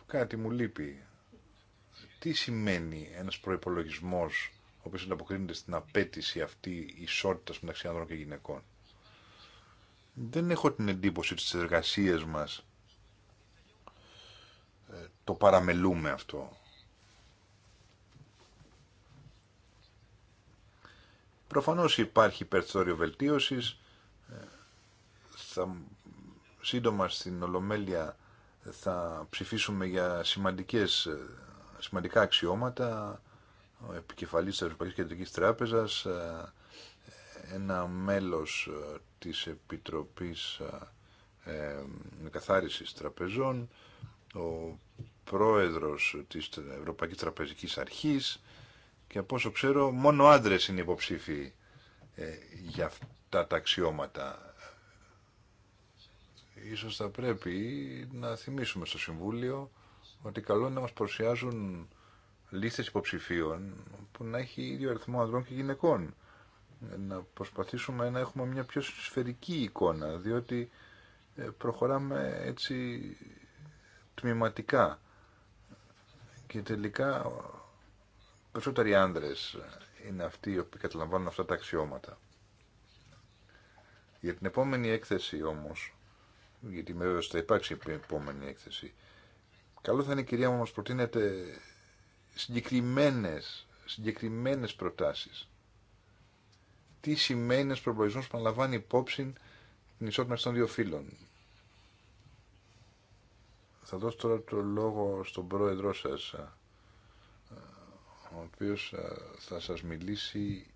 κάτι μου λείπει. Τι σημαίνει ένας προϋπολογισμός ο οποίος ανταποκρίνεται στην απέτηση αυτή ισότητας μεταξύ άνδρων και γυναικών δεν έχω την εντύπωση στις εργασίες μας ε, το παραμελούμε αυτό. Προφανώς υπάρχει υπερθόριο βελτίωσης. Ε, θα, σύντομα στην Ολομέλεια θα ψηφίσουμε για σημαντικές, ε, σημαντικά αξιώματα. Ο επικεφαλής της Ευρωπαϊκής Κεντρικής Τράπεζας, ένα μέλος της Επιτροπής ε, Καθάρισης Τραπεζών, ο πρόεδρος της Ευρωπαϊκής Τραπεζικής Αρχής και από όσο ξέρω μόνο άντρες είναι υποψήφοι ε, για αυτά τα αξιώματα. Ίσως θα πρέπει να θυμίσουμε στο Συμβούλιο ότι καλό είναι να μας προσιάζουν λίστες υποψηφίων που να έχει ίδιο αριθμό ανδρών και γυναικών να προσπαθήσουμε να έχουμε μια πιο σφαιρική εικόνα, διότι ε, προχωράμε έτσι τμηματικά και τελικά περισσότεροι άνδρες είναι αυτοί οι οποίοι καταλαμβάνουν αυτά τα αξιώματα. Για την επόμενη έκθεση όμως, γιατί με βέβαια θα υπάρξει η επόμενη έκθεση, καλό θα είναι η κυρία μου να μας προτείνετε συγκεκριμένες, συγκεκριμένες προτάσεις τι σημαίνει ένα προπολογισμό που αναλαμβάνει υπόψη την ισότητα των δύο φύλων. Θα δώσω τώρα το λόγο στον πρόεδρό σας, ε, ο οποίος ε, θα σας μιλήσει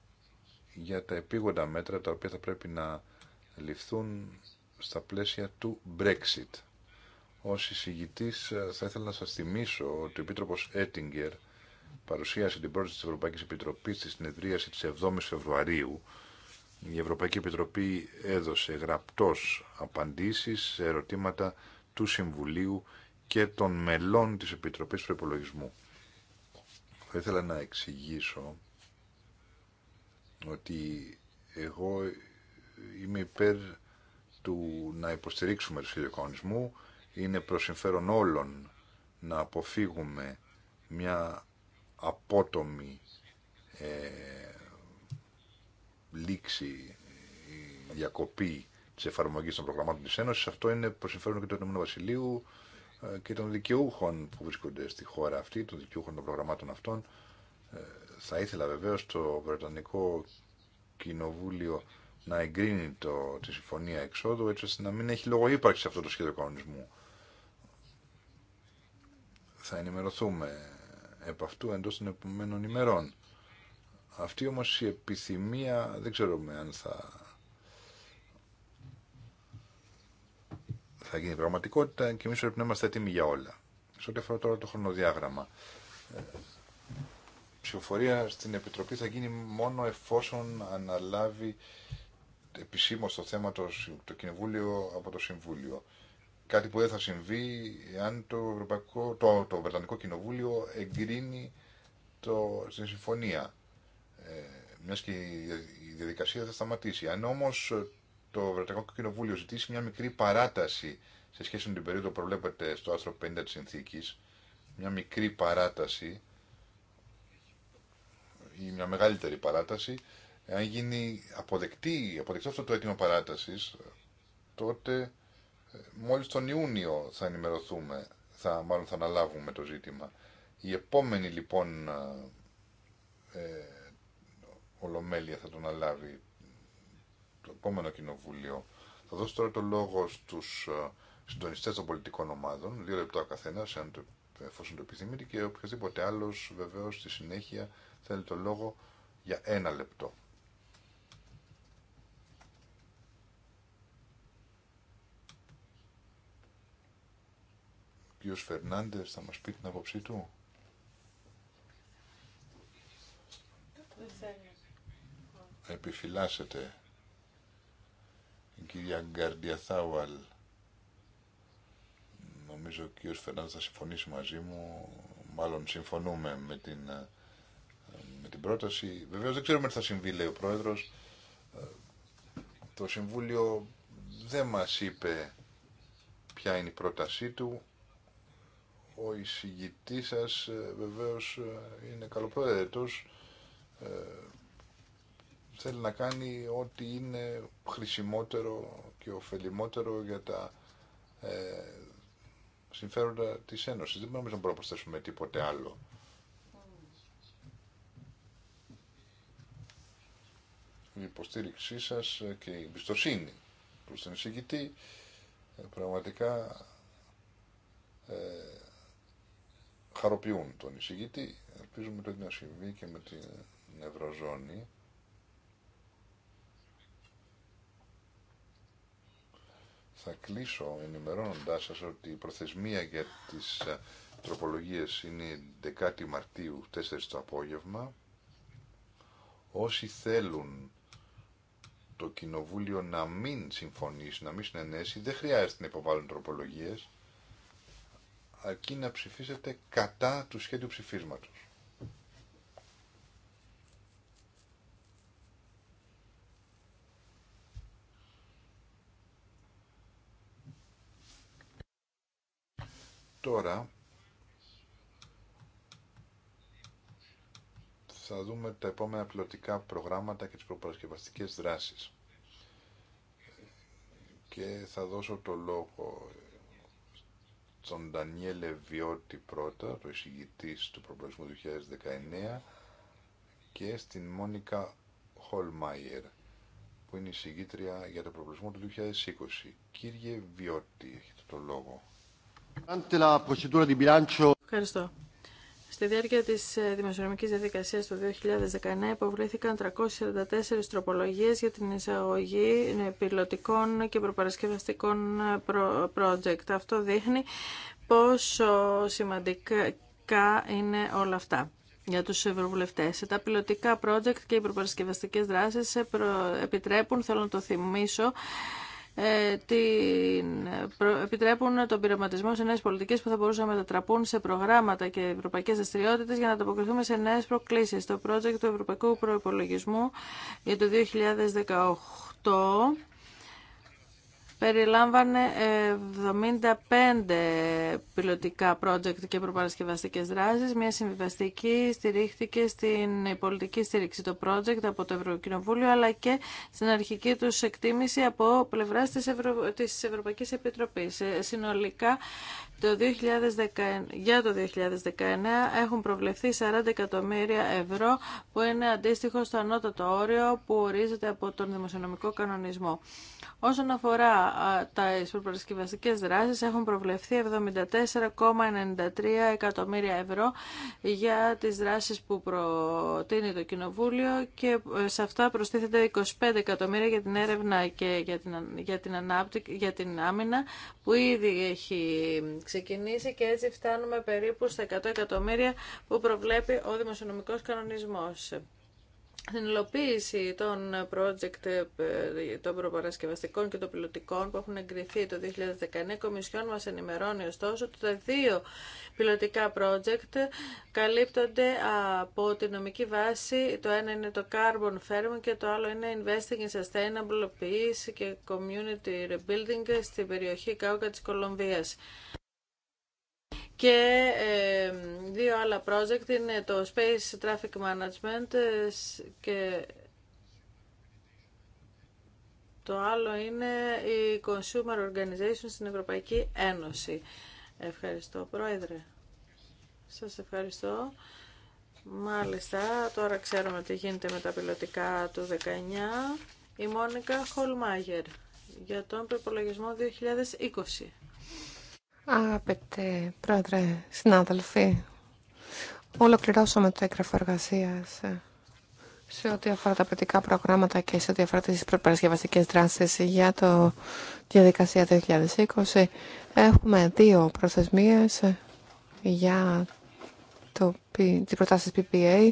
για τα επίγοντα μέτρα τα οποία θα πρέπει να ληφθούν στα πλαίσια του Brexit. Ως εισηγητής ε, θα ήθελα να σας θυμίσω ότι ο Επίτροπος Έτιγκερ παρουσίασε την πρόταση τη Ευρωπαϊκής Επιτροπής στη συνεδρίαση της 7 Η Φεβρουαρίου. Η Ευρωπαϊκή Επιτροπή έδωσε γραπτός απαντήσει σε ερωτήματα του Συμβουλίου και των μελών της Επιτροπής Προπολογισμού. Θα ήθελα να εξηγήσω ότι εγώ είμαι υπέρ του να υποστηρίξουμε του σχεδιοκανονισμό. Είναι προ συμφέρον όλων να αποφύγουμε μια απότομη ε, λήξη η διακοπή τη εφαρμογή των προγραμμάτων τη Ένωση. Αυτό είναι προ συμφέρον και του Ηνωμένου Βασιλείου ε, και των δικαιούχων που βρίσκονται στη χώρα αυτή, των δικαιούχων των προγραμμάτων αυτών. Ε, θα ήθελα βεβαίω το Βρετανικό Κοινοβούλιο να εγκρίνει το, τη συμφωνία εξόδου έτσι ώστε να μην έχει λόγο ύπαρξη αυτό το σχέδιο κανονισμού. Θα ενημερωθούμε επ' αυτού εντός των επόμενων ημερών. Αυτή όμως η επιθυμία δεν ξέρουμε αν θα, θα γίνει πραγματικότητα και εμείς πρέπει να είμαστε έτοιμοι για όλα. Σε ό,τι αφορά τώρα το χρονοδιάγραμμα. Ε, ψηφοφορία στην Επιτροπή θα γίνει μόνο εφόσον αναλάβει επισήμως το θέμα το, το Κοινοβούλιο από το Συμβούλιο. Κάτι που δεν θα συμβεί αν το, Ευρωπαϊκό, το, το Βρετανικό Κοινοβούλιο εγκρίνει το, στην συμφωνία. Ε, μιας και η διαδικασία θα σταματήσει. Αν όμως το Βρετανικό Κοινοβούλιο ζητήσει μια μικρή παράταση σε σχέση με την περίοδο που προβλέπεται στο άρθρο 50 της συνθήκης, μια μικρή παράταση ή μια μεγαλύτερη παράταση, αν γίνει αποδεκτή, αυτό το αίτημα παράτασης, τότε Μόλις τον Ιούνιο θα ενημερωθούμε, θα, μάλλον θα αναλάβουμε το ζήτημα. Η επόμενη λοιπόν ε, ολομέλεια θα τον αναλάβει το επόμενο κοινοβούλιο. Θα δώσω τώρα το λόγο στους ε, συντονιστές των πολιτικών ομάδων, δύο λεπτά ο καθένας, εφόσον το επιθυμείτε και οποιοδήποτε άλλος βεβαίως στη συνέχεια θέλει το λόγο για ένα λεπτό. κύριος Φερνάντες θα μας πει την άποψή του. Επιφυλάσσεται η κυρία Θάουαλ. Νομίζω ο κύριος Φερνάντες θα συμφωνήσει μαζί μου. Μάλλον συμφωνούμε με την, ε, με την πρόταση. Βεβαίως δεν ξέρουμε τι θα συμβεί, λέει ο Πρόεδρος. Ε, το Συμβούλιο δεν μας είπε ποια είναι η πρότασή του. Ο εισηγητής σας ε, βεβαίως ε, είναι καλοπροαίρετος. Ε, θέλει να κάνει ό,τι είναι χρησιμότερο και ωφελημότερο για τα συμφέροντα της Ένωσης. Δεν μπορούμε να προσθέσουμε τίποτε άλλο. η υποστήριξή σας και η εμπιστοσύνη προς τον εισηγητή πραγματικά χαροποιούν τον εισηγητή. Ελπίζουμε το ίδιο να συμβεί και με την Ευρωζώνη. Θα κλείσω ενημερώνοντάς σας ότι η προθεσμία για τις ε, τροπολογίες είναι Μαρτίου, 4 το απόγευμα. Όσοι θέλουν το Κοινοβούλιο να μην συμφωνήσει, να μην συνενέσει, δεν χρειάζεται να υποβάλουν τροπολογίες αρκεί να ψηφίσετε κατά του σχέδιου ψηφίσματος. Τώρα θα δούμε τα επόμενα πιλωτικά προγράμματα και τις προπαρασκευαστικές δράσεις. Και θα δώσω το λόγο τον Ντανιέλε Βιώτη πρώτα, το εισηγητή του προπολογισμού 2019, και στην Μόνικα Χολμάιερ, που είναι εισηγήτρια για το προπολογισμό του 2020. Κύριε Βιώτη, έχετε το λόγο. Ευχαριστώ. Στη διάρκεια της ε, δημοσιονομική διαδικασίας του 2019 υποβλήθηκαν 344 τροπολογίε για την εισαγωγή ε, πιλωτικών και προπαρασκευαστικών ε, project. Αυτό δείχνει πόσο σημαντικά είναι όλα αυτά για τους ευρωβουλευτές. Τα πιλωτικά project και οι προπαρασκευαστικές δράσεις επιτρέπουν, θέλω να το θυμίσω, ε, την, επιτρέπουν τον πειραματισμό σε νέε πολιτικέ που θα μπορούσαν να μετατραπούν σε προγράμματα και ευρωπαϊκέ δραστηριότητε για να ανταποκριθούμε σε νέε προκλήσει. Το project του Ευρωπαϊκού Προπολογισμού για το 2018 περιλάμβανε 75 ε, πιλωτικά project και προπαρασκευαστικές δράσεις. Μια συμβιβαστική στηρίχθηκε στην πολιτική στήριξη το project από το Ευρωκοινοβούλιο αλλά και στην αρχική του εκτίμηση από πλευράς τη Ευρω... της Ευρωπαϊκής Επιτροπής. Ε, συνολικά το 2019, για το 2019 έχουν προβλεφθεί 40 εκατομμύρια ευρώ που είναι αντίστοιχο στο ανώτατο όριο που ορίζεται από τον δημοσιονομικό κανονισμό. Όσον αφορά τα προπαρασκευαστικέ δράσεις έχουν προβλεφθεί 74,93 εκατομμύρια ευρώ για τις δράσεις που προτείνει το Κοινοβούλιο και ε, σε αυτά προστίθεται 25 εκατομμύρια για την έρευνα και για την, για την άμυνα που ήδη έχει ξεκινήσει και έτσι φτάνουμε περίπου στα 100 εκατομμύρια που προβλέπει ο δημοσιονομικός κανονισμός. Στην υλοποίηση των project των προπαρασκευαστικών και των πιλωτικών που έχουν εγκριθεί το 2019, η Κομισιόν μας ενημερώνει ωστόσο ότι τα δύο πιλωτικά project καλύπτονται από τη νομική βάση. Το ένα είναι το Carbon Firm και το άλλο είναι Investing in Sustainable Peace και Community Rebuilding στην περιοχή Κάουκα της Κολομβίας και δύο άλλα project είναι το Space Traffic Management ε, και το άλλο είναι η Consumer Organization στην Ευρωπαϊκή Ένωση. Ευχαριστώ, Πρόεδρε. Σας ευχαριστώ. Μάλιστα, τώρα ξέρουμε τι γίνεται με τα πιλωτικά του 19. Η Μόνικα Χολμάγερ για τον προπολογισμό 2020. Αγαπητέ πρόεδρε, συνάδελφοι, ολοκληρώσαμε το έγγραφο εργασία σε ό,τι αφορά τα παιδικά προγράμματα και σε ό,τι αφορά τις προπαρασκευαστικέ δράσει για το διαδικασία 2020. Έχουμε δύο προθεσμίε για τι προτάσει PPA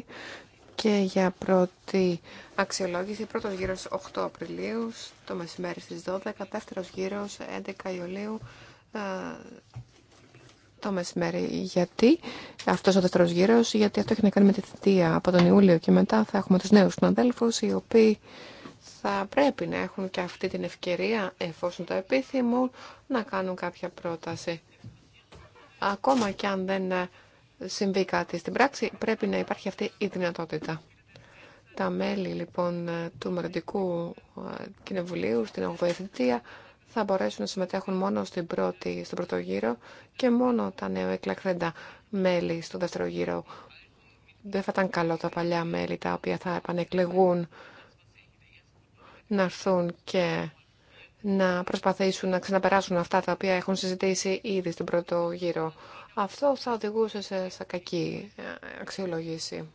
και για πρώτη αξιολόγηση. Πρώτο γύρος 8 Απριλίου, το μεσημέρι στι 12, δεύτερο γύρο, 11 Ιουλίου το μεσημέρι. Γιατί αυτό ο δεύτερο γύρο, γιατί αυτό έχει να κάνει με τη θητεία από τον Ιούλιο και μετά θα έχουμε του νέου συναδέλφου, οι οποίοι θα πρέπει να έχουν και αυτή την ευκαιρία, εφόσον το επίθυμουν, να κάνουν κάποια πρόταση. Ακόμα και αν δεν συμβεί κάτι στην πράξη, πρέπει να υπάρχει αυτή η δυνατότητα. Τα μέλη λοιπόν του Μερεντικού ε, Κοινοβουλίου στην 8 θητεία θα μπορέσουν να συμμετέχουν μόνο στην πρώτη, στον πρώτο γύρο και μόνο τα εκλεκθέντα μέλη στο δεύτερο γύρο. Δεν θα ήταν καλό τα παλιά μέλη τα οποία θα επανεκλεγούν να έρθουν και να προσπαθήσουν να ξαναπεράσουν αυτά τα οποία έχουν συζητήσει ήδη στον πρώτο γύρο. Αυτό θα οδηγούσε σε, σε κακή ε, αξιολόγηση.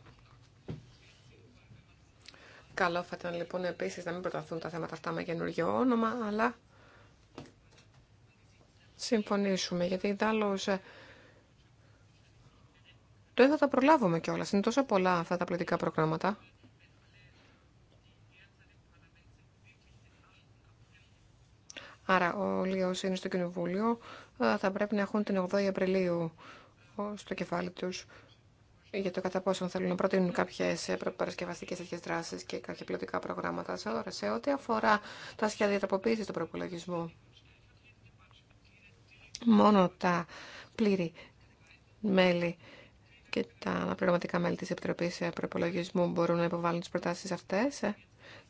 Καλό θα ήταν λοιπόν επίσης να μην προταθούν τα θέματα αυτά με καινούργιο όνομα, αλλά συμφωνήσουμε, γιατί ε, το δεν θα τα προλάβουμε κιόλα. Είναι τόσο πολλά αυτά τα πολιτικά προγράμματα. Άρα όλοι όσοι είναι στο Κοινοβούλιο ε, θα πρέπει να έχουν την 8η Απριλίου ε, στο κεφάλι τους για το κατά πόσο θέλουν να προτείνουν κάποιε παρασκευαστικέ αρχέ δράσει και κάποια πλωτικά προγράμματα. σε ό,τι αφορά τα σχέδια τροποποίηση του προπολογισμού, μόνο τα πλήρη μέλη και τα αναπληρωματικά μέλη της Επιτροπής ε, Προπολογισμού μπορούν να υποβάλουν τις προτάσεις αυτές. Ε.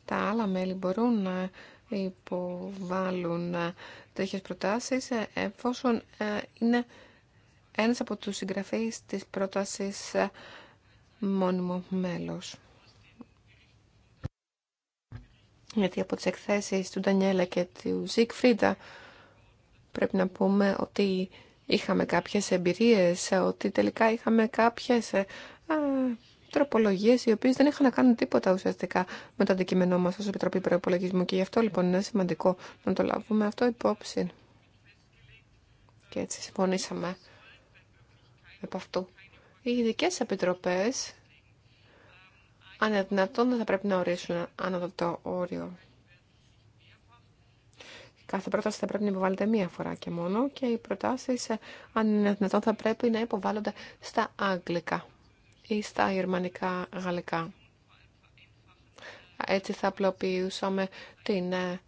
Τα άλλα μέλη μπορούν να υποβάλουν ε, τέτοιες προτάσεις εφόσον είναι ένας από τους συγγραφείς της πρότασης μόνιμο μέλος. Γιατί από τις εκθέσεις του Ντανιέλα και του Ζικ πρέπει να πούμε ότι είχαμε κάποιες εμπειρίες, ότι τελικά είχαμε κάποιες ε, α, τροπολογίες οι οποίες δεν είχαν να κάνουν τίποτα ουσιαστικά με το αντικείμενό μας ως Επιτροπή Προϋπολογισμού και γι' αυτό λοιπόν είναι σημαντικό να το λάβουμε αυτό υπόψη. Και έτσι συμφωνήσαμε επ' αυτού. Οι ειδικέ επιτροπές αν δεν θα πρέπει να ορίσουν ανώτατο όριο Κάθε πρόταση θα πρέπει να υποβάλλεται μία φορά και μόνο και οι προτάσεις, ε, αν είναι δυνατόν, θα πρέπει να υποβάλλονται στα αγγλικά ή στα γερμανικά γαλλικά. Έτσι θα απλοποιούσαμε την ε,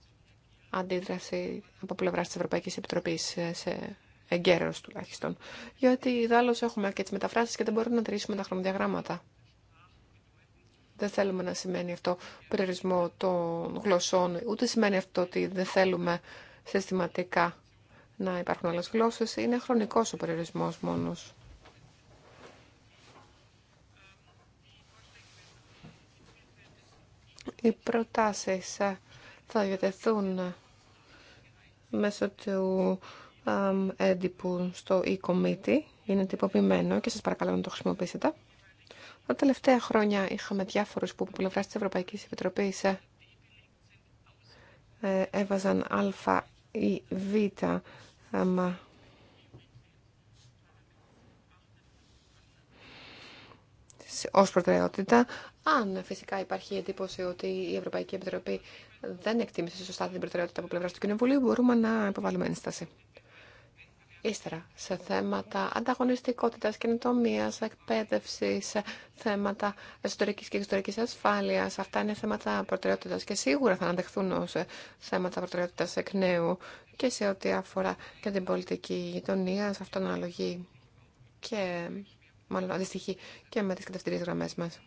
αντίδραση από πλευρά τη Ευρωπαϊκή Επιτροπή ε, σε εγκαίρο τουλάχιστον. Γιατί δάλλω έχουμε και τις μεταφράσεις και δεν μπορούμε να τηρήσουμε τα χρονοδιαγράμματα. Δεν θέλουμε να σημαίνει αυτό περιορισμό των γλωσσών, ούτε σημαίνει αυτό ότι δεν θέλουμε συστηματικά να υπάρχουν άλλες γλώσσες. Είναι χρονικός ο περιορισμός μόνος. Οι προτάσεις θα διατεθούν μέσω του έντυπου στο e-committee. Είναι τυποποιημένο και σας παρακαλώ να το χρησιμοποιήσετε. Τα τελευταία χρόνια είχαμε διάφορους που από πλευρά της Ευρωπαϊκής Επιτροπής ε, ε, έβαζαν α ή β άμα ως προτεραιότητα, αν φυσικά υπάρχει εντύπωση ότι η Ευρωπαϊκή Επιτροπή δεν εκτίμησε σωστά την προτεραιότητα από πλευρά του Κοινοβουλίου, μπορούμε να υποβάλουμε ένσταση. Ύστερα, σε θέματα ανταγωνιστικότητας, καινοτομίας, εκπαίδευσης, θέματα εσωτερικής και εξωτερικής ασφάλειας. Αυτά είναι θέματα προτεραιότητας και σίγουρα θα αναδεχθούν ως θέματα προτεραιότητας εκ νέου και σε ό,τι αφορά και την πολιτική γειτονία, σε αυτόν αναλογεί και μάλλον αντιστοιχεί και με τις κατευθυντήριες γραμμές μας.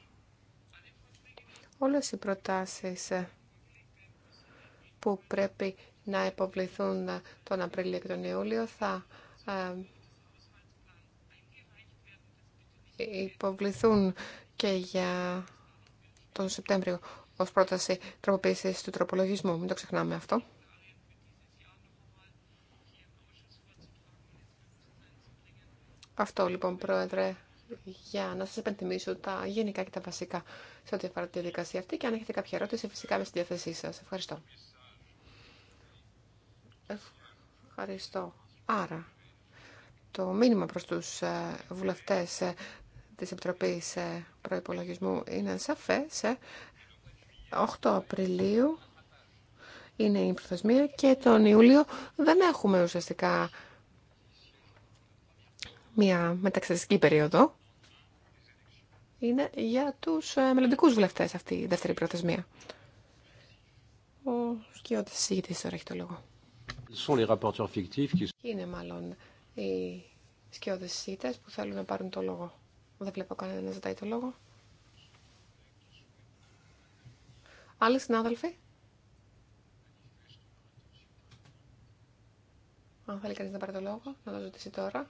Όλες οι προτάσεις που πρέπει να υποβληθούν τον Απρίλιο και τον Ιούλιο θα υποβληθούν και για τον Σεπτέμβριο ως πρόταση τροποποίησης του τροπολογισμού. Μην το ξεχνάμε αυτό. Αυτό λοιπόν, Πρόεδρε, για να σας επενθυμίσω τα γενικά και τα βασικά σε ό,τι αφορά τη διαδικασία. αυτή και αν έχετε κάποια ερώτηση, φυσικά είμαι στη διάθεσή σας. Ευχαριστώ. Ευχαριστώ. Άρα, το μήνυμα προς τους ε, βουλευτές ε, της Επιτροπής ε, Προϋπολογισμού είναι σαφές. 8 Απριλίου είναι η προθεσμία και τον Ιούλιο δεν έχουμε ουσιαστικά μια μεταξυστική περίοδο. Είναι για τους μελλοντικού βουλευτές αυτή η δεύτερη προθεσμία. Ο σκιώτης συζητής τώρα έχει το λόγο. Είναι μάλλον οι σκιώδες που θέλουν να πάρουν το λόγο. Δεν βλέπω κανένα να ζητάει το λόγο. Άλλοι συνάδελφοι. Αν θέλει κανείς να πάρει το λόγο, να το ζητήσει τώρα.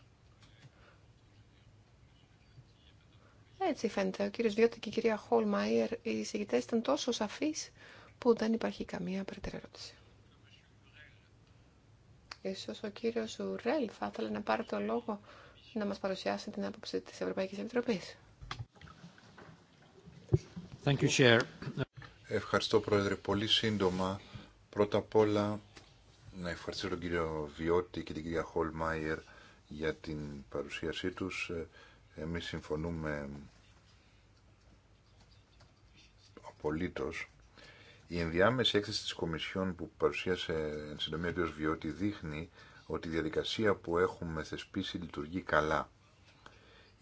Έτσι φαίνεται. Ο κύριος Βιώτη και η κυρία Χολμαϊερ, οι εισηγητές ήταν τόσο σαφείς που δεν υπάρχει καμία περαιτέρω ερώτηση. Ίσως ο κύριος Ουρέλ θα ήθελε να πάρει το λόγο να μας παρουσιάσει την άποψη της Ευρωπαϊκής Επιτροπής. Ευχαριστώ, Πρόεδρε. Πολύ σύντομα, πρώτα απ' όλα, να ευχαριστήσω τον κύριο Βιώτη και την κυρία Χολμάιερ για την παρουσίασή τους. Ε, εμείς συμφωνούμε απολύτως η ενδιάμεση έκθεση της Κομισιόν που παρουσίασε εν συντομία ο Βιώτη δείχνει ότι η διαδικασία που έχουμε θεσπίσει λειτουργεί καλά.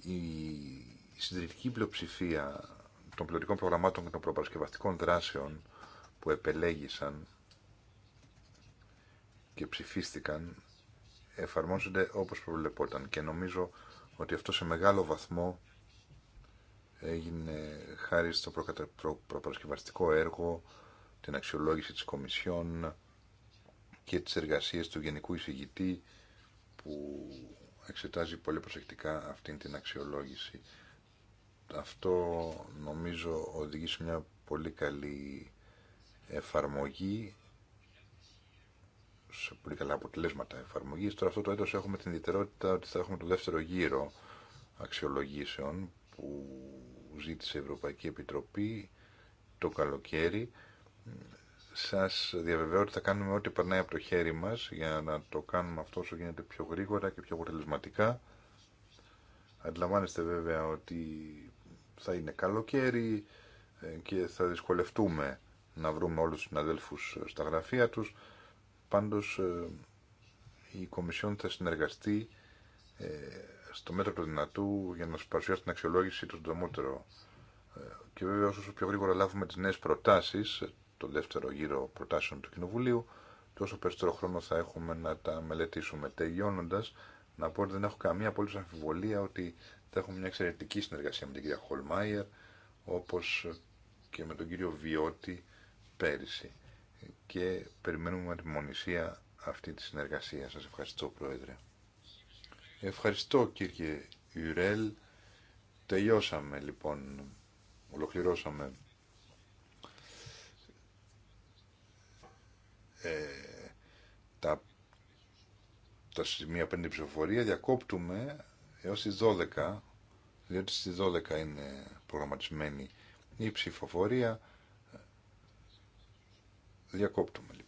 Η συντηρητική πλειοψηφία των πλειοτικών προγραμμάτων και των προπαρασκευαστικών δράσεων που επελέγησαν και ψηφίστηκαν εφαρμόζονται όπως προβλεπόταν και νομίζω ότι αυτό σε μεγάλο βαθμό έγινε χάρη στο προπαρασκευαστικό έργο την αξιολόγηση της Κομισιόν και τις εργασίες του Γενικού Εισηγητή που εξετάζει πολύ προσεκτικά αυτήν την αξιολόγηση. Αυτό νομίζω οδηγεί σε μια πολύ καλή εφαρμογή σε πολύ καλά αποτελέσματα εφαρμογή. Τώρα αυτό το έτος έχουμε την ιδιαιτερότητα ότι θα έχουμε το δεύτερο γύρο αξιολογήσεων που ζήτησε η Ευρωπαϊκή Επιτροπή το καλοκαίρι σας διαβεβαιώ ότι θα κάνουμε ό,τι περνάει από το χέρι μας για να το κάνουμε αυτό όσο γίνεται πιο γρήγορα και πιο αποτελεσματικά. Αντιλαμβάνεστε βέβαια ότι θα είναι καλοκαίρι ε, και θα δυσκολευτούμε να βρούμε όλους τους συναδέλφους ε, στα γραφεία τους. Πάντως ε, η Κομισιόν θα συνεργαστεί στο μέτρο του δυνατού για να σου παρουσιάσει την αξιολόγηση του συντομότερο. Και βέβαια όσο πιο γρήγορα λάβουμε τις νέες προτάσεις, το δεύτερο γύρο προτάσεων του Κοινοβουλίου, τόσο περισσότερο χρόνο θα έχουμε να τα μελετήσουμε. Τελειώνοντα, να πω ότι δεν έχω καμία απολύτω αμφιβολία ότι θα έχουμε μια εξαιρετική συνεργασία με την κυρία Χολμάιερ, όπω και με τον κύριο Βιώτη πέρυσι. Και περιμένουμε με μονησία αυτή τη συνεργασία. Σα ευχαριστώ, Πρόεδρε. Ευχαριστώ, κύριε Ιουρέλ. Τελειώσαμε, λοιπόν. Ολοκληρώσαμε Ε, τα, τα σημεία πέντε ψηφοφορία διακόπτουμε έως τις 12 διότι στις 12 είναι προγραμματισμένη η ψηφοφορία διακόπτουμε λοιπόν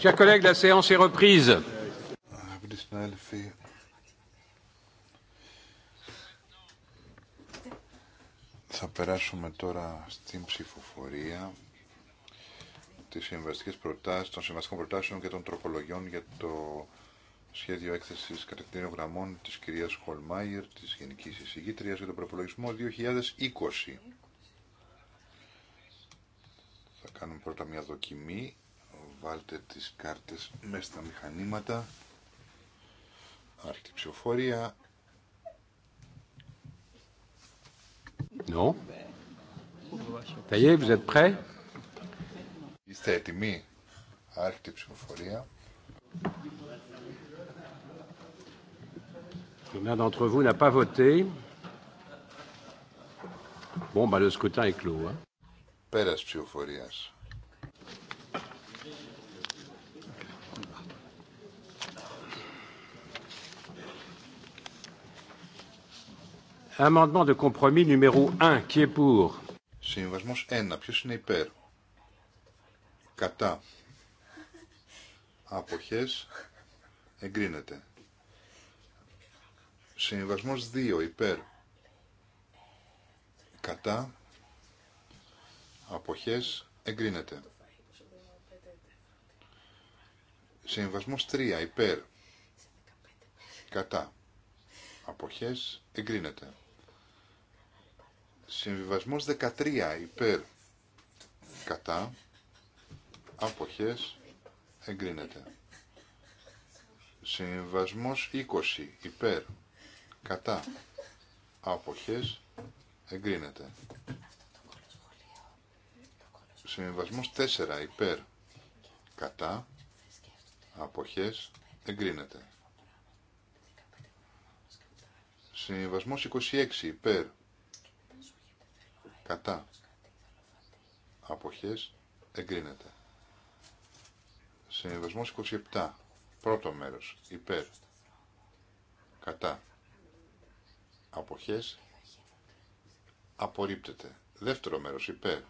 Chers collègues, la séance est reprise. Θα περάσουμε τώρα στην ψηφοφορία των συμβαστικών προτάσεων και των τροπολογιών για το σχέδιο έκθεσης κατακτήριων γραμμών της κυρίας Χολμάιερ, της Γενικής Εισηγήτριας για τον προπολογισμό 2020. Θα κάνουμε πρώτα μια δοκιμή βάλτε τις κάρτες μέσα στα μηχανήματα. Άρχιτη ψηφοφορία. Non. Ça y est, vous êtes prêts Είστε έτοιμοι. Άρχιτη ψηφοφορία. L'un d'entre vous n'a pas voté. Bon, bah, le scrutin est clos. Hein. Πέρας ψηφοφορίας. Amendement de compromis numéro 1, qui est pour. Συμβασμός 1, ποιος είναι υπέρ. Κατά. Αποχέ. Εγκρίνεται. Συμβασμός 2, υπέρ. Κατά. Αποχέ. Εγκρίνεται. Συμβασμό 3, υπέρ. Κατά. Αποχέ. Εγκρίνεται. Συμβιβασμό 13 υπέρ κατά αποχές εγκρίνεται. Συμβιβασμό 20 υπέρ κατά αποχές εγκρίνεται. Συμβιβασμό 4 υπέρ κατά αποχές εγκρίνεται. Συμβιβασμός 26 υπέρ κατά αποχές εγκρίνεται. Συνδεσμός 27. Πρώτο μέρος. Υπέρ. Κατά. Αποχές. Απορρίπτεται. Δεύτερο μέρος. Υπέρ.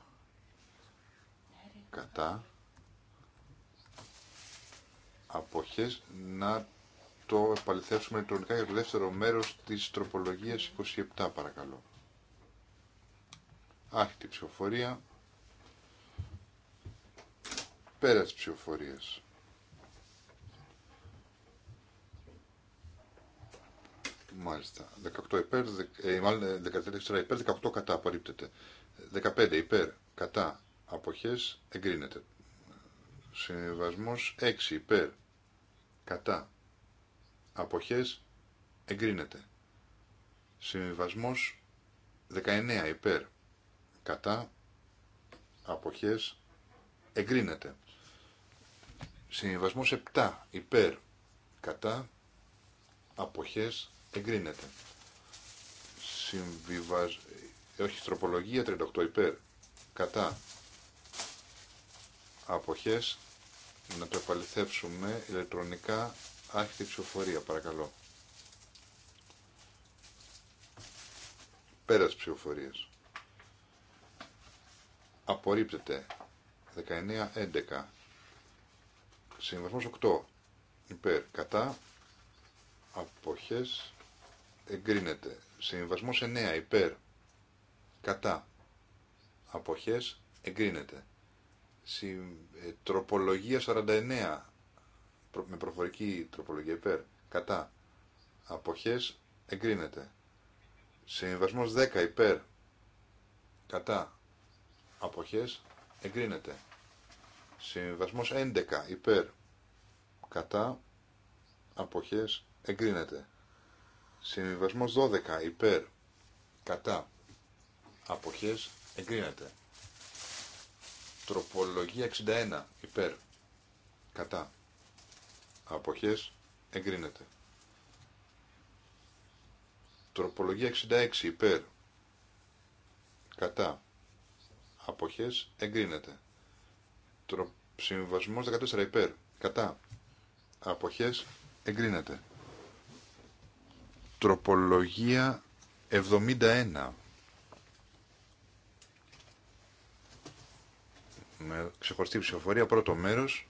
Κατά. Αποχές. Να το επαληθεύσουμε ηλεκτρονικά για το δεύτερο μέρος της τροπολογίας 27 παρακαλώ. Άρχεται ψηφοφορία. Πέρα τη ψηφοφορία. Μάλιστα. 18 υπέρ, ε, μάλλον 14 ε, υπέρ, 18 κατά απορρίπτεται. 15 υπέρ, κατά, αποχές, εγκρίνεται. Συμβασμός 6 υπέρ, κατά, αποχές, εγκρίνεται. Συμβασμός 19 υπέρ, κατά αποχές εγκρίνεται. Συμβασμός 7 υπέρ κατά αποχές εγκρίνεται. Συμβιβασ... Ε, όχι, τροπολογία 38 υπέρ κατά αποχές να το επαληθεύσουμε ηλεκτρονικά άρχιτη ψηφοφορία παρακαλώ. Πέρας ψηφοφορίας απορρίπτεται. 19-11. Συμβασμός 8. Υπέρ. Κατά. Αποχές. Εγκρίνεται. Συμβασμός 9. Υπέρ. Κατά. Αποχές. Εγκρίνεται. Συ... Ε, τροπολογία 49. Προ... Με προφορική τροπολογία υπέρ. Κατά. Αποχές. Εγκρίνεται. Συμβασμός 10. Υπέρ. Κατά αποχές εγκρίνεται. Συμβασμός 11 υπέρ κατά αποχές εγκρίνεται. Συμβασμός 12 υπέρ κατά αποχές εγκρίνεται. Τροπολογία 61 υπέρ κατά αποχές εγκρίνεται. Τροπολογία 66 υπέρ κατά αποχές εγκρίνεται. Συμβασμός 14 υπέρ, κατά, αποχές εγκρίνεται. Τροπολογία 71. Με ξεχωριστή ψηφοφορία, πρώτο μέρος.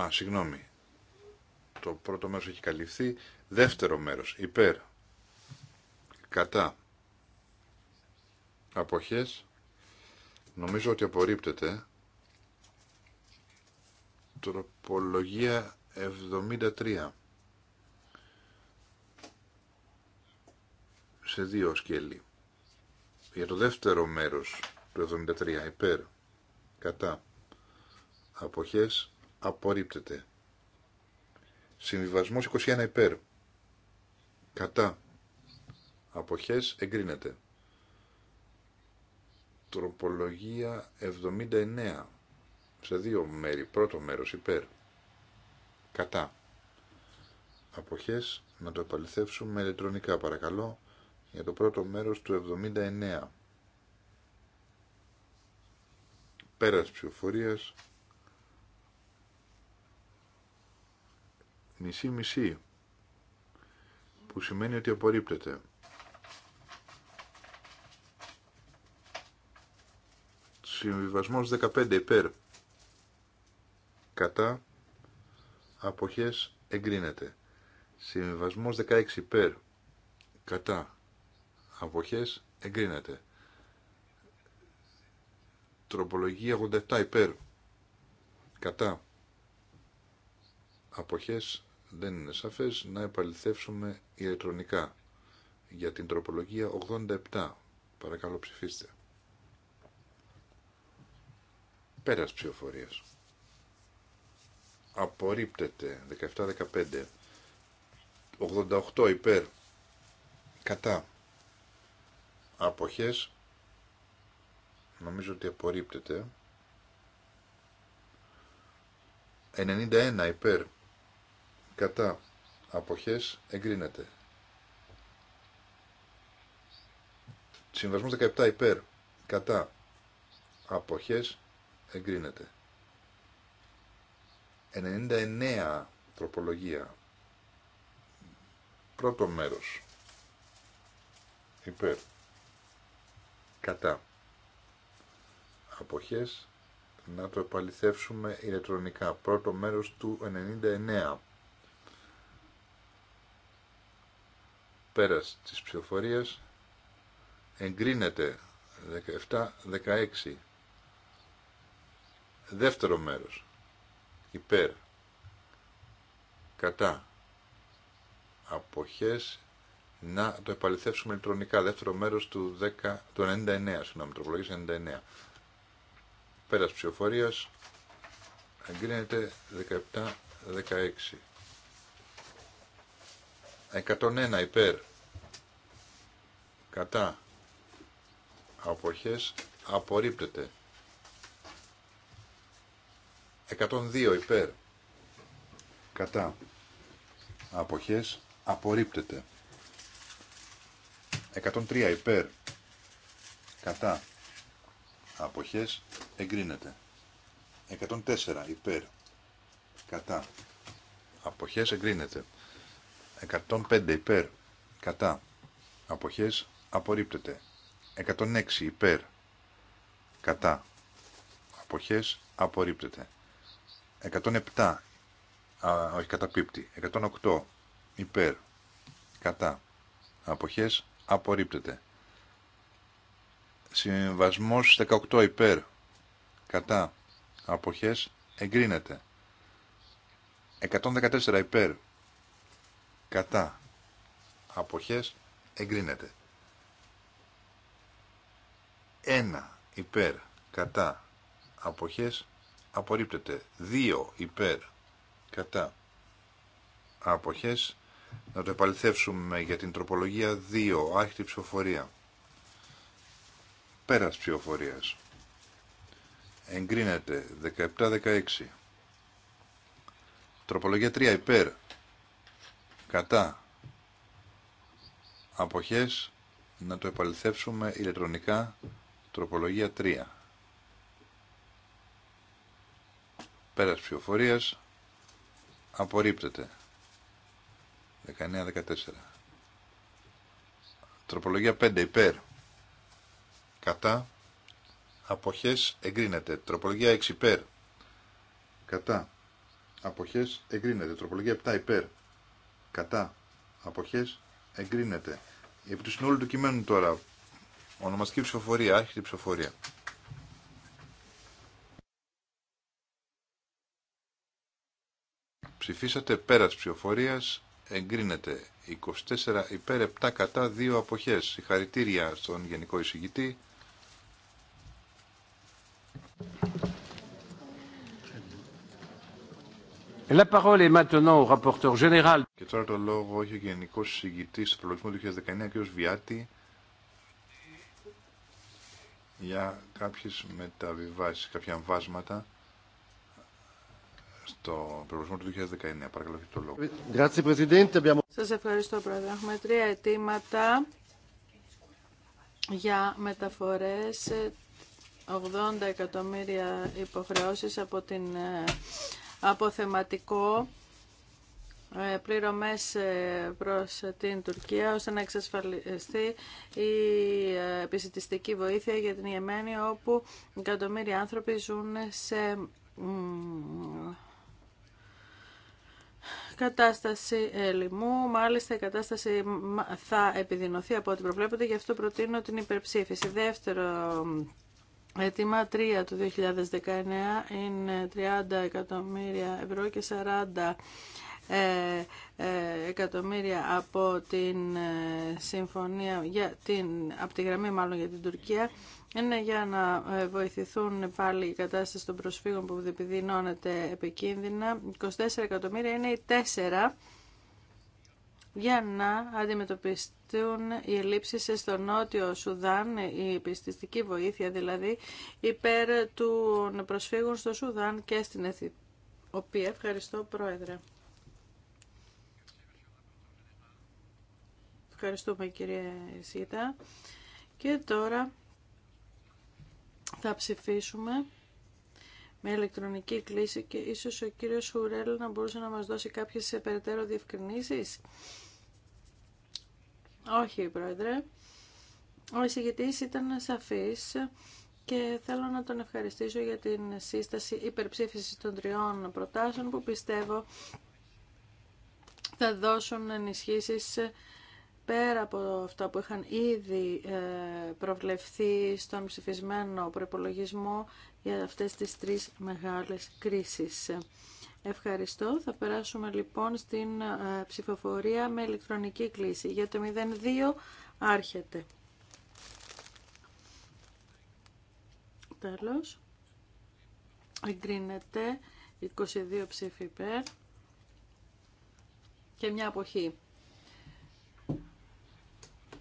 Α, συγγνώμη. Το πρώτο μέρος έχει καλυφθεί. Δεύτερο μέρος, υπέρ. Κατά αποχές νομίζω ότι απορρίπτεται τροπολογία 73 σε δύο σκέλη για το δεύτερο μέρος του 73 υπέρ κατά αποχές απορρίπτεται συμβιβασμός 21 υπέρ κατά αποχές εγκρίνεται τροπολογία 79 σε δύο μέρη. Πρώτο μέρος υπέρ. Κατά. Αποχές να το επαληθεύσουμε ηλεκτρονικά παρακαλώ για το πρώτο μέρος του 79. Πέρας ψηφοφορίας. Μισή-μισή. Που σημαίνει ότι απορρίπτεται. Συμβιβασμός 15 υπέρ. Κατά. Αποχές εγκρίνεται. Συμβιβασμός 16 υπέρ. Κατά. Αποχές εγκρίνεται. Τροπολογία 87 υπέρ. Κατά. Αποχές δεν είναι σαφές να επαληθεύσουμε ηλεκτρονικά για την τροπολογία 87. Παρακαλώ ψηφίστε. Πέρας ψηφοφορίας. Απορρίπτεται. 17-15. 88 υπέρ. Κατά. Αποχές. Νομίζω ότι απορρίπτεται. 91 υπέρ. Κατά. Αποχές. Εγκρίνεται. Συμβασμός 17 υπέρ. Κατά. Αποχές εγκρίνεται. 99 τροπολογία. Πρώτο μέρος. Υπέρ. Κατά. Αποχές. Να το επαληθεύσουμε ηλεκτρονικά. Πρώτο μέρος του 99. Πέρας της ψηφοφορίας εγκρίνεται 17-16 Δεύτερο μέρος. Υπέρ. Κατά. Αποχές. Να το επαληθεύσουμε ηλεκτρονικά. Δεύτερο μέρος του, 10, του 99, συγγνώμη, τροπολογής 99. Πέρας ψηφοφορίας. Εγκρίνεται 17-16. 101 υπέρ. Κατά. Αποχές. Απορρίπτεται. 102 υπέρ κατά αποχές απορρίπτεται 103 υπέρ κατά αποχές εγκρίνεται 104 υπέρ κατά αποχές εγκρίνεται 105 υπέρ κατά αποχές απορρίπτεται 106 υπέρ κατά αποχές απορρίπτεται 107. Α, όχι, καταπίπτει. 108. Υπέρ. Κατά. Αποχές. Απορρίπτεται. Συμβασμός 18. Υπέρ. Κατά. Αποχές. Εγκρίνεται. 114. Υπέρ. Κατά. Αποχές. Εγκρίνεται. 1. Υπέρ. Κατά. Αποχές απορρίπτεται 2 υπέρ κατά αποχές να το επαληθεύσουμε για την τροπολογία 2 άρχιτη ψηφοφορία πέρας ψηφοφορίας εγκρίνεται 17-16 τροπολογία 3 υπέρ κατά αποχές να το επαληθεύσουμε ηλεκτρονικά τροπολογία 3 Πέρας ψηφοφορίας. Απορρίπτεται. 19-14. Τροπολογία 5 υπέρ. Κατά. Αποχές εγκρίνεται. Τροπολογία 6 υπέρ. Κατά. Αποχές εγκρίνεται. Τροπολογία 7 υπέρ. Κατά. Αποχές εγκρίνεται. Επί του συνόλου του κειμένου τώρα. Ονομαστική ψηφοφορία. Άρχιτη ψηφοφορία. Ψηφίσατε πέρα της ψηφοφορίας. Εγκρίνεται 24 υπέρ 7 κατά 2 αποχές. Συγχαρητήρια στον Γενικό Εισηγητή. La parole est maintenant au rapporteur général. Και τώρα το λόγο έχει ο Γενικό Συγητή του Προλογισμού του 2019, κ. Βιάτη, για κάποιε μεταβιβάσει, κάποια βάσματα στο του 2019. λόγο. Σας ευχαριστώ, Πρόεδρε. Έχουμε τρία αιτήματα για μεταφορές 80 εκατομμύρια υποχρεώσεις από την ε, αποθεματικό ε, πληρωμές ε, προς την Τουρκία ώστε να εξασφαλιστεί η επισητιστική βοήθεια για την Ιεμένη όπου εκατομμύρια άνθρωποι ζουν σε κατάσταση λοιμού. Μάλιστα η κατάσταση θα επιδεινωθεί από ό,τι προβλέπετε, γι' αυτό προτείνω την υπερψήφιση. Δεύτερο αίτημα 3 του 2019 είναι 30 εκατομμύρια ευρώ και 40 ε, ε, εκατομμύρια από την ε, συμφωνία για την, από τη γραμμή μάλλον για την Τουρκία είναι για να ε, βοηθηθούν πάλι οι κατάσταση των προσφύγων που επιδεινώνεται επικίνδυνα. 24 εκατομμύρια είναι οι τέσσερα για να αντιμετωπιστούν οι ελλείψεις στο νότιο Σουδάν, η πιστιστική βοήθεια δηλαδή, υπέρ των προσφύγων στο Σουδάν και στην Αιθιοπία. Ευχαριστώ Πρόεδρε. Ευχαριστούμε κύριε Σίτα. Και τώρα θα ψηφίσουμε με ηλεκτρονική κλίση και ίσως ο κύριος Χουρέλ να μπορούσε να μας δώσει κάποιες περαιτέρω διευκρινήσεις. Όχι, Πρόεδρε. Ο εισηγητής ήταν σαφής και θέλω να τον ευχαριστήσω για την σύσταση υπερψήφισης των τριών προτάσεων που πιστεύω θα δώσουν ενισχύσεις πέρα από αυτά που είχαν ήδη ε, προβλεφθεί στον ψηφισμένο προπολογισμό για αυτές τις τρεις μεγάλες κρίσεις. Ευχαριστώ. Θα περάσουμε λοιπόν στην ε, ψηφοφορία με ηλεκτρονική κλίση. Για το 02 άρχεται. Τέλος. Εγκρίνεται 22 ψήφοι υπέρ και μια αποχή.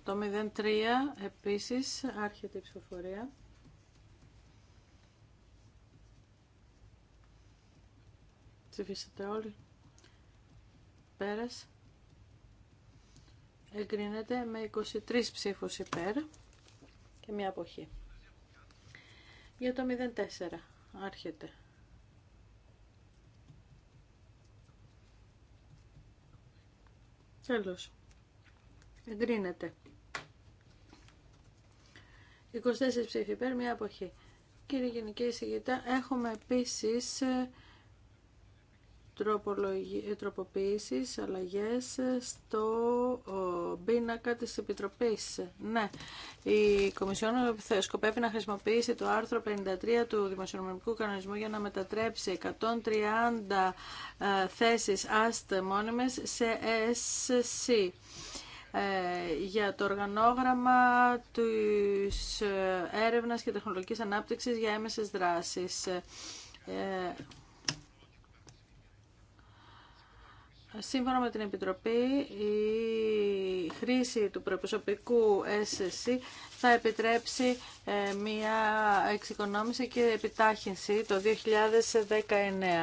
Το 03 επίσης άρχεται η ψηφοφορία. Ψηφίσατε όλοι. Πέρας. Εγκρίνεται με 23 ψήφους υπέρ και μια αποχή. Για το 04 άρχεται. Τέλος. Εγκρίνεται. 24 ψήφοι υπέρ, μία αποχή. Κύριε Γενική Εισηγητά, έχουμε επίση ε, ε, τροποποίησεις, αλλαγές ε, στο πίνακα της Επιτροπής. Ναι, η Κομισιόν σκοπεύει να χρησιμοποιήσει το άρθρο 53 του Δημοσιονομικού Κανονισμού για να μετατρέψει 130 θέσεις ΑΣΤ μόνιμες σε SC. Ε, για το οργανόγραμμα της ε, έρευνας και τεχνολογικής ανάπτυξης για έμεσες δράσεις. Ε, σύμφωνα με την Επιτροπή, η χρήση του προεπισοπικού SSC θα επιτρέψει ε, μια εξοικονόμηση και επιτάχυνση το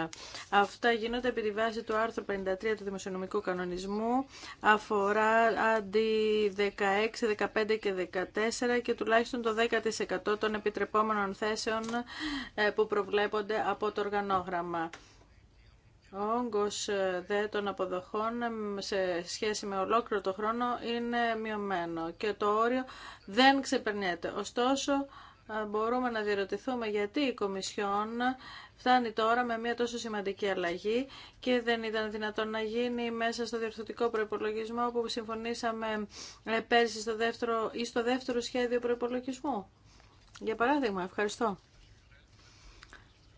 2019. Αυτά γίνονται επί τη βάση του άρθρου 53 του Δημοσιονομικού Κανονισμού, αφορά αντί 16, 15 και 14 και τουλάχιστον το 10% των επιτρεπόμενων θέσεων ε, που προβλέπονται από το οργανόγραμμα. Ο όγκος ε, δε των αποδοχών ε, σε σχέση με ολόκληρο το χρόνο είναι μειωμένο και το όριο δεν ξεπερνιέται. Ωστόσο, ε, μπορούμε να διερωτηθούμε γιατί η Κομισιόν φτάνει τώρα με μια τόσο σημαντική αλλαγή και δεν ήταν δυνατόν να γίνει μέσα στο διορθωτικό προϋπολογισμό που συμφωνήσαμε πέρσι στο δεύτερο, ή στο δεύτερο σχέδιο προϋπολογισμού. Για παράδειγμα, ευχαριστώ.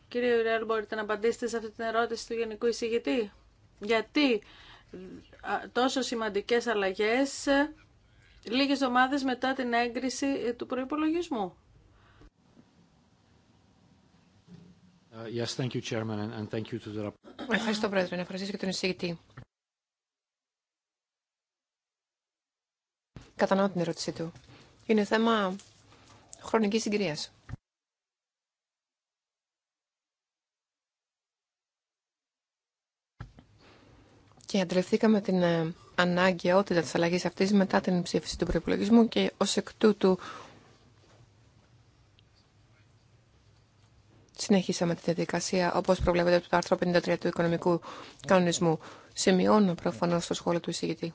Κύριε Ιουρέλ, μπορείτε να απαντήσετε σε αυτή την ερώτηση του Γενικού Εισηγητή. Γιατί τόσο σημαντικές αλλαγές λίγες εβδομάδες μετά την έγκριση ε, του προϋπολογισμού. Uh, yes, thank you, Chairman, and thank you to the... Ευχαριστώ, Πρόεδρε. Ευχαριστώ και τον εισηγητή. Κατανοώ την ερώτησή του. Είναι θέμα χρονικής συγκρίας. και αντιληφθήκαμε την ε, ανάγκαιότητα της αλλαγής αυτής μετά την ψήφιση του προϋπολογισμού και ως εκ τούτου συνεχίσαμε τη διαδικασία όπως προβλέπεται από το άρθρο 53 του οικονομικού κανονισμού. Σημειώνω προφανώς στο σχόλιο του εισηγητή.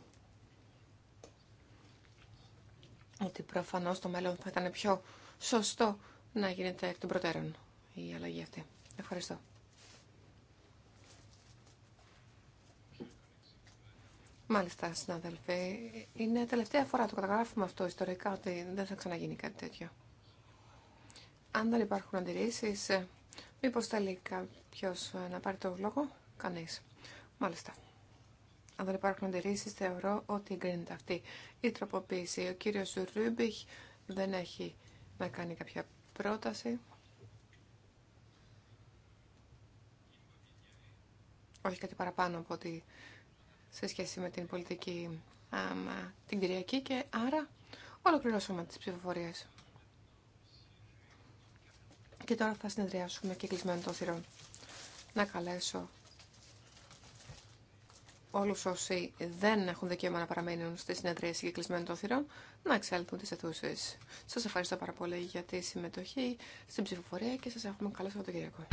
Ότι προφανώς το μέλλον θα ήταν πιο σωστό να γίνεται εκ των προτέρων η αλλαγή αυτή. Ευχαριστώ. Μάλιστα, συναδελφοί, είναι τελευταία φορά το καταγράφουμε αυτό ιστορικά ότι δεν θα ξαναγίνει κάτι τέτοιο. Αν δεν υπάρχουν αντιρρήσει, μήπω θέλει κάποιο να πάρει το λόγο, κανεί. Μάλιστα. Αν δεν υπάρχουν αντιρρήσει, θεωρώ ότι εγκρίνεται αυτή η τροποποίηση. Ο κύριο Ρούμπιχ δεν έχει να κάνει κάποια πρόταση. Όχι κάτι παραπάνω από ότι σε σχέση με την πολιτική την Κυριακή και άρα ολοκληρώσαμε τις ψηφοφορίες. Και τώρα θα συνεδριάσουμε και κλεισμένο το Να καλέσω όλους όσοι δεν έχουν δικαίωμα να παραμείνουν στη συνεδρία κλεισμένο το θυρών να εξέλθουν τις αιθούσεις. Σας ευχαριστώ πάρα πολύ για τη συμμετοχή στην ψηφοφορία και σας αυτό καλό Σαββατοκύριακο.